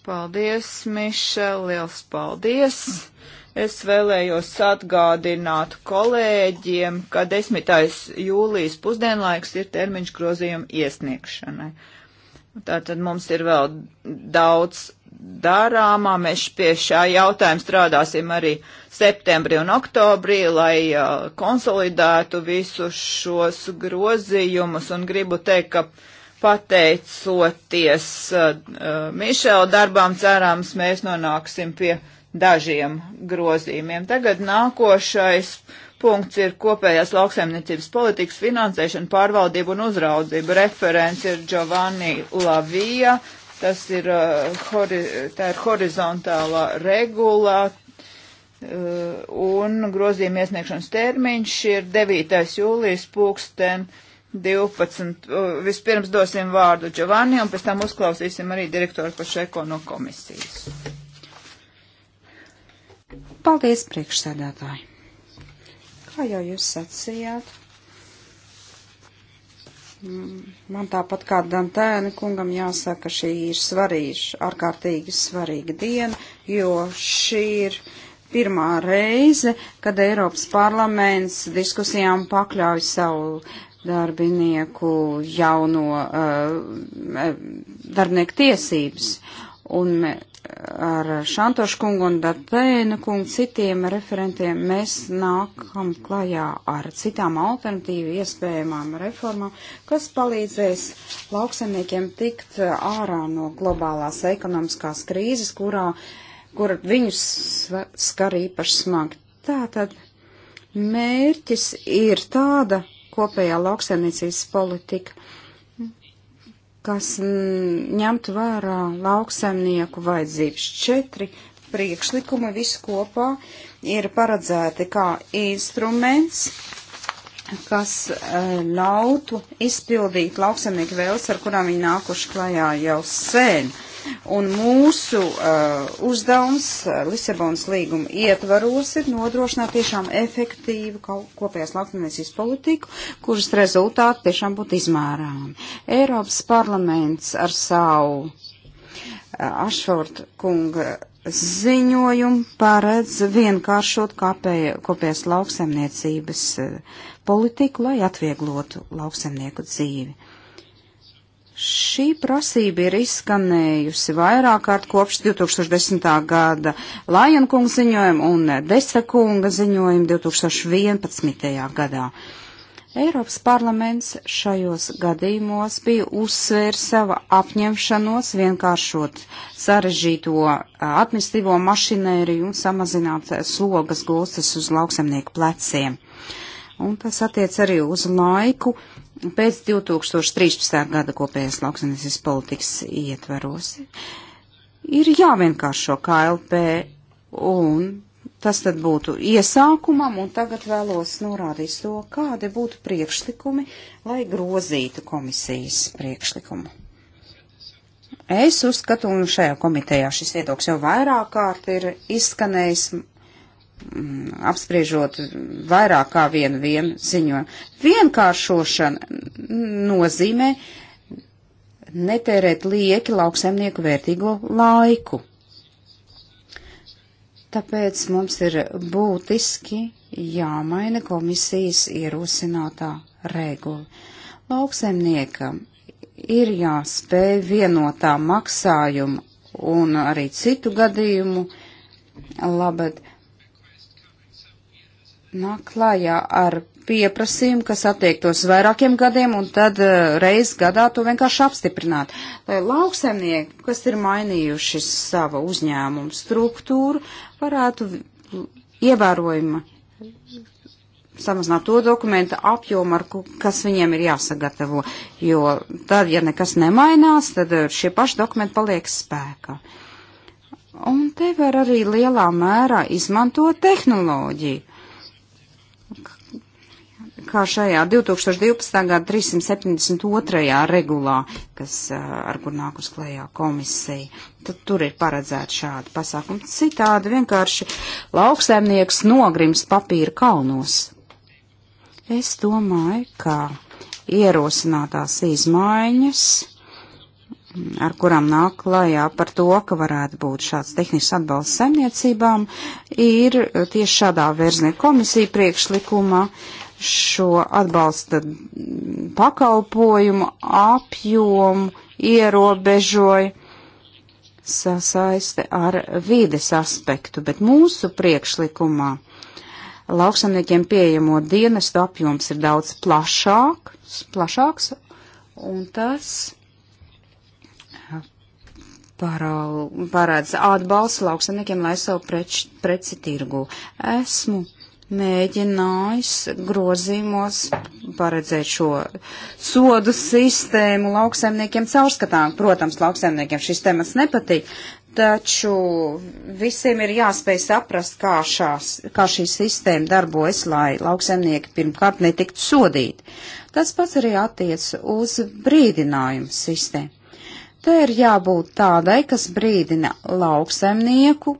Paldies, Mišel, liels paldies! Es vēlējos atgādināt kolēģiem, ka 10. jūlijas pusdienlaiks ir termiņš grozījuma iesniegšanai. Tātad mums ir vēl daudz darāmā. Mēs pie šā jautājuma strādāsim arī septembrī un oktobrī, lai uh, konsolidētu visus šos grozījumus. Un gribu teikt, ka pateicoties uh, Mišela darbām, cerams, mēs nonāksim pie dažiem grozījumiem. Tagad nākošais punkts ir kopējās lauksaimniecības politikas finansēšana, pārvaldība un uzraudzība. Referents ir Giovanni Lavija, tas ir, uh, hori, tā ir horizontālā regulā, uh, un grozījuma iesniegšanas termiņš ir 9. jūlijas pūksten 12. Uh, vispirms dosim vārdu Giovanni, un pēc tam uzklausīsim arī direktoru Pašeko no komisijas. Paldies, priekšsēdētāji! kā jau jūs sacījāt, mm, man tāpat kā Dantēna kungam jāsaka, šī ir svarīga, ārkārtīgi svarīga diena, jo šī ir pirmā reize, kad Eiropas parlaments diskusijām pakļauj savu darbinieku jauno uh, eh, darbinieku tiesības. Un ar Šantošu kungu un Datēnu kungu citiem referentiem mēs nākam klajā ar citām alternatīvu iespējamām reformām, kas palīdzēs lauksaimniekiem tikt ārā no globālās ekonomiskās krīzes, kurā, kur viņus skar īpaši smagi. Tātad mērķis ir tāda kopējā lauksaimniecības politika kas ņemtu vērā lauksaimnieku vajadzības. Četri priekšlikumi visu kopā ir paredzēti kā instruments, kas e, ļautu izpildīt lauksaimnieku vēlas, ar kurām viņi nākuši klajā jau sen. Uh, Un mūsu uh, uzdevums uh, Lisabonas līguma ietvaros ir nodrošināt tiešām efektīvu kopējās lauksaimniecības politiku, kuras rezultāti tiešām būtu izmērāmi. Eiropas parlaments ar savu uh, Ašforta kunga ziņojumu paredz vienkāršot kopējās lauksaimniecības uh, politiku, lai atvieglotu lauksaimnieku dzīvi. Šī prasība ir izskanējusi vairāk kārt kopš 2010. gada Lajana kunga ziņojuma un Desa kunga ziņojuma 2011. gadā. Eiropas parlaments šajos gadījumos bija uzsvērs sava apņemšanos vienkāršot sarežģīto administīvo mašinēriju un samazināt slogas gulstas uz lauksemnieku pleciem. Un tas attiec arī uz laiku, pēc 2013. gada kopējās lauksanisijas politikas ietvaros ir jāvienkāršo KLP un tas tad būtu iesākumam un tagad vēlos norādīt to, kādi būtu priekšlikumi, lai grozītu komisijas priekšlikumu. Es uzskatu, un šajā komitejā šis viedoklis jau vairāk kārt ir izskanējis, Mm, apspriežot vairāk kā vienu vienu ziņojumu. Vienkāršošana nozīmē netērēt lieki lauksaimnieku vērtīgo laiku. Tāpēc mums ir būtiski jāmaina komisijas ierosinātā regula. Lauksaimniekam ir jāspēj vienotā maksājuma un arī citu gadījumu labad nāk klājā ar pieprasījumu, kas attiektos vairākiem gadiem, un tad uh, reiz gadā to vienkārši apstiprināt. Lai lauksemnieki, kas ir mainījuši sava uzņēmuma struktūru, varētu ievērojama samazināt to dokumentu apjomu, ar, kas viņiem ir jāsagatavo, jo tad, ja nekas nemainās, tad eh, šie paši dokumenti paliek spēkā. Un te var arī lielā mērā izmantot tehnoloģiju kā šajā 2012. gada 372. regulā, kas ar kur nāk uz klējā komisija. Tad tur ir paredzēta šāda pasākuma. Citādi vienkārši lauksēmnieks nogrims papīra kalnos. Es domāju, ka ierosinātās izmaiņas ar kurām nāk klājā par to, ka varētu būt šāds tehnisks atbalsts saimniecībām, ir tieši šādā verzne komisija priekšlikumā, šo atbalsta pakalpojumu apjomu ierobežoja sasaiste ar vides aspektu, bet mūsu priekšlikumā lauksamniekiem pieejamo dienestu apjoms ir daudz plašāks, plašāks un tas parādz atbalstu lauksamniekiem, lai savu preč, preci tirgu. Esmu mēģinājis grozīmos paredzēt šo sodu sistēmu lauksaimniekiem caurskatām. Protams, lauksaimniekiem šis temats nepatīk, taču visiem ir jāspēj saprast, kā, šās, kā šī sistēma darbojas, lai lauksaimnieki pirmkārt netiktu sodīti. Tas pats arī attiec uz brīdinājumu sistēmu. Te ir jābūt tādai, kas brīdina lauksaimnieku,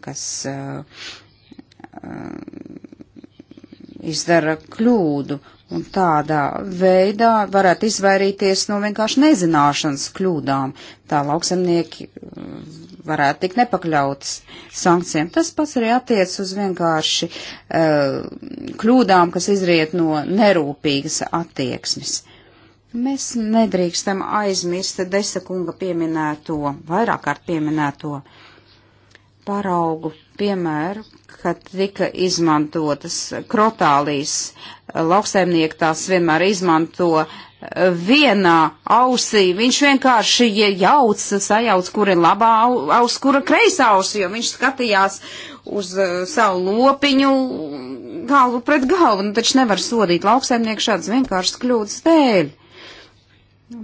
kas uh, Um, izdara kļūdu, un tādā veidā varētu izvairīties no vienkārši nezināšanas kļūdām. Tā lauksemnieki um, varētu tikt nepakļauts sankcijām. Tas pats arī attiec uz vienkārši uh, kļūdām, kas izriet no nerūpīgas attieksmes. Mēs nedrīkstam aizmirst desakunga pieminēto, vairāk kārt pieminēto paraugu piemēru, kad tika izmantotas krotālīs lauksaimnieki tās vienmēr izmanto vienā ausī. Viņš vienkārši jauc, sajauc, kur ir labā aus, kura kreisā ausī, jo viņš skatījās uz uh, savu lopiņu galvu pret galvu. Nu, taču nevar sodīt lauksaimnieku šādas vienkāršas kļūdas dēļ.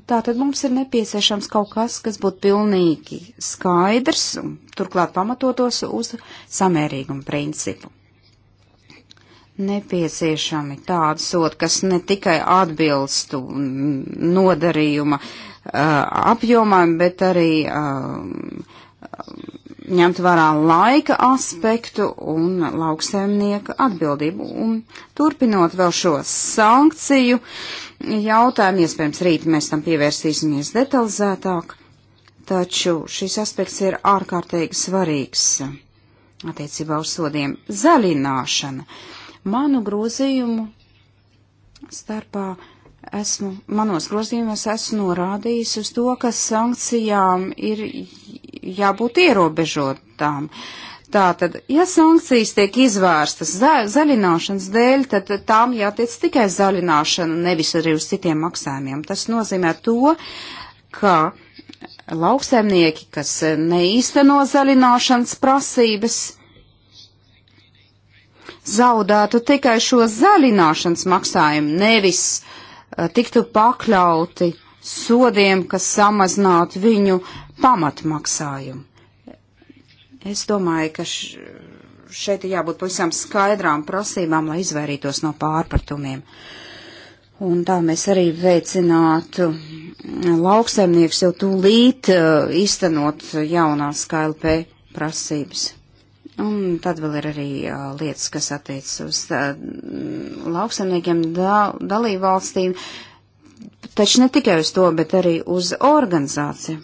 Tātad mums ir nepieciešams kaut kas, kas būtu pilnīgi skaidrs un turklāt pamatotos uz samērīgumu principu. Nepieciešami tādi sodi, kas ne tikai atbilstu nodarījuma uh, apjomam, bet arī uh, ņemt vērā laika aspektu un lauksaimnieka atbildību. Un turpinot vēl šo sankciju. Uh, jautājumu. Iespējams, rīt mēs tam pievērsīsimies detalizētāk, taču šis aspekts ir ārkārtīgi svarīgs attiecībā uz sodiem. Zaļināšana. Manu grozījumu starpā esmu, manos grozījumos esmu norādījis uz to, ka sankcijām ir jābūt ierobežotām. Uh, Tātad, ja sankcijas tiek izvērstas za, zaļināšanas dēļ, tad tām jātiec tikai zaļināšana, nevis arī uz citiem maksājumiem. Tas nozīmē to, ka lauksaimnieki, kas neīsteno zaļināšanas prasības, zaudētu tikai šo zaļināšanas maksājumu, nevis uh, tiktu pakļauti sodiem, kas samazinātu viņu pamatmaksājumu. Es domāju, ka šeit ir jābūt pavisam skaidrām prasībām, lai izvairītos no pārpratumiem. Un tā mēs arī veicinātu mm, lauksaimnieks jau tūlīt iztenot e, jaunās KLP prasības. Un tad vēl ir arī uh, lietas, kas attiecas uz uh, lauksaimniekiem da dalībvalstīm, taču ne tikai uz to, bet arī uz organizāciju.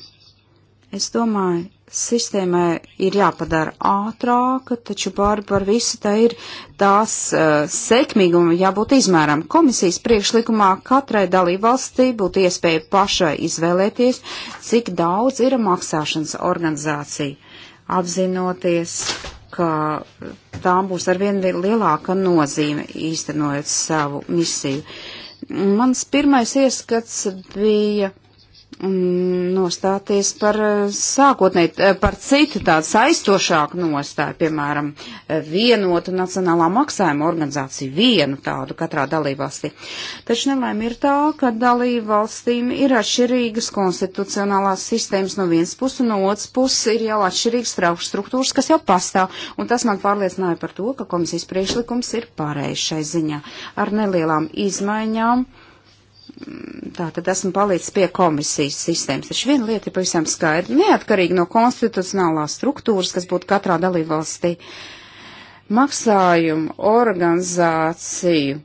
Es domāju, sistēmai ir jāpadara ātrāka, taču pāri par visu tā ir tās uh, sekmīguma jābūt izmēram. Komisijas priekšlikumā katrai dalībvalstī būtu iespēja pašai izvēlēties, cik daudz ir maksāšanas organizācija, apzinoties, ka tām būs arvien lielāka nozīme īstenojot savu misiju. Mans pirmais ieskats bija nostāties par eh, sākotnēji, eh, par citu tādu saistošāku nostāju, piemēram, eh, vienotu nacionālā maksājuma organizāciju, vienu tādu katrā dalībvalstī. Taču nelēm ir tā, ka dalībvalstīm ir atšķirīgas konstitucionālās sistēmas no vienas puses, un no otras puses ir jau atšķirīgas trauks struktūras, kas jau pastāv, un tas man pārliecināja par to, ka komisijas priekšlikums ir pareizs šai ziņā ar nelielām izmaiņām. Uh, Tā tad esmu palicis pie komisijas sistēmas. Taču viena lieta ir pavisam skaidra. Neatkarīgi no konstitucionālās struktūras, kas būtu katrā dalībvalstī, maksājumu organizāciju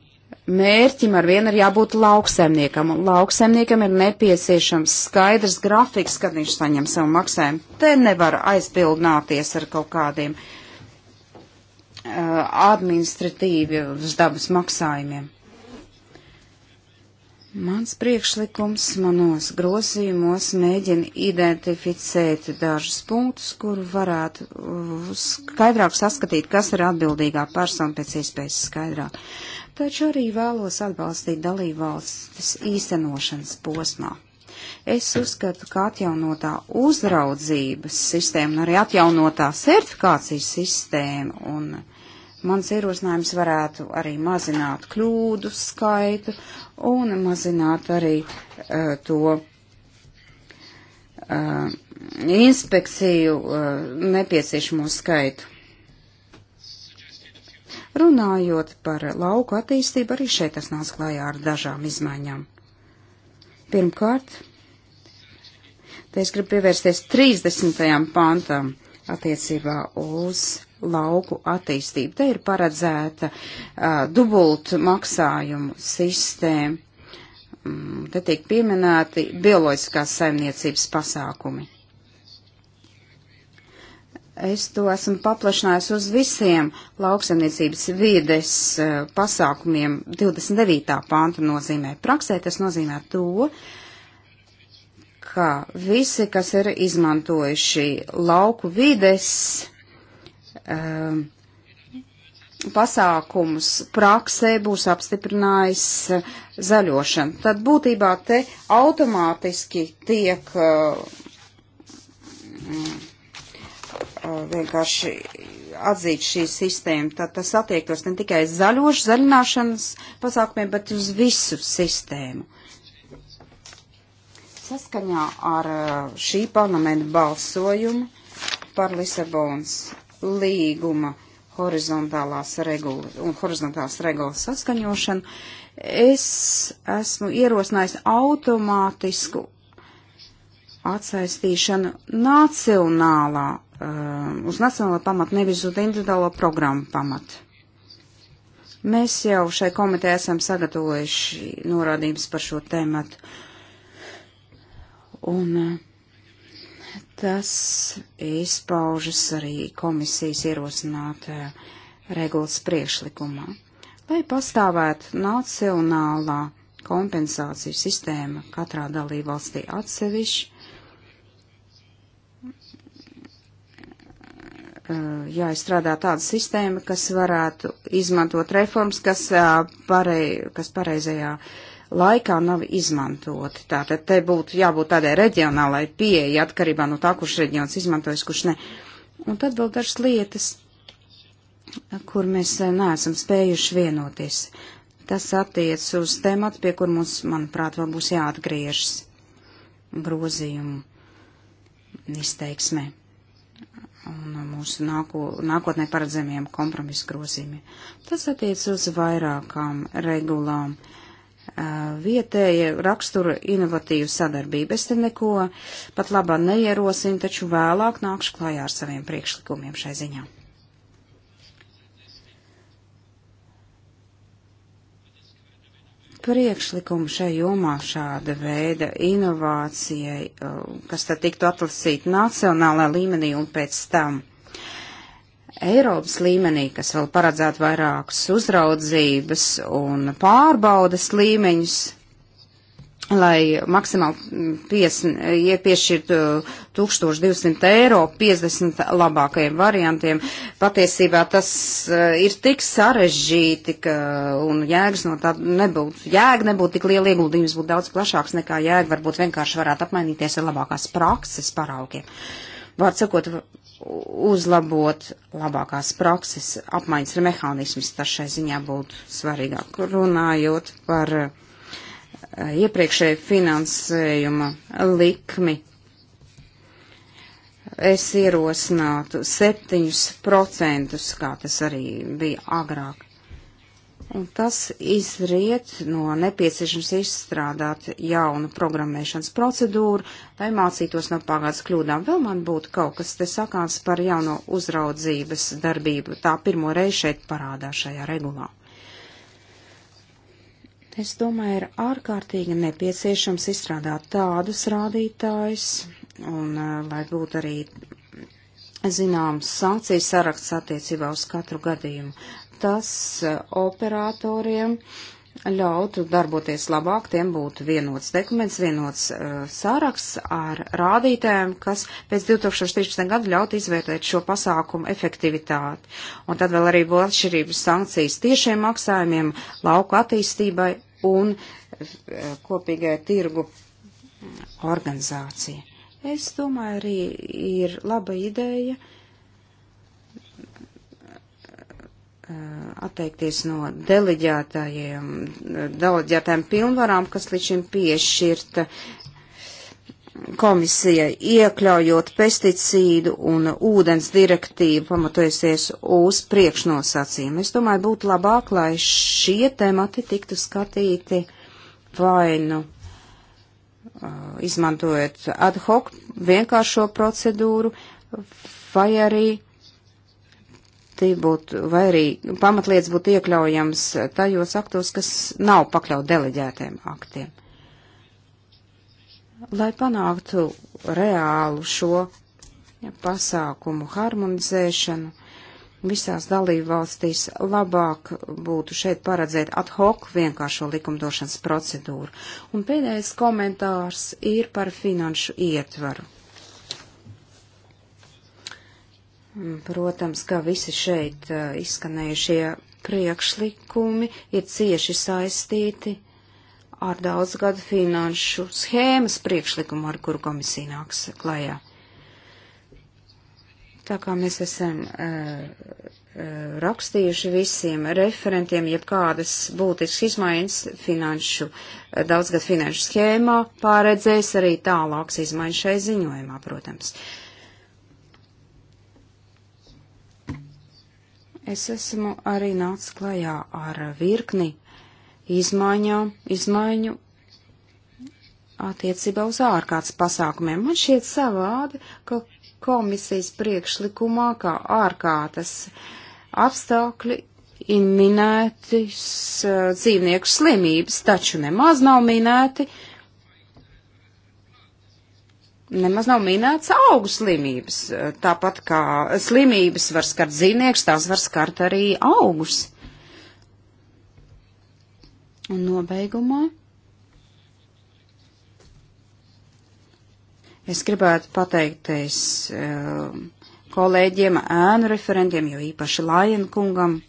mērķim ar vienu ir jābūt lauksaimniekam. Lauksaimniekam ir nepieciešams skaidrs grafiks, kad viņš saņem savu maksājumu. Te nevar aizbildināties ar kaut kādiem uh, administratīviem uz dabas maksājumiem. Mans priekšlikums manos grozījumos mēģina identificēt dažus punktus, kur varētu uh, skaidrāk saskatīt, kas ir atbildīgā persona pēc iespējas skaidrāk. Taču arī vēlos atbalstīt dalībvalstis īstenošanas posmā. Es uzskatu, ka atjaunotā uzraudzības sistēma un arī atjaunotā sertifikācijas sistēma un uh, mans ierosinājums varētu arī mazināt kļūdu skaitu un mazināt arī uh, to uh, inspekciju uh, nepieciešamo skaitu. Runājot par lauku attīstību, arī šeit tas nāca klājā ar dažām izmaiņām. Pirmkārt, te es gribu pievērsties 30. pantam attiecībā uz lauku attīstību. Te ir paredzēta uh, dubult maksājumu sistēma. Mm, te tiek pieminēti bioloģiskās saimniecības pasākumi. Es to esmu paplašinājis uz visiem lauksaimniecības vides uh, pasākumiem. 29. pānta nozīmē praksē, tas nozīmē to, ka visi, kas ir izmantojuši lauku vides, um, pasākumus praksē būs apstiprinājis uh, zaļošana. Tad būtībā te automātiski tiek uh, mm, uh, vienkārši atzīt šī sistēma. Tad tas attiektos ne tikai uz zaļošu, zaļināšanas pasākumiem, bet uz visu sistēmu. Saskaņā ar uh, šī parlamenta balsojumu par Lisabonas līguma horizontālās regulas un horizontālās regulas saskaņošanu, es esmu ierosinājis automātisku atsaistīšanu nacionālā, um, uz nacionālā pamata, nevis uz individuālo programmu pamatu. Mēs jau šai komitē esam sagatavojuši norādījumus par šo tēmatu. Un uh, Tas izpaužas arī komisijas ierosinātajā eh, regulas priekšlikumā. Lai pastāvētu nacionālā kompensāciju sistēma katrā dalībvalstī atsevišķi, eh, jāizstrādā tāda sistēma, kas varētu izmantot reformas, kas, eh, parei, kas pareizajā uh, laikā nav izmantoti. Tātad te būtu jābūt tādai reģionālai pieeja atkarībā no tā, kurš reģions izmantojas, kurš ne. Un tad vēl dažas lietas, kur mēs eh, neesam spējuši vienoties. Tas attiec uz tematu, pie kur mums, manuprāt, vēl būs jāatgriežas grozījumu izteiksmē un mūsu nāko, nākotnē paredzamiem kompromisu grozījumiem. Tas attiec uz vairākām regulām. Uh, vietēja rakstura inovatīva sadarbība. Es te neko pat labā neierosinu, taču vēlāk nākšu klājā ar saviem priekšlikumiem šai ziņā. Priekšlikumu šai jomā šāda veida inovācijai, kas tad tiktu atlasīt nacionālā līmenī un pēc tam Eiropas līmenī, kas vēl paredzētu vairākus uzraudzības un pārbaudas līmeņus, lai maksimāli pies, piešķirtu 1200 eiro 50 labākajiem variantiem. Patiesībā tas eh, ir tik sarežģīti, ka, un jēgas no tā nebūtu, jēga nebūtu tik liela ieguldījums, būtu daudz plašāks nekā jēga, varbūt vienkārši varētu apmainīties ar labākās prakses paraugiem. Vārds sakot, uzlabot labākās prakses apmaiņas ar mehānismus, tas šai ziņā būtu svarīgāk. Runājot par eh, iepriekšēju finansējuma likmi, es ierosinātu 7%, kā tas arī bija agrāk. Un tas izriet no nepieciešams izstrādāt jaunu programmēšanas procedūru, lai mācītos no pagātnes kļūdām. Vēl man būtu kaut kas te sakāms par jauno uzraudzības darbību. Tā pirmo reizi šeit parādās šajā regulā. Es domāju, ir ārkārtīgi nepieciešams izstrādāt tādus rādītājus, un eh, lai būtu arī zināms sankcijas saraksts attiecībā uz katru gadījumu tas eh, operatoriem ļautu darboties labāk, tiem būtu vienots dokuments, vienots uh, saraksts ar rādītēm, kas pēc 2013. gada ļautu izvērtēt šo pasākumu efektivitāti. Un tad vēl arī būtu atšķirības sankcijas tiešiem maksājumiem, lauku attīstībai un uh, kopīgai tirgu organizācija. Es domāju, arī ir laba ideja. Uh, Uh, atteikties no deleģētājiem, uh, deleģētājiem pilnvarām, kas līdz šim piešķirta komisijai, iekļaujot pesticīdu un ūdens direktīvu, pamatojusies uz priekšnosacījumu. Es domāju, būtu labāk, lai šie temati tiktu skatīti vai nu uh, izmantojot ad hoc vienkāršo procedūru, vai arī akti būtu, vai arī pamatlietas būtu iekļaujams tajos aktos, kas nav pakļaut deleģētiem aktiem. Lai panāktu reālu šo pasākumu harmonizēšanu, visās dalībvalstīs labāk būtu šeit paredzēt ad hoc vienkāršo likumdošanas procedūru. Un pēdējais komentārs ir par finanšu ietvaru. Mm, protams, ka visi šeit uh, izskanējušie priekšlikumi ir cieši saistīti ar daudzgadu finanšu schēmas priekšlikumu, ar kuru komisija nāks klajā. Tā kā mēs esam uh, uh rakstījuši visiem referentiem, jeb kādas būtiskas izmaiņas finanšu, uh, daudzgad finanšu schēmā pārredzēs arī tālāks izmaiņas šai ziņojumā, protams. Uh, Es esmu arī nācis klajā ar virkni izmaiņām, izmaiņu attiecībā uz ārkārtas pasākumiem. Man šķiet savādi, ka komisijas priekšlikumā kā ārkārtas apstākļi ir minētas dzīvnieku slimības, taču nemaz nav minēti uh, nemaz nav minēts augu slimības. Tāpat kā slimības var skart dzīvnieks, tās var skart arī augus. Un nobeigumā es gribētu pateikties eh, kolēģiem, ēnu referentiem, jo īpaši Lajan kungam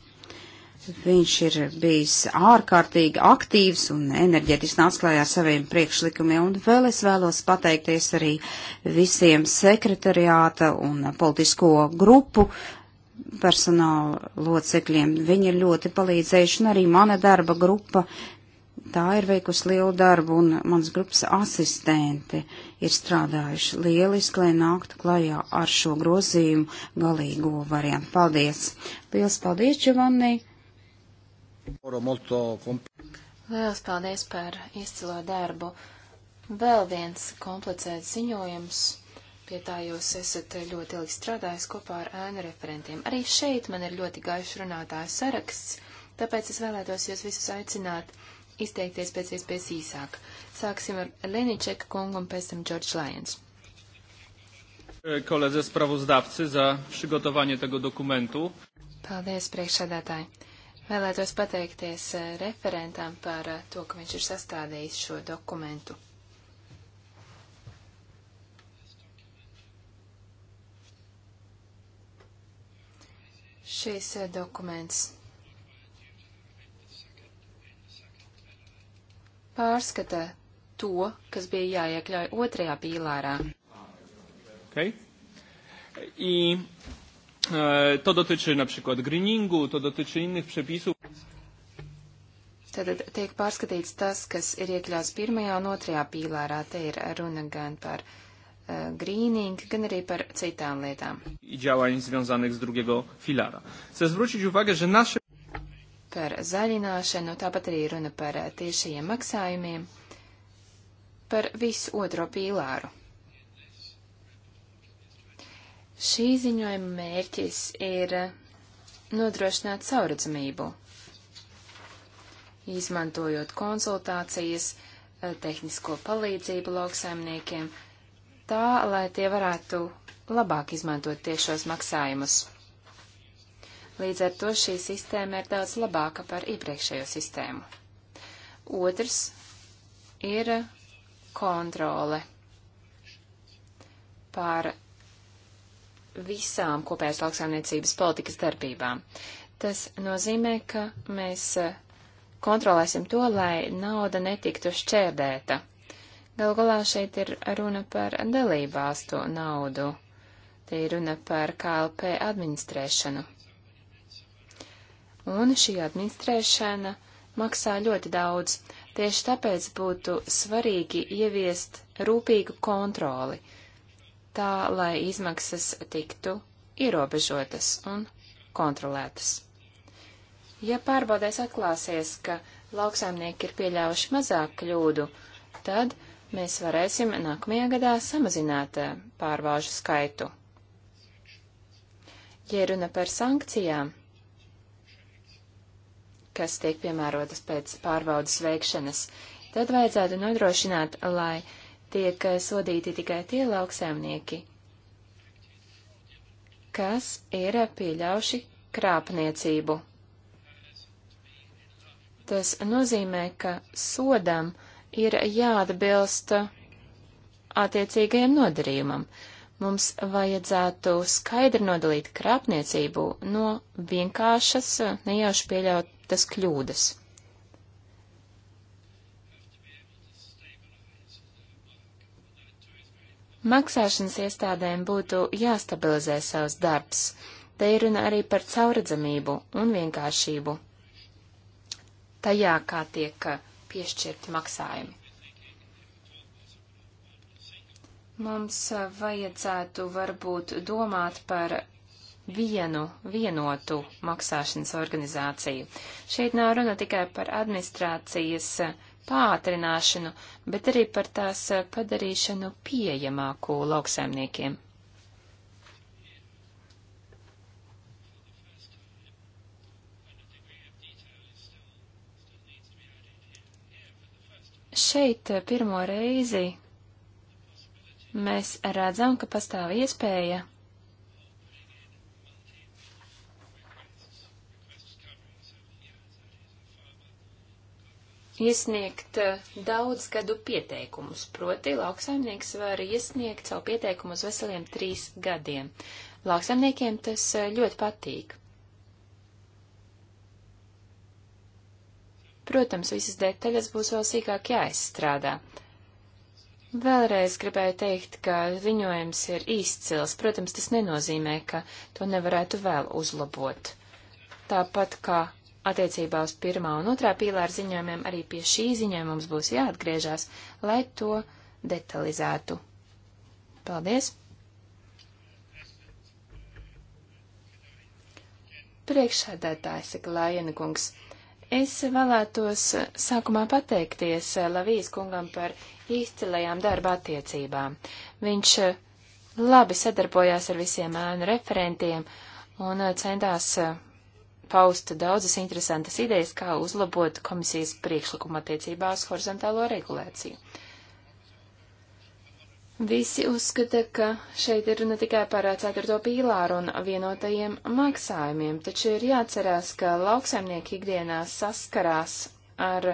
Viņš ir bijis ārkārtīgi aktīvs un enerģetiski nāc klājā saviem priekšlikumiem, un vēl es vēlos pateikties arī visiem sekretariāta un politisko grupu personāla locekļiem. Viņi ir ļoti palīdzējuši, un arī mana darba grupa, tā ir veikusi lielu darbu, un mans grupas asistenti ir strādājuši lieliski, lai nāktu klājā ar šo grozījumu galīgo variantu. Paldies! Liels paldies, Giovanni! Lielas paldies par izcilo darbu. Vēl viens komplicēts ziņojums. Pie tā jūs esat ļoti ilgi strādājis kopā ar ēnu referentiem. Arī šeit man ir ļoti gaišs runātāju saraksts, tāpēc es vēlētos jūs visus aicināt izteikties pēc iespējas īsāk. Sāksim ar Leničeka kungu un pēc tam George Lyons. E, koledze sprawozdawcy za przygotowanie tego dokumentu. Paldies, priekšsēdētāji. Vēlētos pateikties eh, referentam par eh, to, ka viņš ir sastādījis šo dokumentu. Šis eh, dokuments pārskata to, kas bija jāiekļauj otrajā pīlārā. Okay. I E, to dotyczy na przykład greeningu, to dotyczy innych przepisów. Tātad tiek pārskatīts tas, kas ir iekļauts pirmajā un otrajā pīlārā. Te ir runa gan par uh, greening, gan arī par citām lietām. Działań związanych z drugiego filara. Chcę zwrócić uwagę, że nasze par zaļināšanu, tāpat arī runa par e, tiešajiem maksājumiem, par visu otro pīlāru. Šī ziņojuma mērķis ir nodrošināt sauredzamību, izmantojot konsultācijas, eh, tehnisko palīdzību lauksaimniekiem, tā, lai tie varētu labāk izmantot tiešos maksājumus. Līdz ar to šī sistēma ir daudz labāka par iepriekšējo sistēmu. Otrs ir kontrole pār visām kopējās lauksaimniecības politikas darbībām. Tas nozīmē, ka mēs eh, kontrolēsim to, lai nauda netiktu šķērdēta. Galu galā šeit ir runa par dalībvalstu naudu. Te ir runa par KLP administrēšanu. Un šī administrēšana maksā ļoti daudz. Tieši tāpēc būtu svarīgi ieviest rūpīgu kontroli tā, lai izmaksas tiktu ierobežotas un kontrolētas. Ja pārbaudēs atklāsies, ka lauksaimnieki ir pieļāvuši mazāk kļūdu, tad mēs varēsim nākamajā gadā samazināt eh, pārbaužu skaitu. Ja runa par sankcijām, kas tiek piemērotas pēc pārbaudas veikšanas, tad vajadzētu nodrošināt, lai tiek eh, sodīti tikai tie lauksaimnieki, kas ir pieļauši krāpniecību. Tas nozīmē, ka sodam ir jāatbilst attiecīgajam nodarījumam. Mums vajadzētu skaidri nodalīt krāpniecību no vienkāršas, nejauši pieļautas kļūdas. Maksāšanas iestādēm būtu jāstabilizē savs darbs. Te ir runa arī par cauradzamību un vienkāršību tajā, kā tiek eh, piešķirti maksājumi. Mums eh, vajadzētu varbūt domāt par vienu vienotu maksāšanas organizāciju. Šeit nav runa tikai par administrācijas uh, pātrināšanu, bet arī par tās eh, padarīšanu pieejamāku lauksaimniekiem. Šeit eh, pirmo reizi mēs redzam, ka pastāv iespēja iesniegt eh, daudzgadu pieteikumus, proti lauksaimnieks var iesniegt savu pieteikumu uz veseliem trīs gadiem. Lauksaimniekiem tas eh, ļoti patīk. Protams, visas detaļas būs vēl sīkāk jāizstrādā. Vēlreiz gribēju teikt, ka ziņojums ir izcils. Protams, tas nenozīmē, ka to nevarētu vēl uzlabot. Tāpat kā Attiecībā uz pirmā un otrā pīlāra ziņojumiem arī pie šī ziņojuma mums būs jāatgriežas, lai to detalizētu. Paldies! Priekšsēdētājs saka Lājena kungs. Es vēlētos sākumā pateikties Lavijas kungam par izcilajām darba attiecībām. Viņš labi sadarbojās ar visiem ēnu referentiem un centās pausta daudzas interesantas idejas, kā uzlabot komisijas priekšlikumu attiecībā uz horizontālo regulāciju. Visi uzskata, ka šeit ir runa tikai par ceturto pīlāru un vienotajiem maksājumiem, taču ir jāatcerās, ka lauksaimnieki ikdienā saskarās ar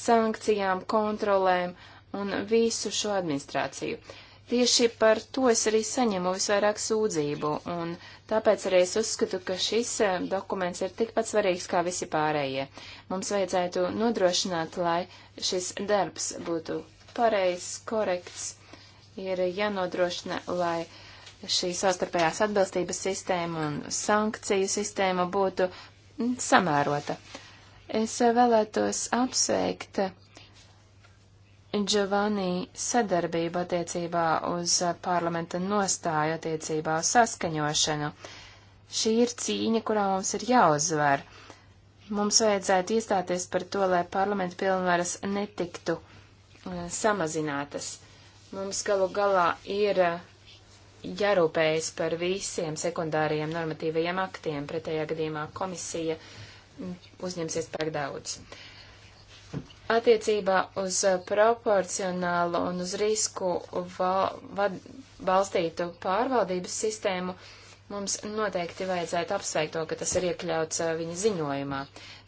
sankcijām, kontrolēm un visu šo administrāciju. Tieši par to es arī saņemu visvairāk sūdzību, un Tāpēc arī es uzskatu, ka šis eh, dokuments ir tikpat svarīgs kā visi pārējie. Mums vajadzētu nodrošināt, lai šis darbs būtu pareizs, korekts, ir jānodrošina, lai šī savstarpējās atbilstības sistēma un sankciju sistēma būtu mm, samērota. Es eh, vēlētos apsveikt Giovanni sadarbību attiecībā uz uh, parlamenta nostāju attiecībā uz saskaņošanu. Šī ir cīņa, kurā mums ir jāuzvar. Mums vajadzētu iestāties par to, lai parlamenta pilnvaras netiktu uh, samazinātas. Mums galu galā ir uh, jārūpējas par visiem sekundāriem normatīvajiem aktiem, pretējā gadījumā komisija mm, uzņemsies pārāk daudz. Uh, Attiecībā uz uh, proporcionālu un uz risku val, vad, balstītu pārvaldības sistēmu mums noteikti vajadzētu apsveikt to, ka tas ir iekļauts uh, viņa ziņojumā.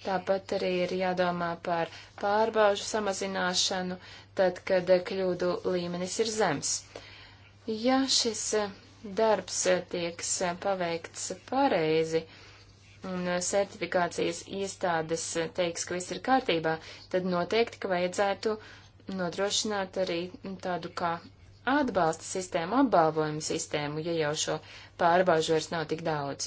Tāpat arī ir jādomā par pārbaužu samazināšanu, tad, kad uh, kļūdu līmenis ir zems. Ja šis darbs tieks paveikts pareizi, un sertifikācijas eh, iestādes eh, teiks, ka viss ir kārtībā, tad noteikti, ka vajadzētu nodrošināt arī tādu kā atbalsta sistēmu, apbalvojumu sistēmu, ja jau šo pārbaužu vairs nav tik daudz.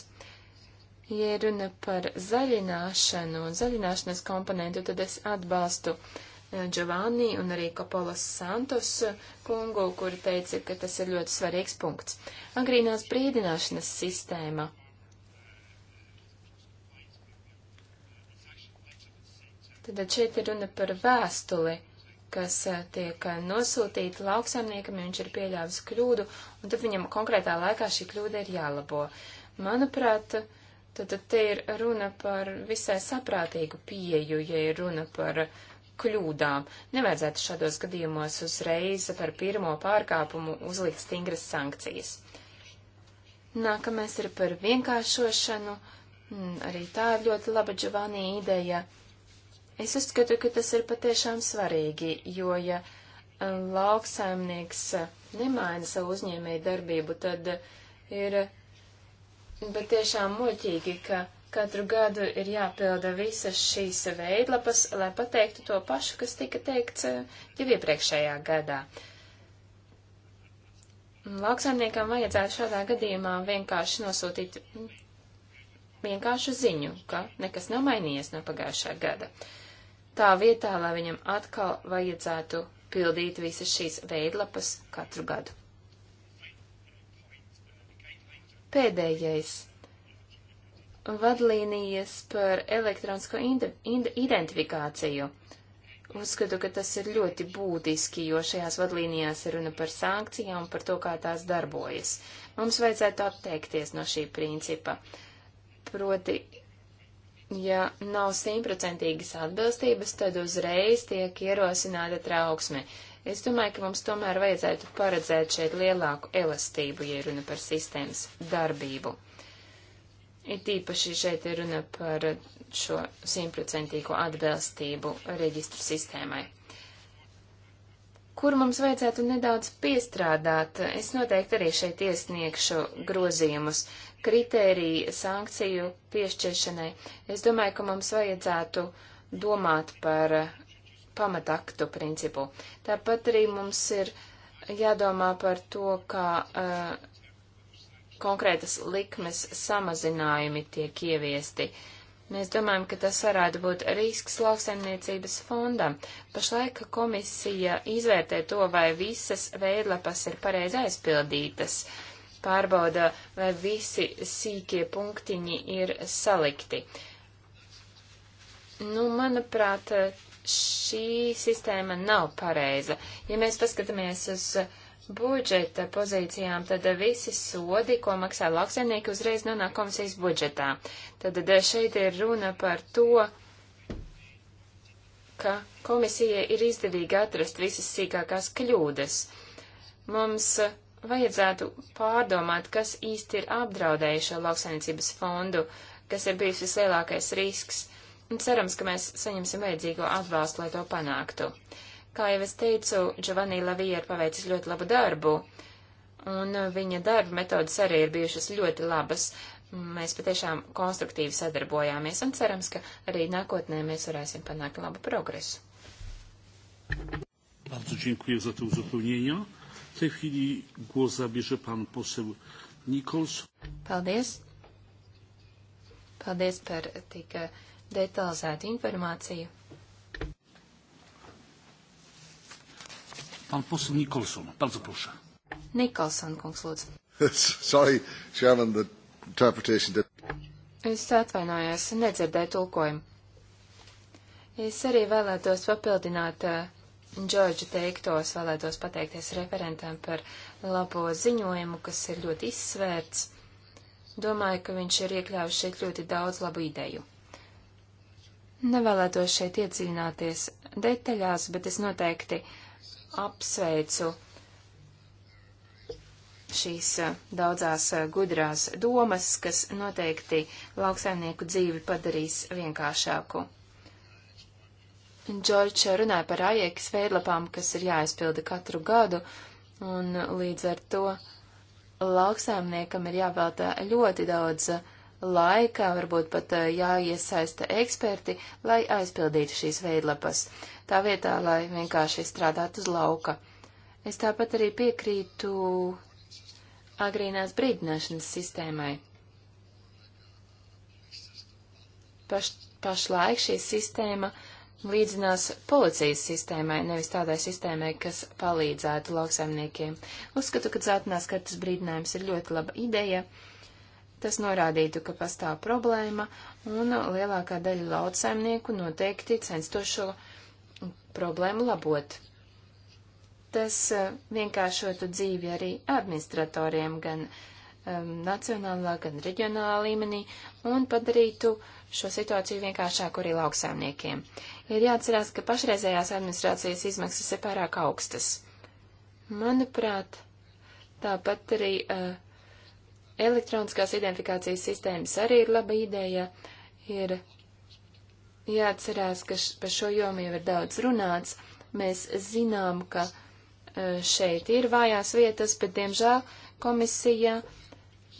Ja runa par zaļināšanu un zaļināšanas komponentu, tad es atbalstu eh, Giovanni un arī Kapolas Santos kungu, kuri teica, ka tas ir ļoti svarīgs punkts. Agrīnās brīdināšanas sistēma Tad šeit ir runa par vēstuli, kas eh, tiek eh, nosūtīta lauksaimniekam, ja viņš ir pieļāvis kļūdu, un tad viņam konkrētā laikā šī kļūda ir jālabo. Manuprāt, tad, tad te ir runa par visai saprātīgu pieju, ja ir runa par kļūdām. Nevajadzētu šādos gadījumos uzreiz par pirmo pārkāpumu uzlikt stingras sankcijas. Nākamais ir par vienkāršošanu. Mm, arī tā ir ļoti laba Giovanni ideja. Es uzskatu, ka tas ir patiešām svarīgi, jo ja e, lauksaimnieks e, nemaina savu uzņēmēju darbību, tad e, ir patiešām muļķīgi, ka katru gadu ir jāpilda visas šīs veidlapas, lai pateiktu to pašu, kas tika teikts jau iepriekšējā gadā. Lauksaimniekam vajadzētu šādā gadījumā vienkārši nosūtīt vienkāršu ziņu, ka nekas nav mainījies no pagājušā gada. Uh, tā vietā, lai viņam atkal vajadzētu pildīt visas šīs veidlapas katru gadu. Pēdējais. Vadlīnijas par elektronisko identifikāciju. Uzskatu, ka tas ir ļoti būtiski, jo šajās vadlīnijās ir runa par sankcijām un par to, kā tās darbojas. Mums vajadzētu atteikties no šī principa. Proti, ja nav simtprocentīgas atbilstības, tad uzreiz tiek ierosināta trauksme. Es domāju, ka mums tomēr vajadzētu paredzēt šeit lielāku elastību, ja runa par sistēmas darbību. It īpaši šeit ir runa par šo simtprocentīgo atbilstību reģistru sistēmai. Kur mums vajadzētu nedaudz piestrādāt, es noteikti arī šeit iesniegšu grozījumus kritēriji sankciju piešķiršanai. Es domāju, ka mums vajadzētu domāt par pamataktu principu. Tāpat arī mums ir jādomā par to, kā uh, konkrētas likmes samazinājumi tiek ieviesti. Mēs domājam, ka tas varētu būt risks lauksaimniecības fondam. Pašlaik komisija izvērtē to, vai visas veidlapas ir pareizi aizpildītas. Uh, pārbauda, vai visi sīkie punktiņi ir salikti. Nu, manuprāt, šī sistēma nav pareiza. Ja mēs paskatāmies uz budžeta pozīcijām, tad visi sodi, ko maksā lauksaimnieki, uzreiz nonāk komisijas budžetā. Tad šeit ir runa par to, ka komisijai ir izdevīgi atrast visas sīkākās kļūdas. Mums vajadzētu pārdomāt, kas īsti ir apdraudējušo lauksainicības fondu, kas ir bijis vislielākais risks, un cerams, ka mēs saņemsim vajadzīgo atbalstu, lai to panāktu. Kā jau es teicu, Giovanni Lavija ir paveicis ļoti labu darbu, un viņa darba metodas arī ir bijušas ļoti labas. Mēs patiešām konstruktīvi sadarbojāmies un cerams, ka arī nākotnē mēs varēsim panākt labu progresu. Bardzo dziękuję za te uzupełnienia. W tej chwili głos zabierze pan poseł Nikols. Paldies. Paldies par tik eh, detalizētu informāciju. Pan poseł Nikolson, bardzo proszę. Nikolson, kungs, lūdzu. [laughs] Sorry, Chairman, the interpretation that... Es atvainojos, nedzirdēju tulkojumu. Es arī vēlētos papildināt uh, Džordža teiktos vēlētos pateikties referentam par labo ziņojumu, kas ir ļoti izsvērts. Domāju, ka viņš ir iekļāvis šeit ļoti daudz labu ideju. Nevēlētos šeit iedziļināties detaļās, bet es noteikti apsveicu šīs eh, daudzās eh, gudrās domas, kas noteikti lauksaimnieku dzīvi padarīs vienkāršāku. Džordžs runāja par AIEKS veidlapām, kas ir jāizpilda katru gadu, un līdz ar to lauksaimniekam ir jāvēlta ļoti daudz laika, varbūt pat jāiesaista eksperti, lai aizpildītu šīs veidlapas, tā vietā, lai vienkārši strādātu uz lauka. Es tāpat arī piekrītu agrīnās brīdināšanas sistēmai. Paš, pašlaik šī sistēma līdzinās policijas sistēmai, nevis tādai sistēmai, kas palīdzētu lauksaimniekiem. Uzskatu, ka dzeltenās kartas brīdinājums ir ļoti laba ideja. Tas norādītu, ka pastāv problēma, un lielākā daļa lauksaimnieku noteikti censtos šo problēmu labot. Tas eh, vienkāršotu dzīvi arī administratoriem, gan um, nacionālā, gan reģionālā līmenī un padarītu šo situāciju vienkāršāku arī lauksēmniekiem ir jāatcerās, ka pašreizējās administrācijas izmaksas ir pārāk augstas. Manuprāt, tāpat arī uh, elektroniskās identifikācijas sistēmas arī ir laba ideja. Ir jāatcerās, ka š, par šo jomu jau ir daudz runāts. Mēs zinām, ka uh, šeit ir vājās vietas, bet, diemžēl, komisija uh,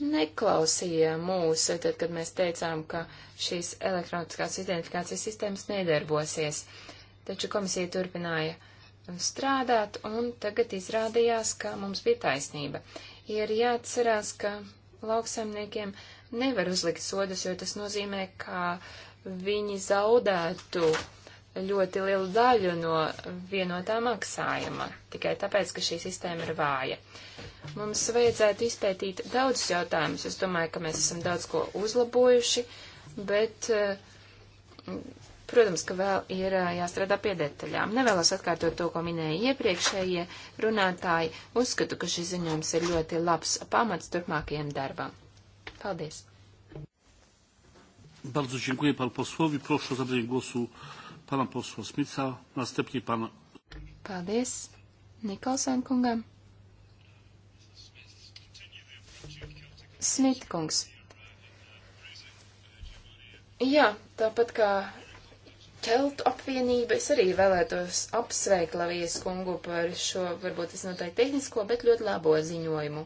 neklausīja mūs, tad, kad mēs teicām, ka šīs elektroniskās identifikācijas sistēmas nedarbosies. Taču komisija turpināja strādāt, un tagad izrādījās, ka mums bija taisnība. Ir jāatcerās, ka lauksaimniekiem nevar uzlikt sodus, jo tas nozīmē, ka viņi zaudētu uh, ļoti lielu daļu no vienotā maksājuma, tikai tāpēc, ka šī sistēma ir vāja. Mums vajadzētu izpētīt daudzus jautājumus. Es domāju, ka mēs esam daudz ko uzlabojuši, bet, eh, protams, ka vēl ir eh, jāstrādā pie detaļām. Nevēlos atkārtot to, ko minēja iepriekšējie runātāji. Uzskatu, ka šis ziņojums ir ļoti labs pamats turpmākajiem darbam. Paldies! Bardzo dziękuję panu posłowi. Proszę o zabranie głosu pana posła Smica, następnie pana. Paldies Nikolson kungam. Smitkungs. Jā, tāpat kā Keltu apvienība, es arī vēlētos apsveikt Lavijas kungu par šo, varbūt es noteikti tehnisko, bet ļoti labo ziņojumu.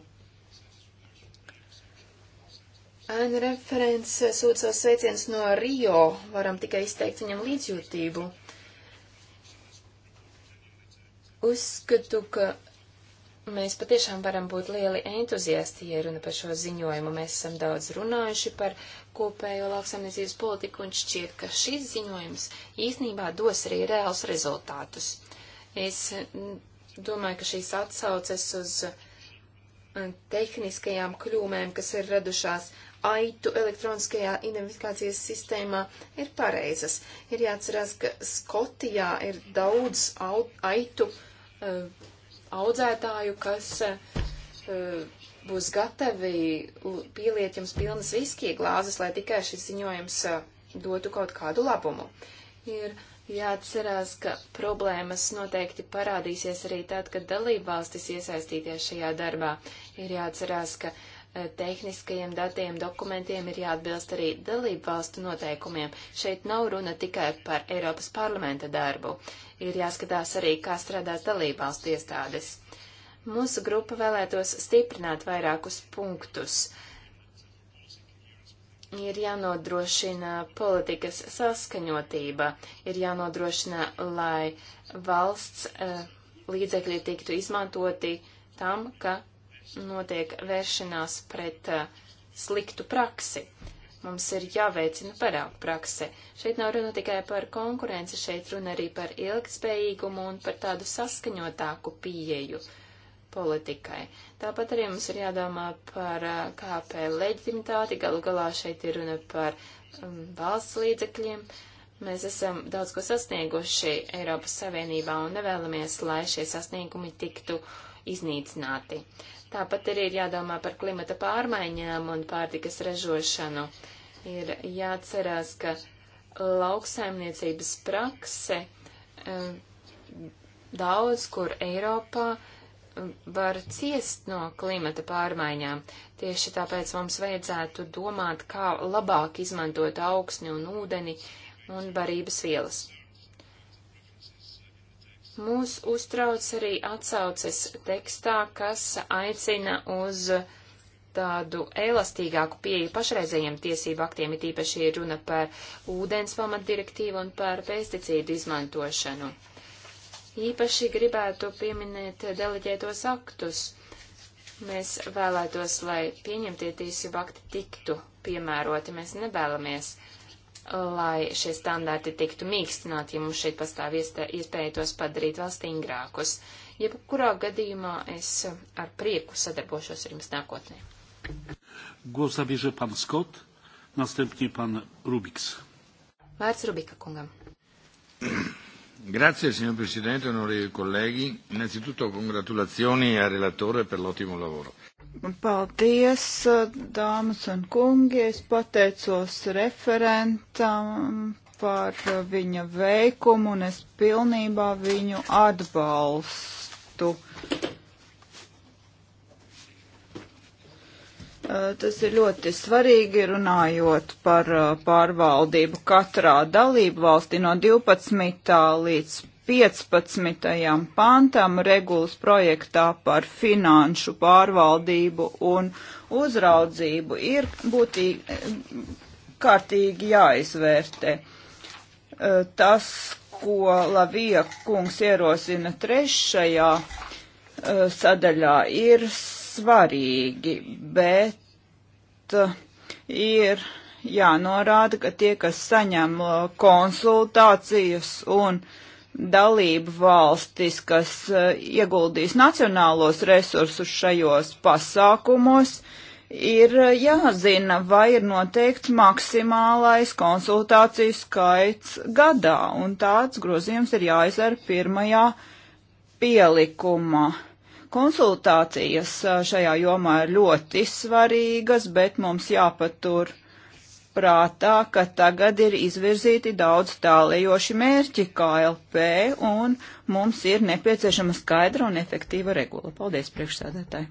Ēna referents sūta savus sveicienus no Rio. Varam tikai izteikt viņam līdzjūtību. Uzskatu, ka mēs patiešām varam būt lieli entuziasti, ja runa par šo ziņojumu. Mēs esam daudz runājuši par kopējo lauksaimniecības politiku un šķiet, ka šis ziņojums īsnībā dos arī reāls rezultātus. Es mm, domāju, ka šīs atsauces uz mm, tehniskajām kļūmēm, kas ir radušās aitu elektroniskajā identifikācijas sistēmā ir pareizas. Ir jāatcerās, ka Skotijā ir daudz au, aitu uh, audzētāju, kas uh, būs gatavi pieliet jums pilnas viskija glāzes, lai tikai šis ziņojums uh, dotu kaut kādu labumu. Ir jāatcerās, ka problēmas noteikti parādīsies arī tad, kad dalībvalstis iesaistīties šajā darbā. Ir jāatcerās, ka uh, Eh, tehniskajiem datiem, dokumentiem ir jāatbilst arī dalību valstu noteikumiem. Šeit nav runa tikai par Eiropas parlamenta darbu. Ir jāskatās arī, kā strādās dalību valstu iestādes. Mūsu grupa vēlētos stiprināt vairākus punktus. Ir jānodrošina politikas saskaņotība, ir jānodrošina, lai valsts uh, līdzekļi tiktu izmantoti tam, ka notiek vēršanās pret uh, sliktu praksi. Mums ir jāveicina paraugu prakse. Šeit nav runa tikai par konkurenci, šeit runa arī par ilgspējīgumu un par tādu saskaņotāku pieeju politikai. Tāpat arī mums ir jādomā par uh, eh, KP leģitimitāti, galu galā šeit ir runa par um, valsts līdzekļiem. Mēs esam daudz ko sasnieguši Eiropas Savienībā un nevēlamies, lai šie sasniegumi tiktu iznīcināti. Tāpat arī ir jādomā par klimata pārmaiņām un pārtikas ražošanu. Ir jāatcerās, ka lauksaimniecības prakse eh, daudz kur Eiropā eh, var ciest no klimata pārmaiņām. Tieši tāpēc mums vajadzētu domāt, kā labāk izmantot augsni un ūdeni un barības vielas. Mūs uztrauc arī atsauces tekstā, kas aicina uz tādu elastīgāku pieeju pašreizējiem tiesību aktiem, it īpaši ir runa par ūdens pamatdirektīvu un par pesticīdu izmantošanu. Īpaši gribētu pieminēt deleģētos aktus. Mēs vēlētos, lai pieņemtie tiesību akti tiktu piemēroti. Mēs nevēlamies uh, lai šie standarti tiktu mīkstināti, ja mums šeit pastāv iespēja tos padarīt vēl stingrākus. Jebkurā gadījumā es ar prieku sadarbošos ar jums nākotnē. Głos zabierze pan Scott, następnie pan Rubiks. Vārds Rubika kungam. Grazie, signor Presidente, onorevoli colleghi. Innanzitutto congratulazioni al relatore per l'ottimo lavoro. Paldies, dāmas un kungi. Es pateicos referentam par viņa veikumu un es pilnībā viņu atbalstu. Eh, tas ir ļoti svarīgi runājot par eh, pārvaldību katrā dalību valstī no 12. līdz 15. pantam regulas projektā par finanšu pārvaldību un uzraudzību ir būtīgi kārtīgi jāizvērtē. Tas, ko Lavija kungs ierosina trešajā sadaļā, ir svarīgi, bet ir jānorāda, ka tie, kas saņem konsultācijas un uh, dalību valstis, kas eh, ieguldīs nacionālos resursus šajos pasākumos, ir eh, jāzina, vai ir noteikts maksimālais konsultāciju skaits gadā, un tāds grozījums ir jāizdara pirmajā pielikumā. Konsultācijas eh, šajā jomā ir ļoti svarīgas, bet mums jāpatur uh, prātā, ka tagad ir izvirzīti daudz tālējoši mērķi KLP un mums ir nepieciešama skaidra un efektīva regula. Paldies, priekšsēdētāji.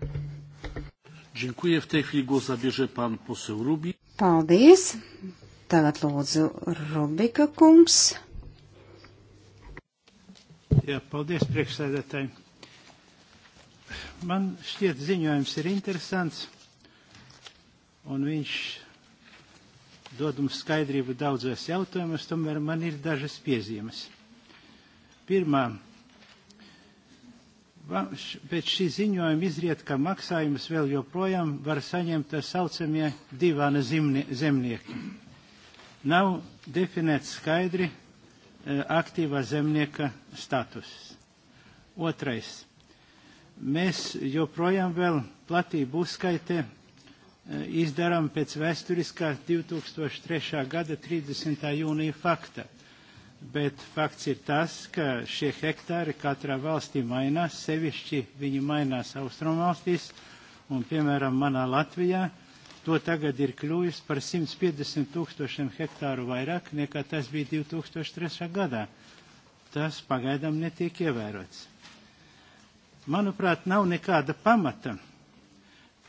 Paldies. Tagad lūdzu Rubika kungs. Jā, paldies, priekšsēdētāji. Man šķiet ziņojums ir interesants un viņš dod mums skaidrību daudzos jautājumus, tomēr man ir dažas piezīmes. Pirmā, pēc šī ziņojuma izriet, ka maksājumus vēl joprojām var saņemt tā saucamie divāna zemnieki. Nav definēts skaidri e, aktīvā zemnieka status. Otrais. Mēs joprojām vēl platību uzskaitē Eh, izdarām pēc vēsturiskās 2003. gada 30. jūnija fakta. Bet fakts ir tas, ka šie hektāri katrā valstī mainās, sevišķi viņi mainās austrumvalstīs, un, piemēram, manā Latvijā to tagad ir kļuvis par 150 tūkstošiem hektāru vairāk, nekā tas bija 2003. gadā. Tas pagaidām netiek ievērots. Manuprāt, nav nekāda pamata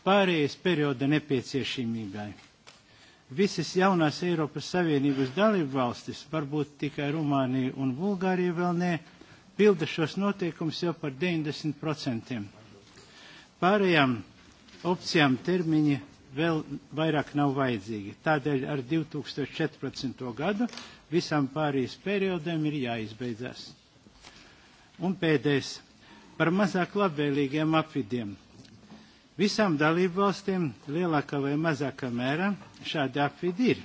pārējais perioda nepieciešamībai. Visas jaunās Eiropas Savienības dalību valstis, varbūt tikai Rumānija un Bulgārija vēl ne, pilda šos noteikumus jau par 90%. Pārējām opcijām termiņi vēl vairāk nav vajadzīgi. Tādēļ ar 2014. gadu visam pārējais periodam ir jāizbeidzas. Un pēdējais par mazāk labvēlīgiem apvidiem. Visām dalībvalstīm lielākā vai mazākā mērā šāda apvidi ir.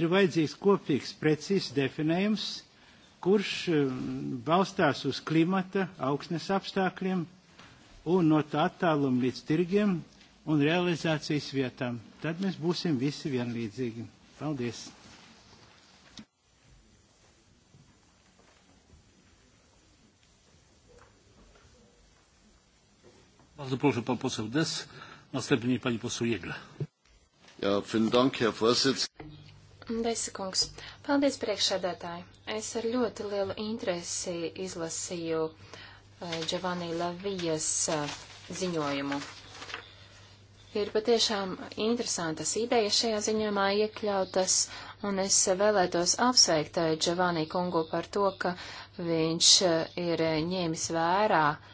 Ir vajadzīgs kopīgs, precīzs definējums, kurš um, balstās uz klimata, augsnes apstākļiem un no tā attāluma līdz tirgiem un realizācijas vietām. Tad mēs būsim visi vienlīdzīgi. Paldies! Bardzo proszę, pan poseł Des. Następnie pani poseł Jēgle. Jā, vielen Dank, Herr Vorsitz. Desikungs, paldies priekšsēdētāji. Es ar ļoti lielu interesi izlasīju eh, Giovanni Lavijas eh, ziņojumu. Ir patiešām interesantas idejas šajā ziņojumā iekļautas, un es vēlētos apsveikt eh, Giovanni kungu par to, ka viņš ir ņēmis vērā uh,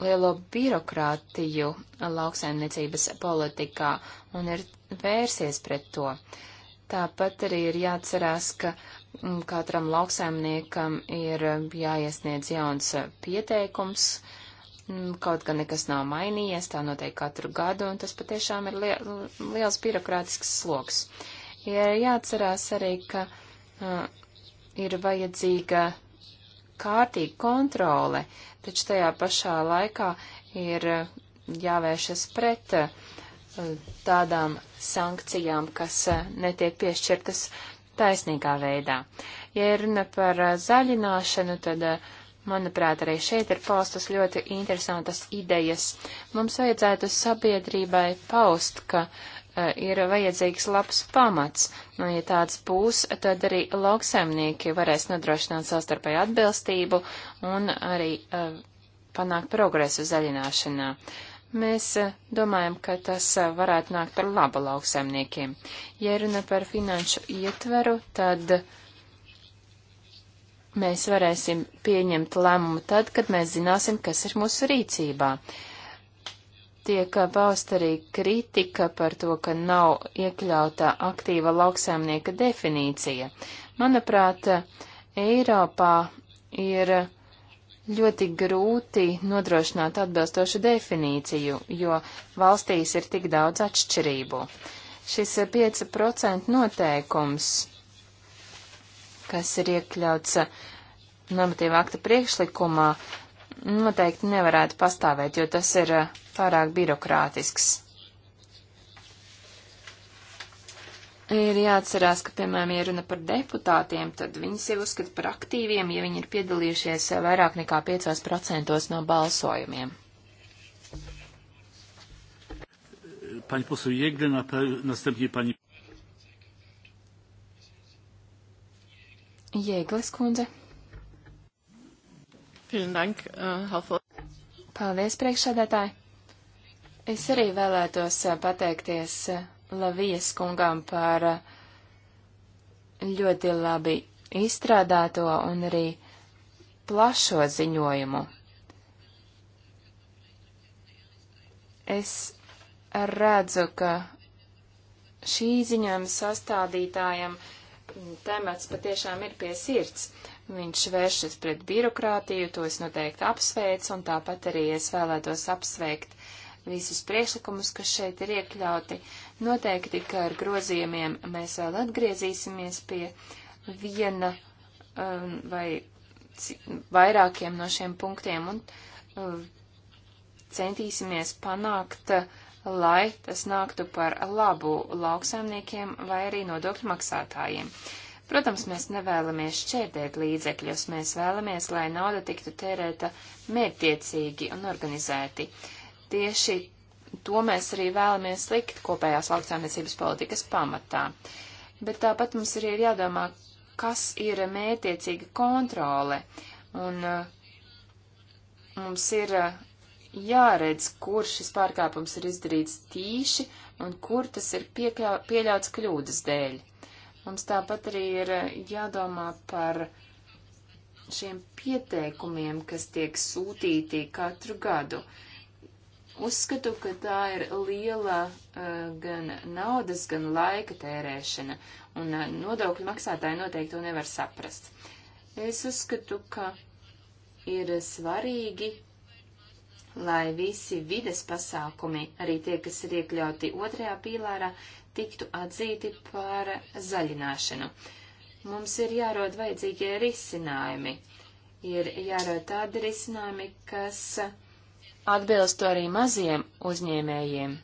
lielo birokrātiju lauksaimniecības politikā un ir vērsies pret to. Tāpat arī ir jāatcerās, ka mm, katram lauksaimniekam ir jāiesniedz jauns pieteikums, mm, kaut gan nekas nav mainījies, tā notiek katru gadu, un tas patiešām ir li liels birokrātisks sloks. Ir jāatcerās arī, ka uh, ir vajadzīga kārtīga kontrole, taču tajā pašā laikā ir uh, jāvēršas pret uh, tādām sankcijām, kas uh, netiek piešķirtas taisnīgā veidā. Ja runa par zaļināšanu, tad, manuprāt, arī šeit ir paustas ļoti interesantas idejas. Mums vajadzētu sabiedrībai paust, ka uh, E, ir vajadzīgs labs pamats. Nu, ja tāds būs, tad arī lauksaimnieki varēs nodrošināt savstarpēju atbilstību un arī uh, panākt progresu zaļināšanā. Mēs uh, domājam, ka tas uh, varētu nākt par labu lauksaimniekiem. Ja runa par finanšu ietveru, tad mēs varēsim pieņemt lēmumu tad, kad mēs zināsim, kas ir mūsu rīcībā. Uh, tiek pausta arī kritika par to, ka nav iekļauta aktīva lauksaimnieka definīcija. Manuprāt, Eiropā ir ļoti grūti nodrošināt atbilstošu definīciju, jo valstīs ir tik daudz atšķirību. Šis 5% noteikums, kas ir iekļauts normatīva akta priekšlikumā, noteikti nevarētu pastāvēt, jo tas ir eh, pārāk birokrātisks. Ir jāatcerās, ka, piemēram, ja runa par deputātiem, tad viņi sevi uzskata par aktīviem, ja viņi ir piedalījušies eh, vairāk nekā 5% no balsojumiem. Pani poseł Jegle, następnie pani. Jēglis kundze. Dank, uh, Paldies, priekšsēdētāji. Es arī vēlētos äh, pateikties äh, Lavijas kungām par ļoti labi izstrādāto un arī plašo ziņojumu. Es redzu, ka šī ziņojuma sastādītājam temats patiešām ir pie sirds. Viņš vēršas pret birokrātiju, to es noteikti apsveicu, un tāpat arī es vēlētos apsveikt visus priekšlikumus, kas šeit ir iekļauti. Noteikti, ka ar grozījumiem mēs vēl atgriezīsimies pie viena um, vai vairākiem no šiem punktiem un um, centīsimies panākt, lai tas nāktu par labu lauksaimniekiem vai arī nodokļu maksātājiem. Uh, Protams, mēs nevēlamies šķērdēt līdzekļus, mēs vēlamies, lai nauda tiktu tērēta mērķtiecīgi un organizēti. Tieši to mēs arī vēlamies likt kopējās lauksaimniecības politikas pamatā. Bet tāpat mums arī ir jādomā, kas ir mērķtiecīga kontrole, un uh, mums ir uh, jāredz, kur šis pārkāpums ir izdarīts tīši un kur tas ir piekļau, pieļauts kļūdas dēļ. Mums tāpat arī ir jādomā par šiem pieteikumiem, kas tiek sūtīti katru gadu. Uzskatu, ka tā ir liela uh, gan naudas, gan laika tērēšana, un uh, nodokļu maksātāji noteikti to nevar saprast. Es uzskatu, ka ir svarīgi, lai visi vides pasākumi, arī tie, kas ir iekļauti otrajā pīlārā, uh, tiktu atzīti par zaļināšanu. Mums ir jārod vajadzīgie risinājumi. Ir jārod tādi risinājumi, kas atbilstu arī maziem uzņēmējiem,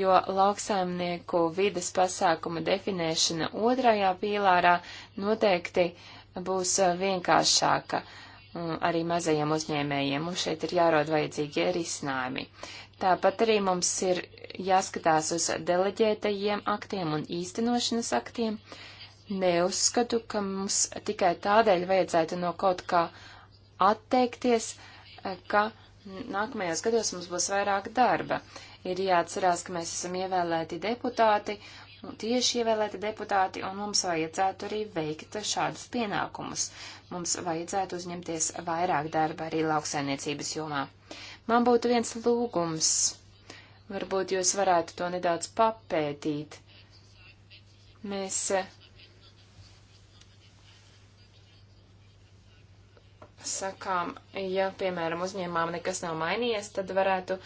jo lauksaimnieku vides pasākuma definēšana otrajā pīlārā noteikti būs vienkāršāka mm, arī mazajiem uzņēmējiem. Mums šeit ir jārod vajadzīgie risinājumi. Tāpat arī mums ir jāskatās uz deleģētajiem aktiem un īstenošanas aktiem. Neuzskatu, ka mums tikai tādēļ vajadzētu no kaut kā atteikties, ka nākamajos gados mums būs vairāk darba. Ir jāatcerās, ka mēs esam ievēlēti deputāti nu, tieši ievēlēti deputāti, un mums vajadzētu arī veikt šādus pienākumus. Mums vajadzētu uzņemties vairāk darba arī lauksainiecības jomā. Man būtu viens lūgums. Varbūt jūs varētu to nedaudz papētīt. Mēs eh, sakām, ja, piemēram, uzņēmām nekas nav mainījies, tad varētu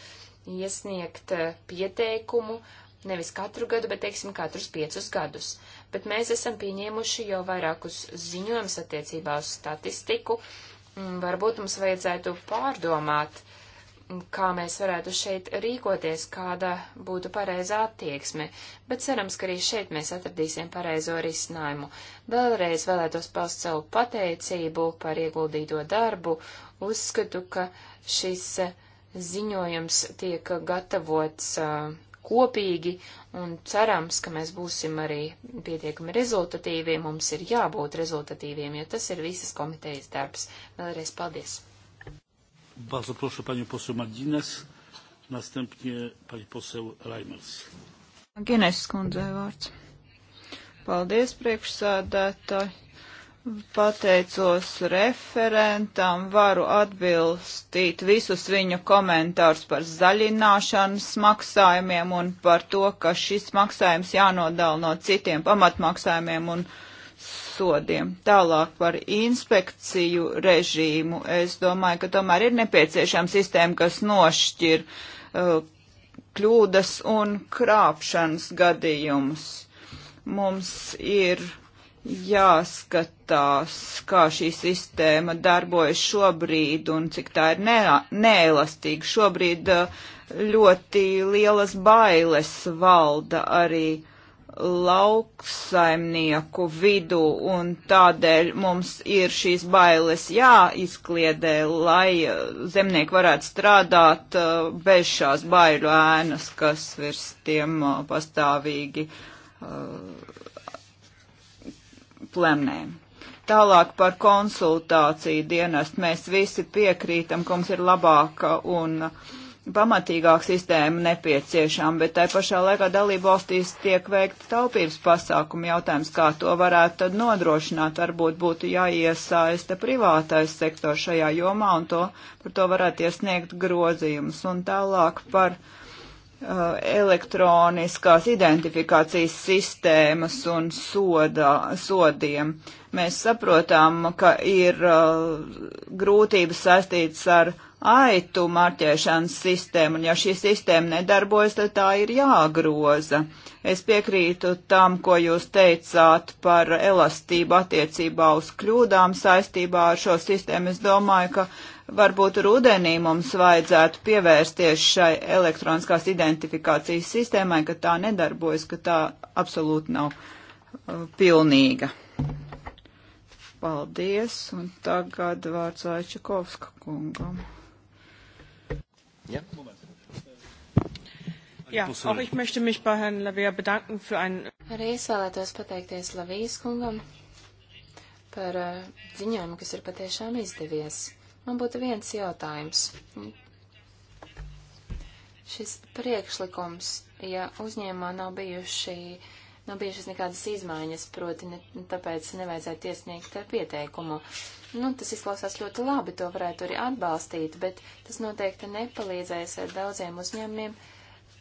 iesniegt eh, pieteikumu Nevis katru gadu, bet, teiksim, katrus piecus gadus. Bet mēs esam pieņēmuši jau vairākus ziņojumus attiecībā uz statistiku. Mm, varbūt mums vajadzētu pārdomāt, mm, kā mēs varētu šeit rīkoties, kāda būtu pareizā attieksme, bet cerams, ka arī šeit mēs atradīsim pareizo risinājumu. Vēlreiz vēlētos paust savu pateicību par ieguldīto darbu. Uzskatu, ka šis ziņojums tiek gatavots uh, kopīgi, un cerams, ka mēs būsim arī pietiekami rezultatīvi. Mums ir jābūt rezultatīviem, jo tas ir visas komitejas darbs. Vēlreiz paldies! Bardzo proszę panią poseł Margines, następnie pani poseł Reimers. Gines skundze vārds. Paldies, priekšsādātāji. Pateicos referentam, varu atbilstīt visus viņu komentārus par zaļināšanas maksājumiem un par to, ka šis maksājums jānodala no citiem pamatmaksājumiem un sodiem. Tālāk par inspekciju režīmu. Es domāju, ka tomēr ir nepieciešama sistēma, kas nošķir uh, kļūdas un krāpšanas gadījumus. Mums ir jāskatās, kā šī sistēma darbojas šobrīd un cik tā ir ne, neelastīga. Šobrīd uh, ļoti lielas bailes valda arī lauksaimnieku vidu, un tādēļ mums ir šīs bailes jāizkliedē, lai uh, zemnieki varētu strādāt uh, bez šās baiļu ēnas, kas virs tiem pastāvīgi plemnēm. Tālāk par konsultāciju dienestu mēs visi piekrītam, ka mums ir labāka un pamatīgāka sistēma nepieciešama, bet tai pašā laikā dalību valstīs tiek veikta taupības pasākuma jautājums, kā to varētu tad nodrošināt. Varbūt būtu jāiesaista privātais sektors šajā jomā un to, par to varētu iesniegt grozījumus. Un tālāk par uh, Uh, elektroniskās identifikācijas sistēmas un soda, sodiem. Mēs saprotam, ka ir uh, grūtības saistītas ar aitu marķēšanas sistēmu, un ja šī sistēma nedarbojas, tad tā ir jāgroza. Es piekrītu tam, ko jūs teicāt par elastību attiecībā uz kļūdām saistībā ar šo sistēmu. Es domāju, ka uh, Varbūt rudenī mums vajadzētu pievērsties šai elektroniskās identifikācijas sistēmai, ka tā nedarbojas, ka tā absolūti nav uh, pilnīga. Paldies, un tagad vārds Aičakovska kungam. Ja. Ja, auch ich möchte mich bei Herrn Lavia bedanken für einen. Arī es vēlētos pateikties Lavijas kungam par uh, ziņojumu, kas ir patiešām izdevies. Man būtu viens jautājums. Šis priekšlikums, ja uzņēmumā nav bijuši, nav bijušas nekādas izmaiņas, proti ne, tāpēc nevajadzētu iesniegt pieteikumu. Nu, tas izklausās ļoti labi, to varētu arī atbalstīt, bet tas noteikti nepalīdzēs daudziem uzņēmumiem,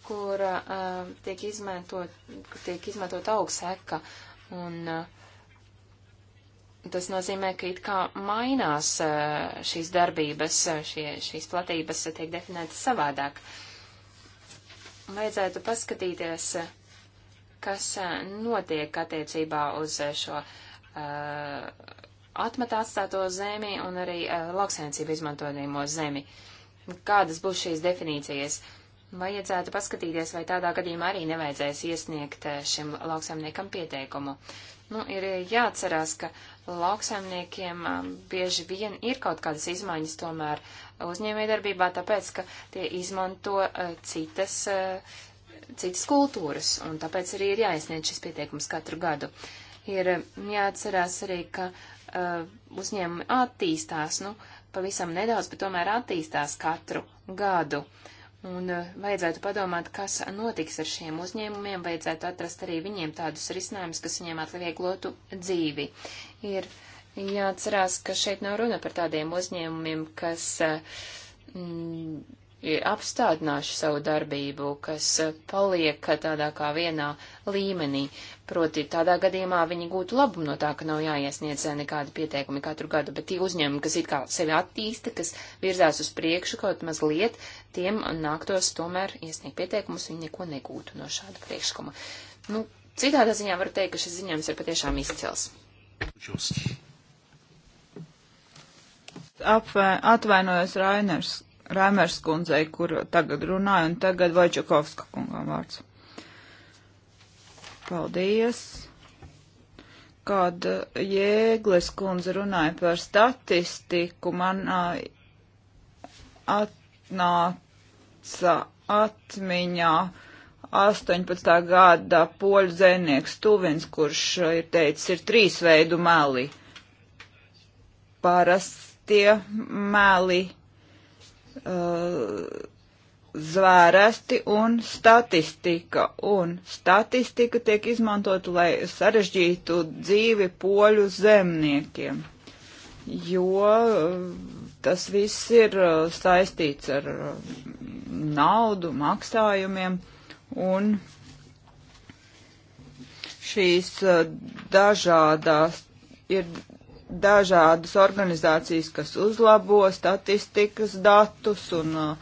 kur uh, tiek izmantot, kur tiek izmantot augseka un uh, Tas nozīmē, ka it kā mainās eh, šīs darbības, eh, šie, šīs platības eh, tiek definētas savādāk. Vajadzētu paskatīties, kas notiek attiecībā uz šo atmetā atstāto zemi un arī lauksainicību izmantojamo zemi. Kādas būs šīs definīcijas? Vajadzētu paskatīties, vai tādā gadījumā arī nevajadzēs iesniegt šim lauksaimniekam pieteikumu. Nu, ir jāatcerās, ka lauksaimniekiem um, bieži vien ir kaut kādas izmaiņas tomēr uzņēmējdarbībā, tāpēc, ka tie izmanto uh, citas, uh, citas kultūras, un tāpēc arī ir jāiesniedz šis pieteikums katru gadu. Ir um, jāatcerās arī, ka uh, uzņēmumi attīstās, nu, pavisam nedaudz, bet tomēr attīstās katru gadu. Uh, Un eh, vajadzētu padomāt, kas notiks ar šiem uzņēmumiem, vajadzētu atrast arī viņiem tādus risinājumus, kas viņiem atvieglotu dzīvi. Ir jāatcerās, ka šeit nav runa par tādiem uzņēmumiem, kas mm, ir apstādinājuši savu darbību, kas paliek tādā kā vienā līmenī. Proti, tādā gadījumā viņi gūtu labumu no tā, ka nav jāiesniedz nekādi pieteikumi katru gadu, bet tie uzņēmumi, kas it kā sevi attīsta, kas virzās uz priekšu kaut mazliet, tiem nāktos tomēr iesniegt pieteikumus, viņi neko negūtu no šāda priekšlikuma. Nu, citādā ziņā var teikt, ka šis ziņojums ir patiešām izcils. Apvē, atvainojos Rainers Rēmērs kundzei, kur tagad runāja, un tagad Vaičakovska kungam vārds. Paldies! Kad Jēgles kundze runāja par statistiku, man atnāca atmiņā 18. gada poļu dzēnieks Tuvins, kurš ir teicis, ir trīs veidu meli. Parastie meli uh, zvērsti un statistika. Un statistika tiek izmantota, lai sarežģītu dzīvi poļu zemniekiem, jo uh, tas viss ir uh, saistīts ar uh, naudu, maksājumiem un šīs dažādās ir dažādas organizācijas, kas uzlabo statistikas datus un uh,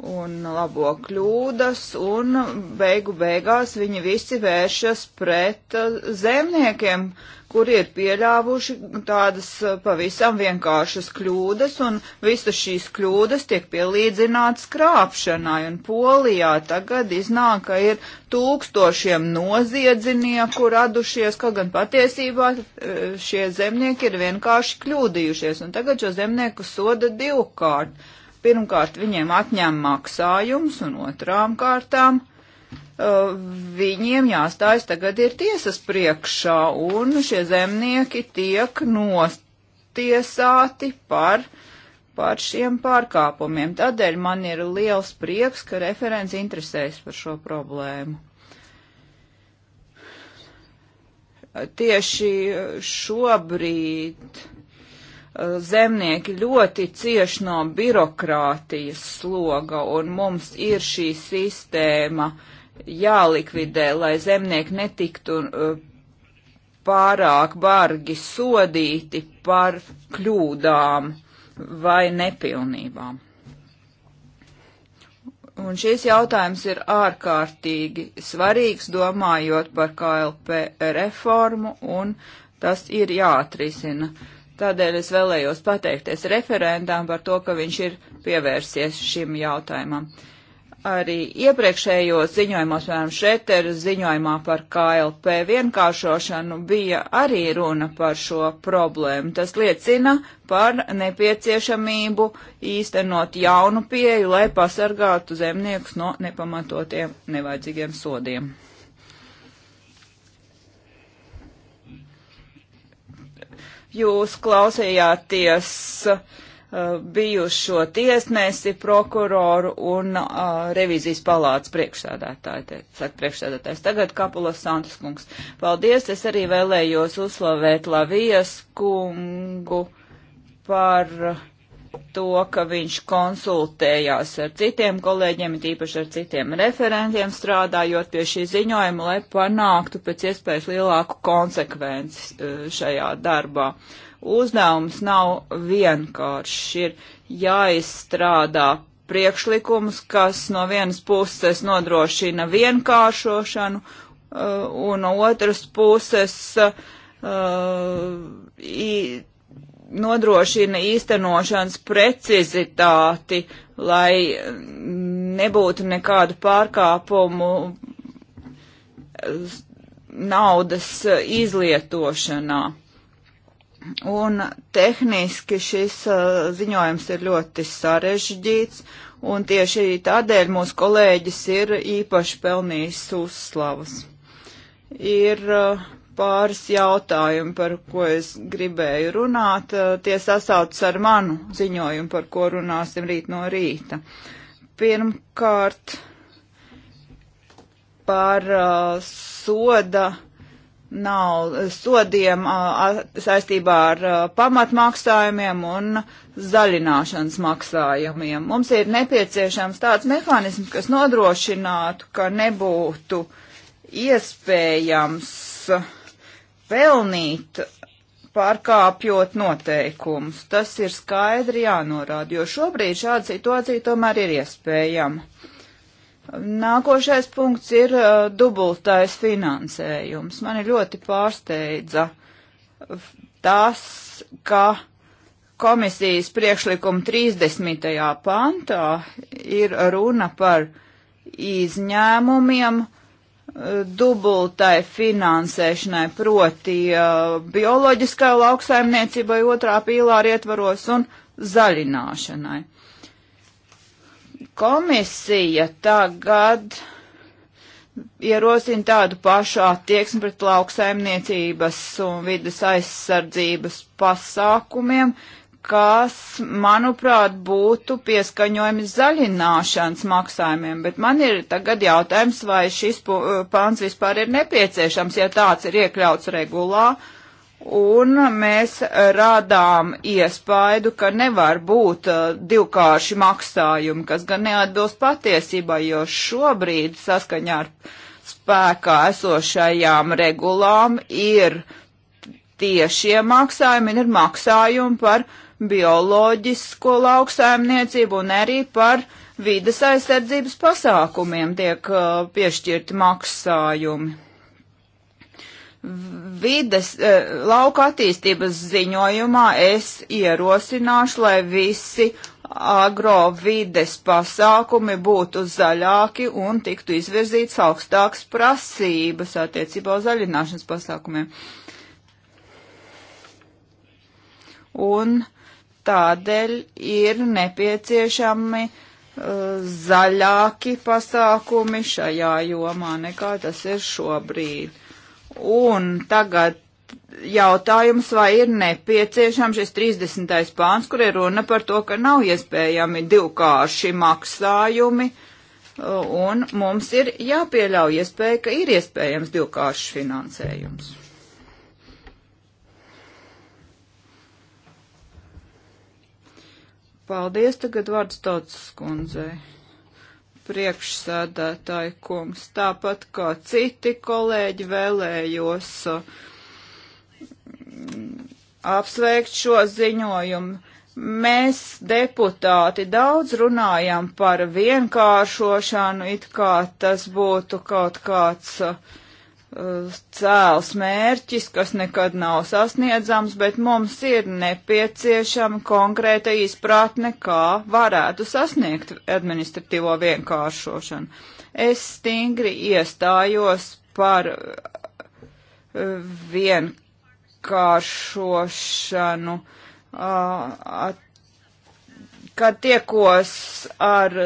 un labo kļūdas, un beigu beigās viņi visi vēršas pret uh, zemniekiem, kuri ir pieļāvuši tādas uh, pavisam vienkāršas kļūdas, un visas šīs kļūdas tiek pielīdzināts krāpšanai, un Polijā tagad iznāk, ka ir tūkstošiem noziedzinieku radušies, kaut gan patiesībā uh, šie zemnieki ir vienkārši kļūdījušies, un tagad šo zemnieku soda divkārt pirmkārt viņiem atņem maksājums un otrām kārtām uh, viņiem jāstājas tagad ir tiesas priekšā, un šie zemnieki tiek notiesāti par, par šiem pārkāpumiem. Tādēļ man ir liels prieks, ka referents interesējas par šo problēmu. Tieši šobrīd Eh, zemnieki ļoti cieš no birokrātijas sloga, un mums ir šī sistēma jālikvidē, lai zemnieki netiktu eh, pārāk bargi sodīti par kļūdām vai nepilnībām. Un šis jautājums ir ārkārtīgi svarīgs, domājot par KLP reformu, un tas ir jāatrisina. Uh, Tādēļ es vēlējos pateikties referendām par to, ka viņš ir pievērsies šim jautājumam. Arī iepriekšējos ziņojumos, piemēram, Šreteras ziņojumā par KLP vienkāršošanu bija arī runa par šo problēmu. Tas liecina par nepieciešamību īstenot jaunu pieju, lai pasargātu zemniekus no nepamatotiem nevajadzīgiem sodiem. Jūs klausījāties uh, bijušo tiesnesi, prokuroru un uh, revīzijas palātas priekšsēdētāju. Saka priekšsēdētājs. Tagad Kapulas Santus kungs. Paldies, es arī vēlējos uzslavēt Lavijas kungu par uh, to, ka viņš konsultējās ar citiem kolēģiem, tīpaši ar citiem referentiem, strādājot pie šī ziņojuma, lai panāktu pēc iespējas lielāku konsekvenci e, šajā darbā. Uzdevums nav vienkāršs, ir jāizstrādā priekšlikums, kas no vienas puses nodrošina vienkāršošanu, e, un no otras puses uh, nodrošina īstenošanas precizitāti, lai nebūtu nekādu pārkāpumu naudas izlietošanā. Un tehniski šis ziņojums ir ļoti sarežģīts, un tieši tādēļ mūsu kolēģis ir īpaši pelnījis uzslavas. Ir uh, pāris jautājumi, par ko es gribēju runāt. Eh, tie sasaucas ar manu ziņojumu, par ko runāsim rīt no rīta. Pirmkārt, par uh, soda nav sodiem uh, saistībā ar uh, pamatmaksājumiem un zaļināšanas maksājumiem. Mums ir nepieciešams tāds mehānisms, kas nodrošinātu, ka nebūtu iespējams uh, pelnīt pārkāpjot noteikumus. Tas ir skaidri jānorāda, jo šobrīd šāda situācija tomēr ir iespējama. Nākošais punkts ir uh, dubultais finansējums. Man ir ļoti pārsteidza tas, ka komisijas priekšlikuma 30. pantā ir runa par izņēmumiem, uh, dubultai finansēšanai, proti uh, bioloģiskai lauksaimniecībai otrā pīlāra ietvaros un zaļināšanai. Komisija tagad ierosina tādu pašu attieksmi pret lauksaimniecības un vidas aizsardzības pasākumiem, uh, kas, manuprāt, būtu pieskaņojami zaļināšanas maksājumiem, bet man ir tagad jautājums, vai šis eh, pāns vispār ir nepieciešams, ja tāds ir iekļauts regulā, un mēs rādām iespaidu, ka nevar būt eh, divkārši maksājumi, kas gan neatbilst patiesībai, jo šobrīd saskaņā ar spēkā esošajām regulām ir tiešie maksājumi, ir maksājumi par bioloģisko lauksaimniecību un arī par vides aizsardzības pasākumiem tiek uh, piešķirti maksājumi. Vides uh, lauka attīstības ziņojumā es ierosināšu, lai visi agrovides pasākumi būtu zaļāki un tiktu izvirzīts augstāks prasības attiecībā uz zaļināšanas pasākumiem. Un uh, Tādēļ ir nepieciešami uh, zaļāki pasākumi šajā jomā nekā tas ir šobrīd. Un tagad jautājums, vai ir nepieciešams šis 30. pāns, kur ir runa par to, ka nav iespējami divkārši maksājumi, uh, un mums ir jāpieļauj iespēja, ka ir iespējams divkāršs finansējums. Paldies, tagad vārds tautas kundzei. Priekšsēdētāji kungs, tāpat kā citi kolēģi vēlējos mm, apsveikt šo ziņojumu. Mēs, deputāti, daudz runājam par vienkāršošanu, it kā tas būtu kaut kāds uh, Uh, cēls mērķis, kas nekad nav sasniedzams, bet mums ir nepieciešama konkrēta izpratne, kā varētu sasniegt administratīvo vienkāršošanu. Es stingri iestājos par uh, vienkāršošanu, uh, kad tiekos ar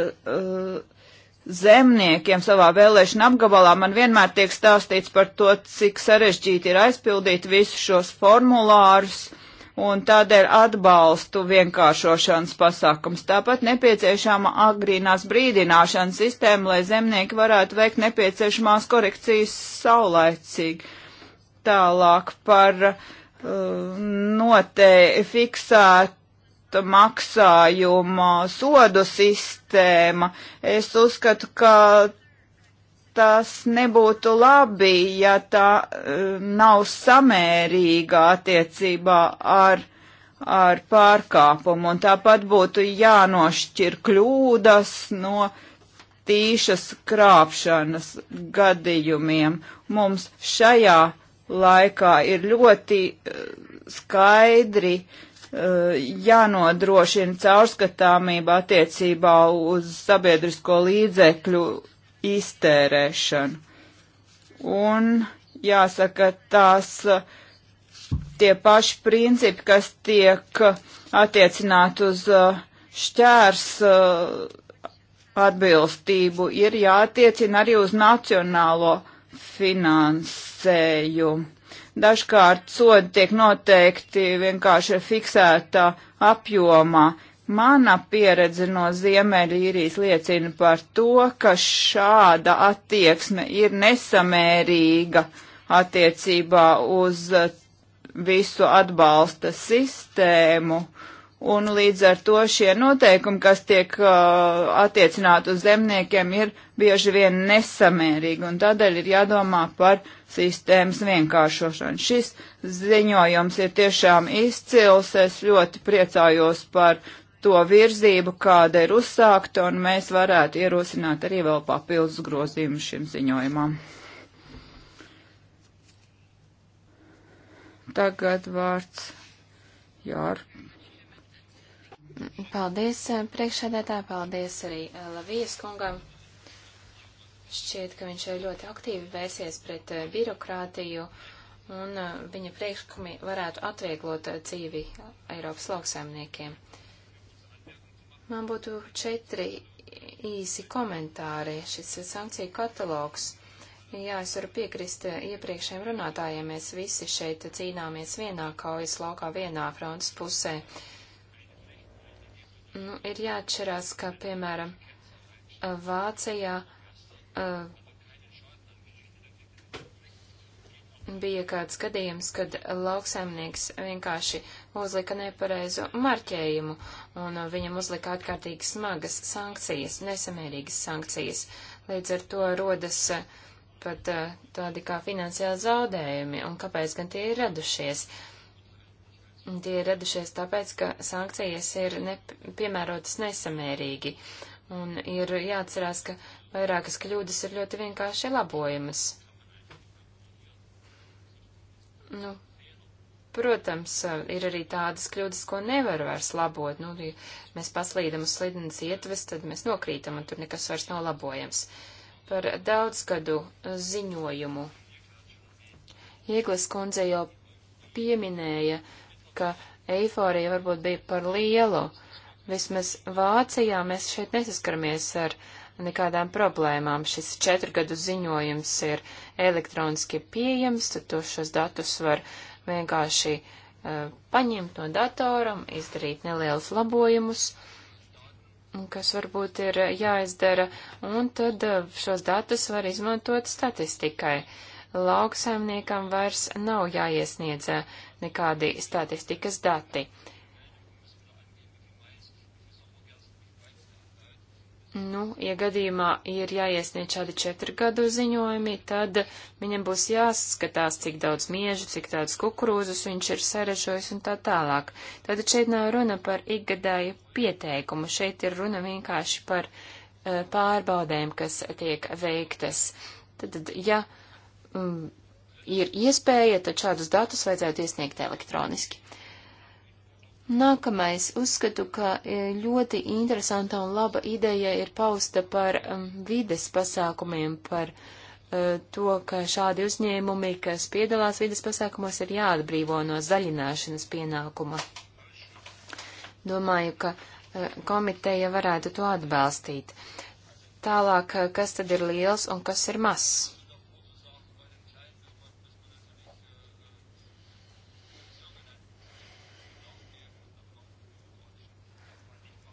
zemniekiem savā vēlēšana apgabalā. Man vienmēr tiek stāstīts par to, cik sarežģīti ir aizpildīt visus šos formulārus, un tādēļ atbalstu vienkāršošanas pasākums. Tāpat nepieciešama agrīnās brīdināšanas sistēma, lai zemnieki varētu veikt nepieciešamās korekcijas saulaicīgi. Tālāk par uh, note fiksētu maksājuma sodu sistēma. Es uzskatu, ka tas nebūtu labi, ja tā eh, nav samērīga attiecībā ar, ar pārkāpumu. Un tāpat būtu jānošķir kļūdas no tīšas krāpšanas gadījumiem. Mums šajā laikā ir ļoti eh, skaidri jānodrošina caurskatāmība attiecībā uz sabiedrisko līdzekļu iztērēšanu. Un jāsaka, tās tie paši principi, kas tiek attiecināti uz uh, šķērs uh, atbilstību, ir jātiecina arī uz nacionālo finansējumu Dažkārt sodi tiek noteikti vienkārši fiksētā apjomā. Mana pieredze no Ziemeļīrijas liecina par to, ka šāda attieksme ir nesamērīga attiecībā uz visu atbalsta sistēmu. Un līdz ar to šie noteikumi, kas tiek uh, attiecināti uz zemniekiem, ir bieži vien nesamērīgi. Un tādēļ ir jādomā par sistēmas vienkāršošanu. Šis ziņojums ir tiešām izcils. Es ļoti priecājos par to virzību, kāda ir uzsākta, un mēs varētu ierosināt arī vēl papildus grozījumu šim ziņojumam. Tagad vārds Jār. Paldies priekšsēdētā, paldies arī Lavijas kungam Šķiet, ka viņš ļoti aktīvi vērsies pret eh, birokrātiju un eh, viņa priekšlikumi varētu atvieglot eh, dzīvi Eiropas lauksaimniekiem. Man būtu četri īsi komentāri. Šis sankciju katalogs. Jā, es varu piekrist iepriekšējiem runātājiem. Mēs visi šeit cīnāmies vienā kaujas laukā, vienā frontes pusē. Nu, ir jāatcerās, ka, piemēram, Vācijā uh, uh, bija kāds gadījums, kad lauksaimnieks vienkārši uzlika nepareizu marķējumu, un viņam uzlika atkārtīgi smagas sankcijas, nesamērīgas sankcijas. Līdz ar to rodas uh, pat uh, tādi kā finansiāli zaudējumi, un kāpēc gan tie ir radušies? Tie ir radušies tāpēc, ka sankcijas ir ne, piemērotas nesamērīgi. Un ir jāatcerās, ka Vairākas kļūdas ir ļoti vienkārši labojamas. Nu, protams, ir arī tādas kļūdas, ko nevar vairs labot. Nu, ja mēs paslīdam uz slidenes ietves, tad mēs nokrītam, un tur nekas vairs nav labojams. Par daudzgadu ziņojumu. Ieglas kundze jau pieminēja, ka eiforija varbūt bija par lielu. Vismaz Vācijā mēs šeit nesaskaramies ar uh, nekādām problēmām. Šis četru gadu ziņojums ir elektroniski pieejams, tad to šos datus var vienkārši uh, paņemt no datoram, izdarīt nelielus labojumus, kas varbūt ir eh, jāizdara, un tad eh, šos datus var izmantot statistikai. Lauksaimniekam vairs nav jāiesniedz nekādi statistikas dati. Uh, Nu, ja gadījumā ir jāiesniedz šādi četri gadu ziņojumi, tad viņam būs jāskatās, cik daudz miežu, cik daudz kukurūzus viņš ir sarežojis un tā tālāk. Tad šeit nav runa par ikgadāju pieteikumu, šeit ir runa vienkārši par uh, pārbaudēm, kas tiek veiktas. Tad, ja um, ir iespēja, tad šādus datus vajadzētu iesniegt elektroniski. Uh, Nākamais, uzskatu, ka e, ļoti interesanta un laba ideja ir pausta par um, vides pasākumiem, par e, to, ka šādi uzņēmumi, kas piedalās vides pasākumos, ir jāatbrīvo no zaļināšanas pienākuma. Domāju, ka e, komiteja varētu to atbalstīt. Tālāk, kas tad ir liels un kas ir mazs?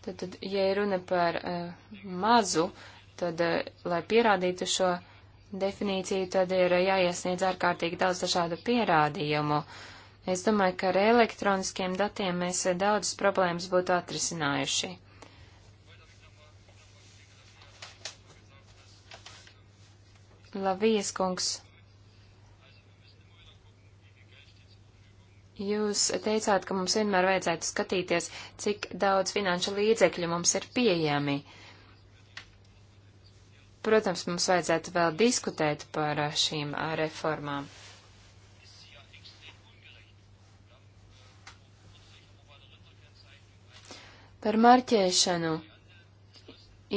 Tad, tad ja runa par uh, mazu, tad, uh, lai pierādītu šo definīciju, tad ir eh, jāiesniedz ārkārtīgi daudz dažādu pierādījumu. Es domāju, ka ar elektroniskiem datiem mēs daudzas problēmas būtu atrisinājuši. Lavijas kungs Jūs teicāt, ka mums vienmēr vajadzētu skatīties, cik daudz finanšu līdzekļu mums ir pieejami. Protams, mums vajadzētu vēl diskutēt par šīm reformām. Par marķēšanu.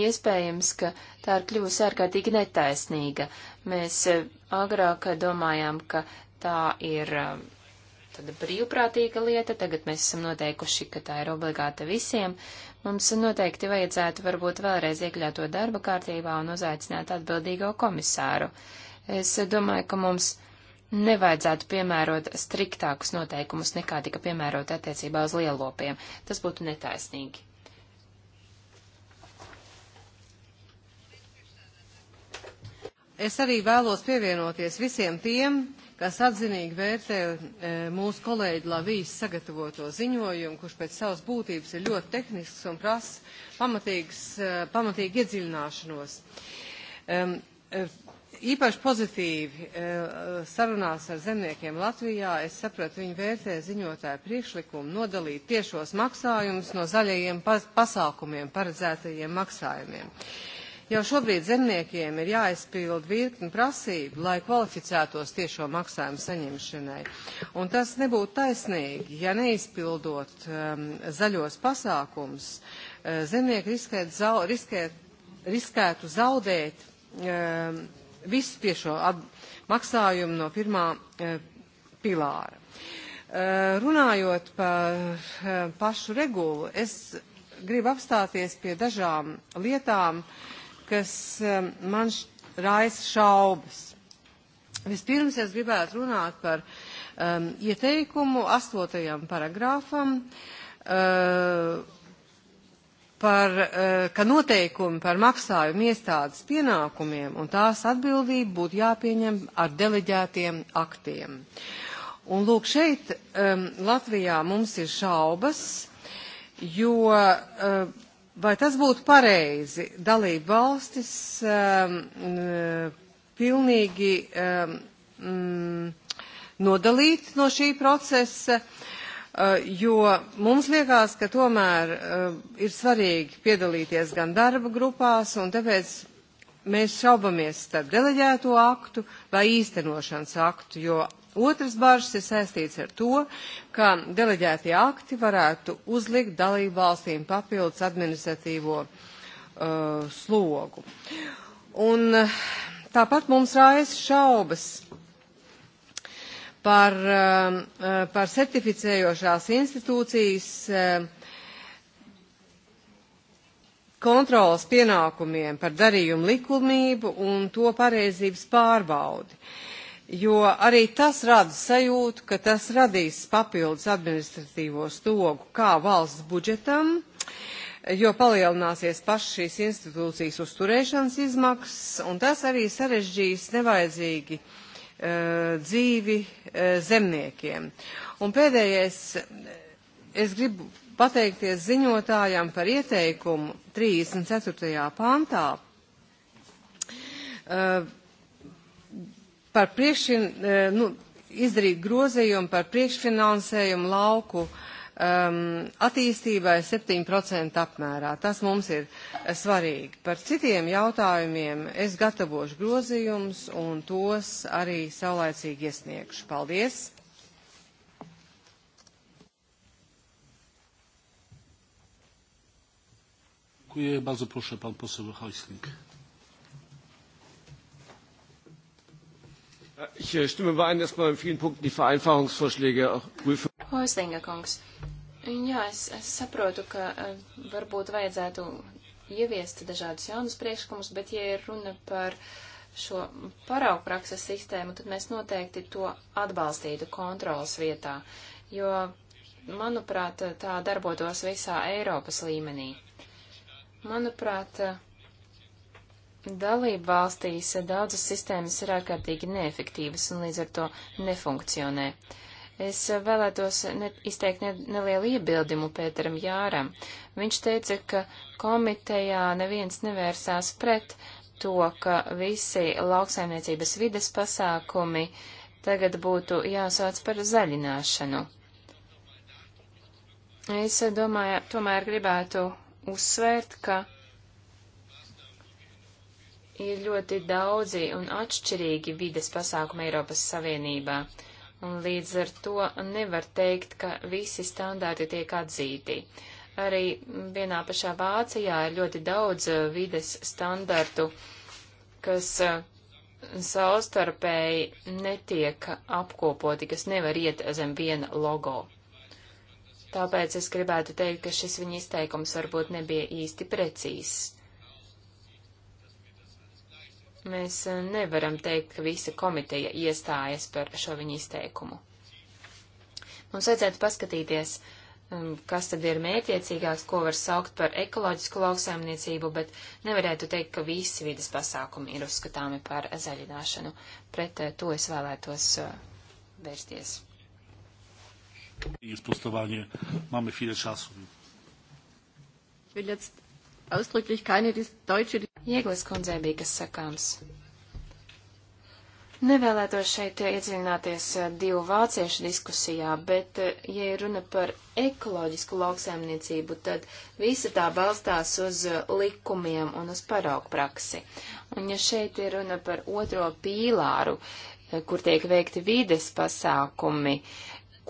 Iespējams, ka tā ir kļuvusi ārkārtīgi netaisnīga. Mēs agrāk domājām, ka tā ir tāda brīvprātīga lieta, tagad mēs esam noteikuši, ka tā ir obligāta visiem. Mums noteikti vajadzētu varbūt vēlreiz iekļaut to darba kārtībā un uzaicināt atbildīgo komisāru. Es domāju, ka mums nevajadzētu piemērot striktākus noteikumus nekā tika piemērot attiecībā uz lielopiem. Tas būtu netaisnīgi. Es arī vēlos pievienoties visiem tiem, kas atzinīgi vērtē e, mūsu kolēģi Lavijas sagatavoto ziņojumu, kurš pēc savas būtības ir ļoti tehnisks un prasa pamatīgs, e, pamatīgi iedziļināšanos. E, īpaši pozitīvi e, sarunās ar zemniekiem Latvijā es sapratu, viņi vērtē ziņotāju priekšlikumu nodalīt tiešos maksājumus no zaļajiem pas pasākumiem paredzētajiem maksājumiem. Uh, Jau šobrīd zemniekiem ir jāizpild virkni prasību, lai kvalificētos tiešo maksājumu saņemšanai. Un tas nebūtu taisnīgi, ja neizpildot um, zaļos pasākums, uh, zemnieki riskētu, zau, riskēt, riskētu zaudēt um, visu tiešo maksājumu no pirmā uh, pilāra. Uh, runājot par uh, pašu regulu, es gribu apstāties pie dažām lietām, uh, kas um, man raisa šaubas. Vispirms es gribētu runāt par um, ieteikumu astotajam paragrāfam, uh, par, uh, ka noteikumi par maksājumu iestādes pienākumiem un tās atbildību būtu jāpieņem ar deleģētiem aktiem. Un lūk, šeit um, Latvijā mums ir šaubas, jo uh, Vai tas būtu pareizi dalību valstis um, pilnīgi um, ehm, mm, nodalīt no šī procesa, uh, jo mums liekas, ka tomēr uh, ir svarīgi piedalīties gan darba grupās, un tāpēc mēs šaubamies starp deleģēto aktu vai īstenošanas aktu, jo Otras bažas ir saistīts ar to, ka deleģētie akti varētu uzlikt dalību valstīm papildus administratīvo uh, slogu. Un uh, tāpat mums rājas šaubas par, um, uh, par certificējošās institūcijas uh, kontrolas pienākumiem par darījumu likumību un to pareizības pārbaudi. Uh, jo arī tas rada sajūtu, ka tas radīs papildus administratīvo stogu kā valsts budžetam, jo palielināsies pašas šīs institūcijas uzturēšanas izmaksas, un tas arī sarežģīs nevajadzīgi uh, dzīvi uh, zemniekiem. Un pēdējais, es gribu pateikties ziņotājam par ieteikumu 34. pantā. Uh, par priekšfin, e, nu, izdarīt grozījumu par priekšfinansējumu lauku um, attīstībai 7% apmērā. Tas mums ir e, svarīgi. Par citiem jautājumiem es gatavošu grozījumus un tos arī saulēcīgi iesniegšu. Paldies! Dziękuję. Bardzo proszę, pan poseł Hojsling. Ich äh, stimme überein, dass man in vielen Punkten die Vereinfachungsvorschläge auch prüfen. Hoislinga kungs. Jā, es, es saprotu, ka äh, varbūt vajadzētu ieviest dažādus jaunus priekšlikumus, bet ja ir runa par šo paraugu prakses sistēmu, tad mēs noteikti to atbalstītu kontrolas vietā, jo, manuprāt, tā darbotos visā Eiropas līmenī. Manuprāt, Dalība valstīs daudzas sistēmas ir ārkārtīgi neefektīvas un līdz ar to nefunkcionē. Es vēlētos ne, izteikt ne, nelielu iebildumu Pēteram Jāram. Viņš teica, ka komitejā neviens nevērsās pret to, ka visi lauksaimniecības vides pasākumi tagad būtu jāsauc par zaļināšanu. Es domāju, tomēr gribētu uzsvērt, ka ir ļoti daudzi un atšķirīgi vides pasākumi Eiropas Savienībā, un līdz ar to nevar teikt, ka visi standarti tiek atzīti. Arī vienā pašā Vācijā ir ļoti daudz uh, vides standartu, kas uh, savstarpēji netiek apkopoti, kas nevar iet zem viena logo. Tāpēc es gribētu teikt, ka šis viņa izteikums varbūt nebija īsti precīzs. Mēs eh, nevaram teikt, ka visa komiteja iestājas par šo viņa izteikumu. Mums vajadzētu paskatīties, um, kas tad ir mētiecīgāks, ko var saukt par ekoloģisku lauksaimniecību, bet nevarētu teikt, ka visi vidas pasākumi ir uzskatāmi par zaļināšanu. Pret eh, to es vēlētos eh, vērsties. Will jetzt ausdrücklich keine deutsche Ieglis kundzei bija kas sakāms. Nevēlētos šeit iedziļināties eh, divu vāciešu diskusijā, bet, eh, ja runa par ekoloģisku lauksaimniecību, tad visa tā balstās uz eh, likumiem un uz paraugu praksi. Un, ja šeit ir runa par otro pīlāru, kur tiek veikti vides pasākumi,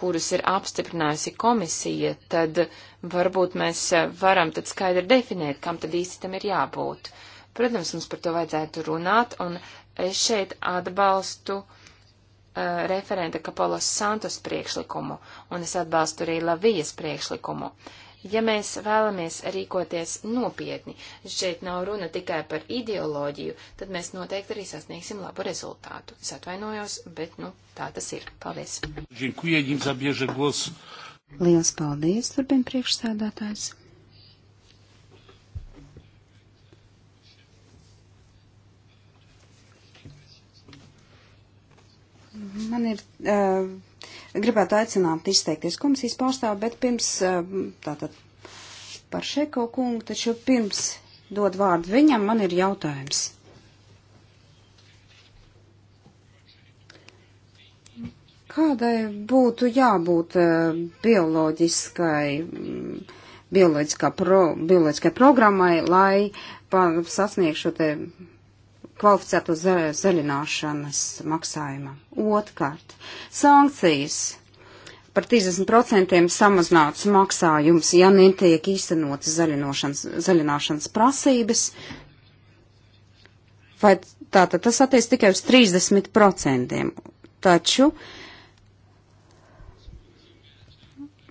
kurus ir apstiprinājusi komisija, tad varbūt mēs varam tad skaidri definēt, kam tad īsti tam ir jābūt. Uh, Protams, mums par to vajadzētu runāt, un es šeit atbalstu uh, referenta Kapolas Santos priekšlikumu, un es atbalstu arī Lavijas priekšlikumu. Ja mēs vēlamies rīkoties nopietni, šeit nav runa tikai par ideoloģiju, tad mēs noteikti arī sasniegsim labu rezultātu. Es atvainojos, bet, nu, tā tas ir. Paldies! Liels paldies, turpin priekšsēdētājs! Man ir, uh, gribētu aicināt izteikties komisijas pārstāvu, bet pirms, uh, tātad par Šeko kungu, taču pirms dod vārdu viņam, man ir jautājums. Kādai būtu jābūt uh, bioloģiskai, um, bioloģiskā pro, bioloģiskai programmai, lai sasniegšu te kvalificēto zaļināšanas maksājuma. Otkārt, sankcijas par 30% samazināts maksājums, ja netiek īstenotas zaļināšanas prasības, vai tātad tas attiec tikai uz 30%. Taču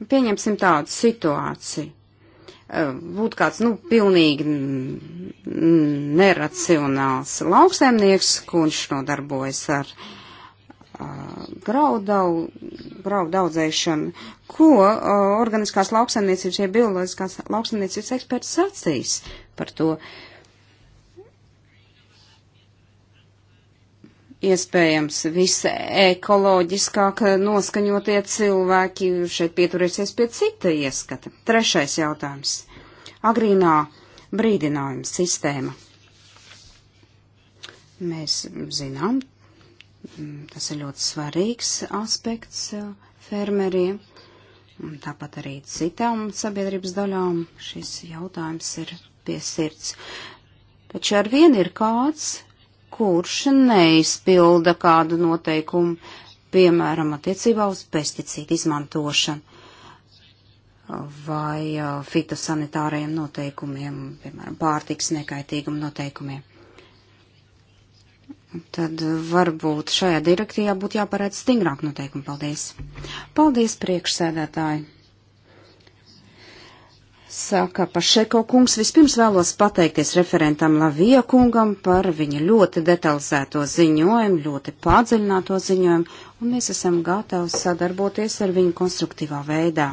pieņemsim tādu situāciju būtu kāds, nu, pilnīgi neracionāls lauksēmnieks, kurš nodarbojas ar uh, graudau, graudaudzēšanu, ko uh, organiskās lauksaimniecības, ja bioloģiskās lauksaimniecības eksperts sacīs par to. Uh, iespējams visi ekoloģiskāk noskaņotie cilvēki šeit pieturēsies pie cita ieskata. Trešais jautājums. Agrīnā brīdinājuma sistēma. Mēs zinām, tas ir ļoti svarīgs aspekts eh, fermeriem, un tāpat arī citām sabiedrības daļām šis jautājums ir pie sirds. Taču ar vienu ir kāds, kurš neizpilda kādu noteikumu, piemēram, attiecībā uz pesticīdu izmantošanu vai fitosanitāriem noteikumiem, piemēram, pārtiks nekaitīguma noteikumiem. Tad varbūt šajā direktīvā būtu jāparēd stingrāk noteikumi. Paldies! Paldies, priekšsēdētāji! Saka Pašeko kungs, vispirms vēlos pateikties referentam Lavija kungam par viņa ļoti detalizēto ziņojumu, ļoti padziļināto ziņojumu, un mēs esam gatavi sadarboties ar viņu konstruktīvā veidā.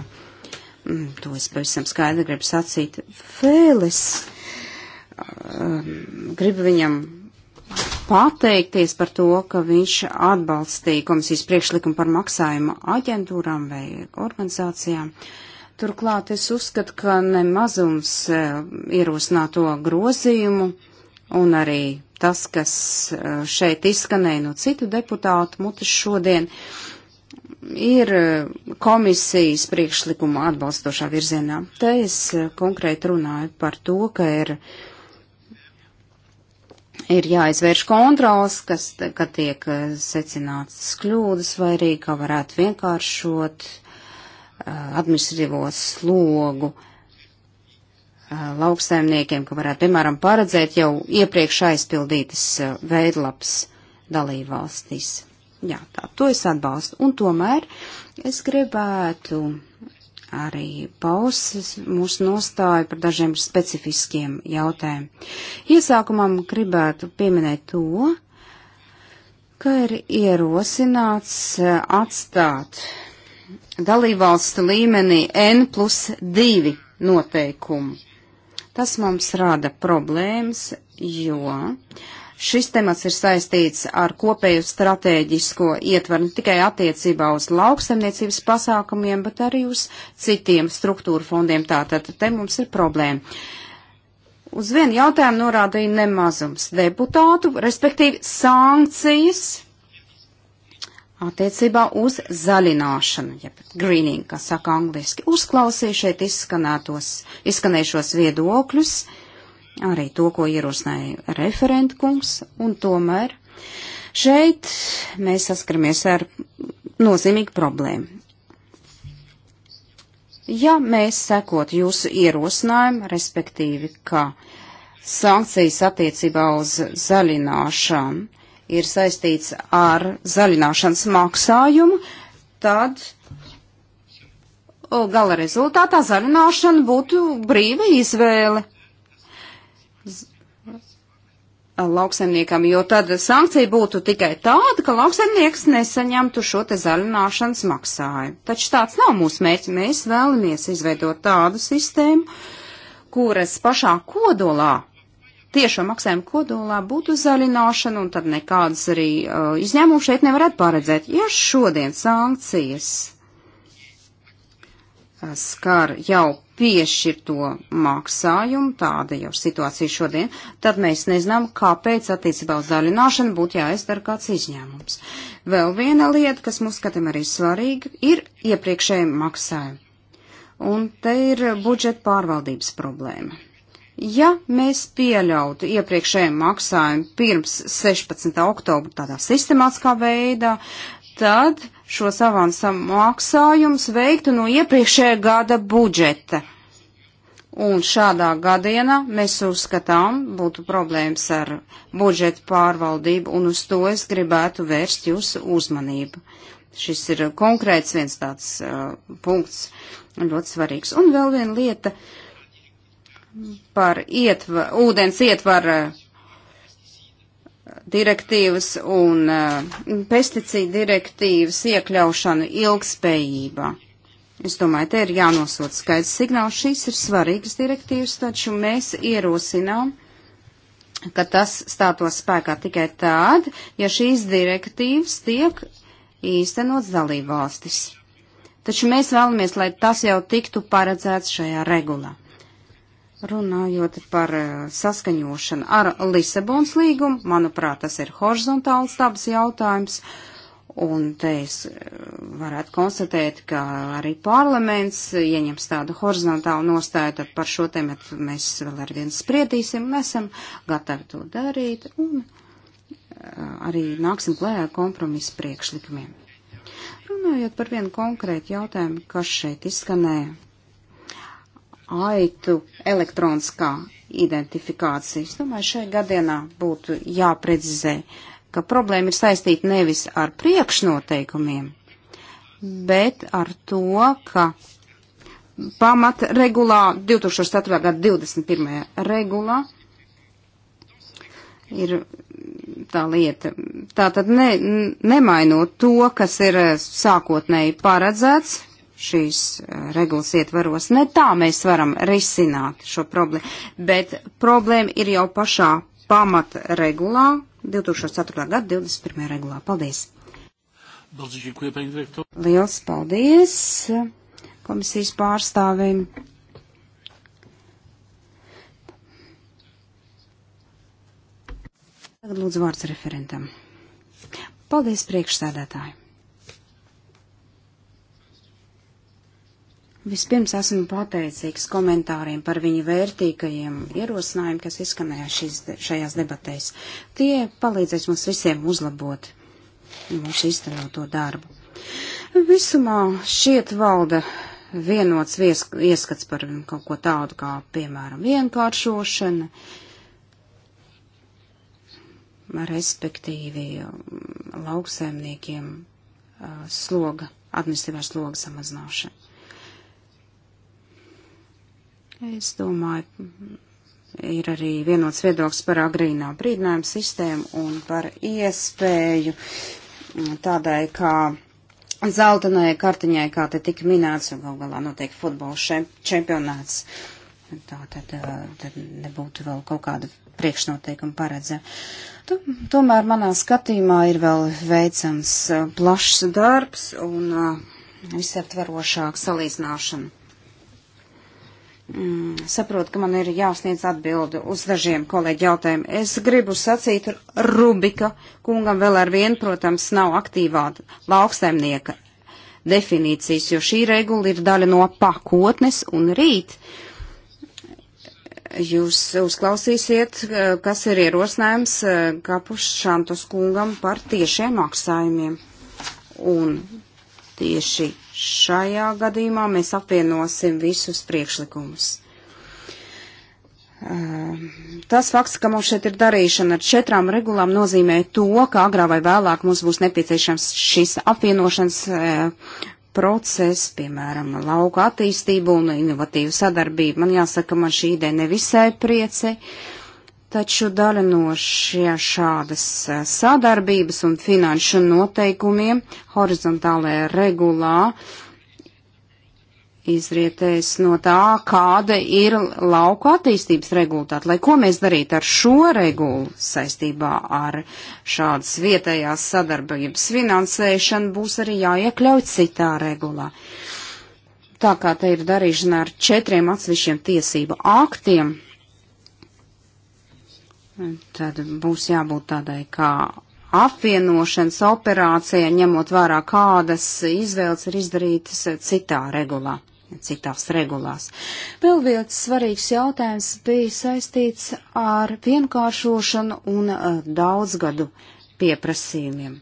Mm, to es pavisam skaidri gribu sacīt. Fēlis, um, gribu viņam pateikties par to, ka viņš atbalstīja komisijas priekšlikumu par maksājumu aģentūrām vai organizācijām. Uh, Turklāt es uzskatu, ka nemazums e, ierosināto grozījumu un arī tas, kas e, šeit izskanēja no citu deputātu mutes šodien, ir e, komisijas priekšlikuma atbalstošā virzienā. Te es konkrēti runāju par to, ka ir, ir jāizvērš kontrols, kas, ka tiek secināts kļūdas vai arī, ka varētu vienkāršot uh, administratīvo slogu lauksaimniekiem, ka varētu, piemēram, paredzēt jau iepriekš aizpildītas veidlaps dalībvalstīs. Jā, tā, to es atbalstu. Un tomēr es gribētu arī pausas mūsu nostāju par dažiem specifiskiem jautājumiem. Iesākumam gribētu pieminēt to, ka ir ierosināts atstāt dalībvalstu līmenī N plus 2 noteikumu. Tas mums rada problēmas, jo šis temats ir saistīts ar kopēju stratēģisko ietvaru ne tikai attiecībā uz lauksaimniecības pasākumiem, bet arī uz citiem struktūru fondiem. Tātad te mums ir problēma. Uz vienu jautājumu norādīja nemazums deputātu, respektīvi sankcijas attiecībā uz zaļināšanu, jeb greening, kā saka angliski. Uzklausīju šeit izskanējušos viedokļus, arī to, ko ierosināja referentkungs, un tomēr šeit mēs saskaramies ar nozīmīgu problēmu. Ja mēs sekot jūsu ierosinājumu, respektīvi, ka sankcijas attiecībā uz zaļināšanu ir saistīts ar zaļināšanas maksājumu, tad uh, gala rezultātā zaļināšana būtu brīva izvēle lauksaimniekam, jo tad sankcija būtu tikai tāda, ka lauksaimnieks nesaņemtu šo te zaļināšanas maksājumu. Taču tāds nav mūsu mērķis. Mēs vēlamies izveidot tādu sistēmu, kuras pašā kodolā tiešo maksājumu kodolā būtu zaļināšana, un tad nekādas arī uh, izņēmumu šeit nevarētu paredzēt. Ja šodien sankcijas uh, skar jau piešķirto maksājumu, tāda jau situācija šodien, tad mēs nezinām, kāpēc attiecībā uz zaļināšanu būtu jāizdara kāds izņēmums. Vēl viena lieta, kas mums skatiem arī svarīga, ir iepriekšēji maksājumi. Un te ir budžeta pārvaldības problēma Ja mēs pieļautu iepriekšējiem maksājumu pirms 16. oktobra tādā sistemātiskā veidā, tad šos avansa maksājumus veiktu no iepriekšējā gada budžeta. Un šādā gadienā mēs uzskatām būtu problēmas ar budžetu pārvaldību, un uz to es gribētu vērst jūsu uzmanību. Šis ir konkrēts viens tāds uh, punkts, ļoti svarīgs. Un vēl viena lieta. Uh, par ietva, ūdens ietvara direktīvas un uh, pesticīdu direktīvas iekļaušanu ilgspējībā. Es domāju, te ir jānosot skaidrs signāls. Šīs ir svarīgas direktīvas, taču mēs ierosinām, ka tas stātos spēkā tikai tād, ja šīs direktīvas tiek īstenots dalībvalstis. Taču mēs vēlamies, lai tas jau tiktu paredzēts šajā regulā. Runājot par eh, saskaņošanu ar Lisabons līgumu, manuprāt, tas ir horizontāls tāds jautājums, un te es eh, varētu konstatēt, ka arī parlaments ieņems tādu horizontālu nostāju, tad par šo tēmu mēs vēl ar vienu spriedīsim, mēs esam gatavi to darīt, un eh, arī nāksim klējā kompromisu priekšlikumiem. Runājot par vienu konkrētu jautājumu, kas šeit izskanēja aitu elektroniskā identifikācija. Es domāju, šai gadienā būtu jāprecizē, ka problēma ir saistīta nevis ar priekšnoteikumiem, bet ar to, ka pamat regulā 2004. gada 21. regulā ir tā lieta. Tā tad ne, nemainot to, kas ir eh, sākotnēji paredzēts šīs eh, regulas ietvaros. Ne tā mēs varam risināt šo problēmu, bet problēma ir jau pašā pamata regulā, 2004. gada 21. regulā. Paldies! Liels paldies komisijas pārstāvim! Tagad lūdzu vārds referentam. Paldies priekšsēdētāji! Vispirms esmu pateicīgs komentāriem par viņu vērtīgajiem ierosinājumiem, kas izskanēja šis, šajās debatēs. Tie palīdzēs mums visiem uzlabot mūsu iztenoto darbu. Visumā šiet valda vienots vies, ieskats par kaut ko tādu kā, piemēram, vienkāršošana, respektīvi lauksēmniekiem sloga, administratīvā sloga samazināšana. Es domāju, ir arī vienots viedoklis par agrīnā brīdinājuma sistēmu un par iespēju tādai kā zeltainai kartiņai, kā te tika minēts, un gal galā notiek futbola čempionāts. Tā tad, tad nebūtu vēl kaut kāda priekšnoteikuma paredzē. Tomēr manā skatījumā ir vēl veicams plašs darbs un visaptverošāka salīdzināšana mm, saprotu, ka man ir jāsniedz atbildi uz dažiem kolēģi jautājumiem. Es gribu sacīt Rubika kungam vēl ar vienu, protams, nav aktīvā lauksaimnieka definīcijas, jo šī regula ir daļa no pakotnes un rīt. Jūs uzklausīsiet, kas ir ierosinājums eh, Kapus Šantos kungam par tiešiem maksājumiem. Un tieši Šajā gadījumā mēs apvienosim visus priekšlikumus. Tas fakts, ka mums šeit ir darīšana ar četrām regulām, nozīmē to, ka agrā vai vēlāk mums būs nepieciešams šis apvienošanas process, piemēram, lauka attīstību un inovatīvu sadarbību. Man jāsaka, man šī ideja nevisai priecei. Uh, Taču daļa no šie šādas e, sadarbības un finanšu noteikumiem horizontālajā regulā izrietēs no tā, kāda ir lauku attīstības regulātāte, lai ko mēs darītu ar šo regulu saistībā ar šādas vietējās sadarbības finansēšanu, būs arī jāiekļauj citā regulā. Tā kā te ir darīšana ar četriem atsevišķiem tiesību aktiem Tad būs jābūt tādai kā apvienošanas operācija, ņemot vērā, kādas izvēles ir izdarītas citā regulā, citās regulās. Vēl viens svarīgs jautājums bija saistīts ar vienkāršošanu un uh, daudzgadu pieprasījumiem.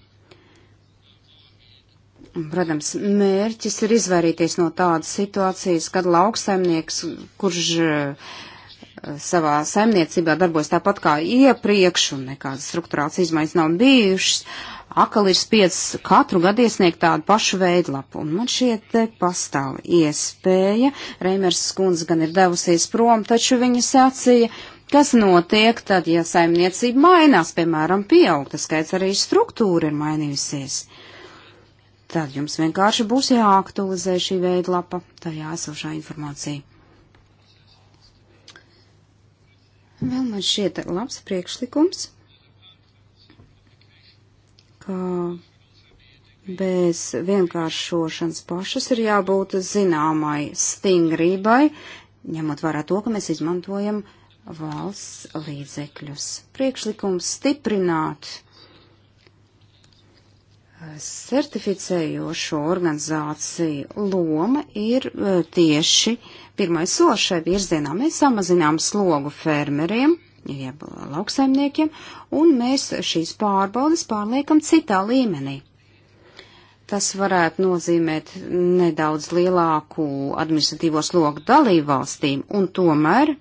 Protams, mērķis ir izvairīties no tādas situācijas, kad lauksaimnieks, kurš uh, Eh, savā saimniecībā darbojas tāpat kā iepriekš, un nekādas struktūrāls izmaiņas nav bijušas. Akal ir spiests katru gadu iesniegt tādu pašu veidlapu, un man šie te pastāv iespēja. Reimers skundze gan ir devusies prom, taču viņa sacīja, kas notiek tad, ja saimniecība mainās, piemēram, pieaug, tas skaits arī struktūra ir mainījusies. Tad jums vienkārši būs jāaktualizē šī veidlapa, tajā esošā informācija. Vēl man šķiet labs priekšlikums, ka bez vienkāršošanas pašas ir jābūt zināmai stingrībai, ņemot vērā to, ka mēs izmantojam valsts līdzekļus. Priekšlikums stiprināt eh, certificējošo organizāciju loma ir eh, tieši uh, pirmais solis šai virzienā. Mēs samazinām slogu fermeriem, jeb lauksaimniekiem, un mēs šīs pārbaudas pārliekam citā līmenī. Tas varētu nozīmēt nedaudz lielāku administratīvo slogu dalībvalstīm, un tomēr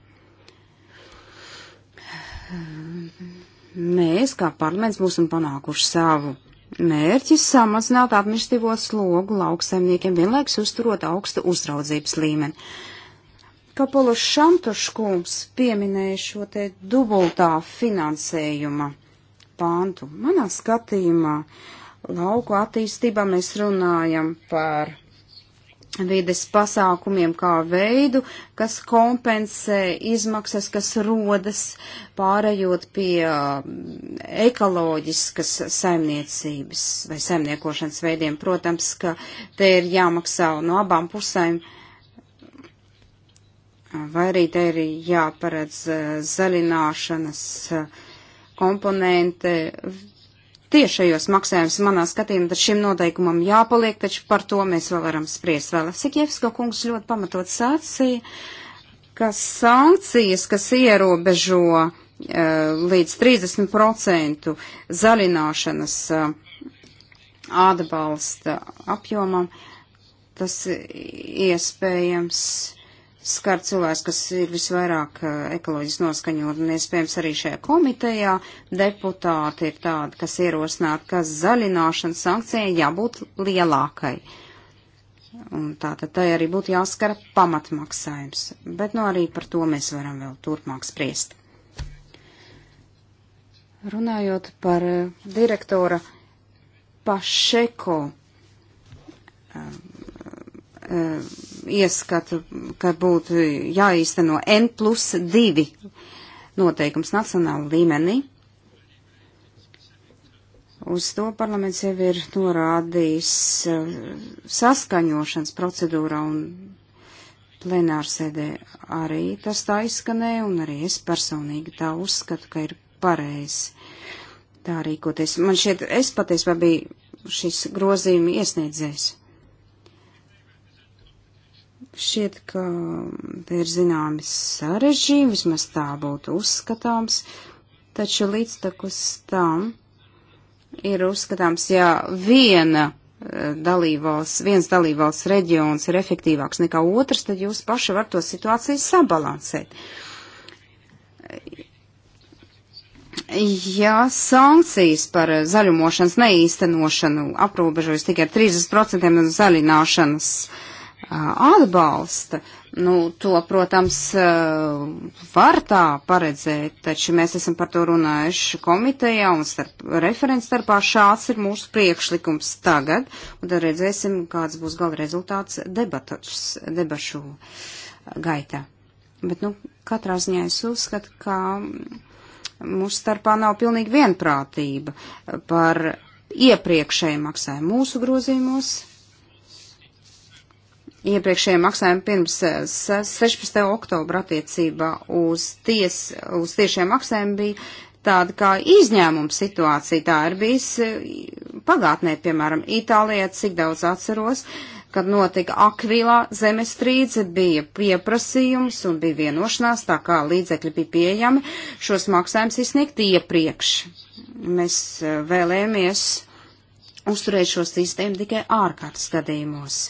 mēs, kā parlaments, būsim panākuši savu Mērķis samazināt administratīvo slogu lauksaimniekiem vienlaiks uzturot augstu uzraudzības līmeni. Kapola Šantoškungs pieminēja šo te dubultā finansējuma pāntu. Manā skatījumā lauku attīstībā mēs runājam par vides pasākumiem kā veidu, kas kompensē izmaksas, kas rodas pārējot pie um, ekoloģiskas saimniecības vai saimniekošanas veidiem. Protams, ka te ir jāmaksā no abām pusēm vai arī te ir jāparedz eh, zaļināšanas eh, komponente tiešajos maksājumus manā skatījumā, tad šim noteikumam jāpaliek, taču par to mēs vēl varam spriest vēl. Sikievska kungs ļoti pamatot sacīja, ka sankcijas, kas ierobežo uh, līdz 30% zaļināšanas uh, atbalsta apjomam, tas iespējams skar cilvēks, kas ir visvairāk eh, ekoloģiski noskaņot, un iespējams arī šajā komitejā deputāti ir tādi, kas ierosinātu, ka zaļināšanas sankcijai jābūt lielākai. Un tā tad tai arī būtu jāskara pamatmaksājums, bet nu no arī par to mēs varam vēl turpmāk spriest. Runājot par eh, direktora Pašeko um, um, ieskatu, ka būtu jāīsteno N plus 2 noteikums nacionāla līmenī. Uz to parlaments jau ir norādījis uh, saskaņošanas procedūrā un plenārsēdē arī tas tā izskanēja, un arī es personīgi tā uzskatu, ka ir pareizi tā rīkoties. Man šķiet, es patiesībā biju šis grozījuma iesniedzējs. Šķiet, ka te ir zināmi sarežģījumi, vismaz tā būtu uzskatāms, taču līdztekus tam ir uzskatāms, ja viena eh, dalībvalsts, viens dalībvalsts reģions ir efektīvāks nekā otrs, tad jūs paši var to situāciju sabalansēt. Ja sankcijas par zaļumošanas neīstenošanu aprobežojas tikai ar 30% no zaļināšanas uh, atbalsta. Nu, to, protams, var tā paredzēt, taču mēs esam par to runājuši komitejā un starp, referents starpā šāds ir mūsu priekšlikums tagad, un tad redzēsim, kāds būs gala rezultāts debatus, debašu gaitā. Bet, nu, katrā ziņā es uzskatu, ka mūsu starpā nav pilnīgi vienprātība par iepriekšēju maksājumu mūsu grozījumos iepriekšējiem maksājumiem pirms 16. Eh, oktobra attiecībā uz, ties, uz tiešiem maksājumiem bija tāda kā izņēmuma situācija. Tā ir bijis eh, pagātnē, piemēram, Itālijā, cik daudz atceros, kad notika Akvilā zemestrīce, bija pieprasījums un bija vienošanās, tā kā līdzekļi bija pieejami, šos maksājumus izsniegt iepriekš. Mēs eh, vēlēmies uzturēt šo sistēmu tikai ārkārtas gadījumos.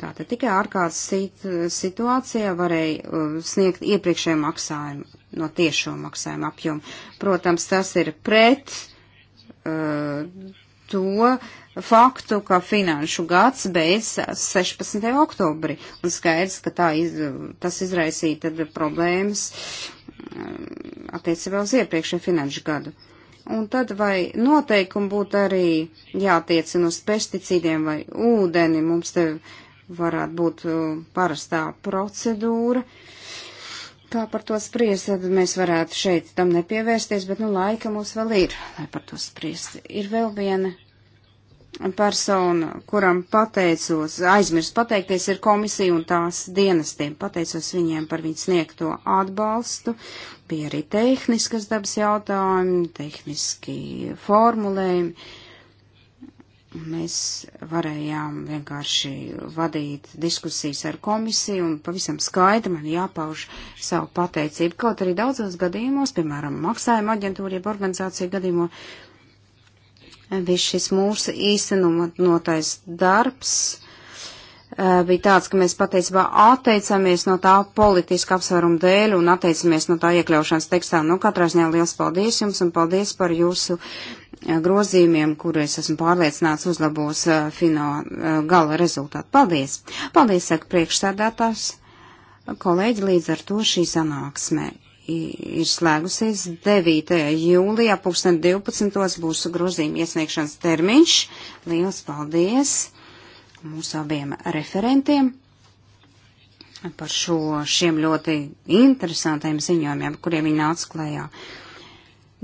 Tātad tikai ārkārtas situācijā varēja um, sniegt iepriekšēju maksājumu no tiešo maksājumu apjomu. Protams, tas ir pret uh, to faktu, ka finanšu gads beidz 16. oktobri. Un skaidrs, ka tā iz, tas izraisīja tad problēmas uh, attiecībā uz iepriekšēju finanšu gadu. Un tad vai noteikumi būtu arī jātiecina uz pesticīdiem vai ūdeni, mums te uh, varētu būt uh, parastā procedūra. Kā par to spriest, tad mēs varētu šeit tam nepievērsties, bet nu laika mums vēl ir, lai par to spriest. Ir vēl viena persona, kuram pateicos, aizmirst pateikties, ir komisija un tās dienestiem. Pateicos viņiem par viņu sniegto atbalstu. Bija arī tehniskas dabas jautājumi, tehniski formulējumi Mēs varējām vienkārši vadīt diskusijas ar komisiju un pavisam skaidri man jāpauž savu pateicību. Kaut arī daudzos gadījumos, piemēram, maksājuma aģentūra jeb organizācija gadījumā, viss šis mūsu īstenotais darbs eh, bija tāds, ka mēs patiesībā atteicāmies no tā politiska apsvēruma dēļ un atteicāmies no tā iekļaušanas tekstā. Nu, katrā ziņā liels paldies jums un paldies par jūsu Eh, grozījumiem, kuru es esmu pārliecināts uzlabos eh, fināla eh, gala rezultātu. Paldies! Paldies, saka priekšsēdētājs. Kolēģi, līdz ar to šī sanāksme ir slēgusies 9. jūlijā, 2012. būs grozījuma iesniegšanas termiņš. Liels paldies mūsu abiem referentiem par šo, šiem ļoti interesantiem ziņojumiem, kuriem viņi nāca klējā.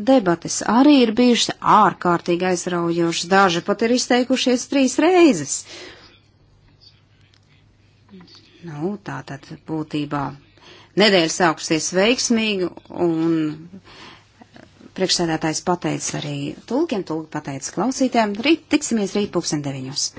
Debates arī ir bijušas ārkārtīgi aizraujošas, daži pat ir izteikušies trīs reizes. Nu, tā tad būtībā nedēļa sākusies veiksmīgi un priekšsēdētājs pateica arī tulkiem, tulki pateica klausītājiem. Rīt tiksimies rīt pulksten deviņos.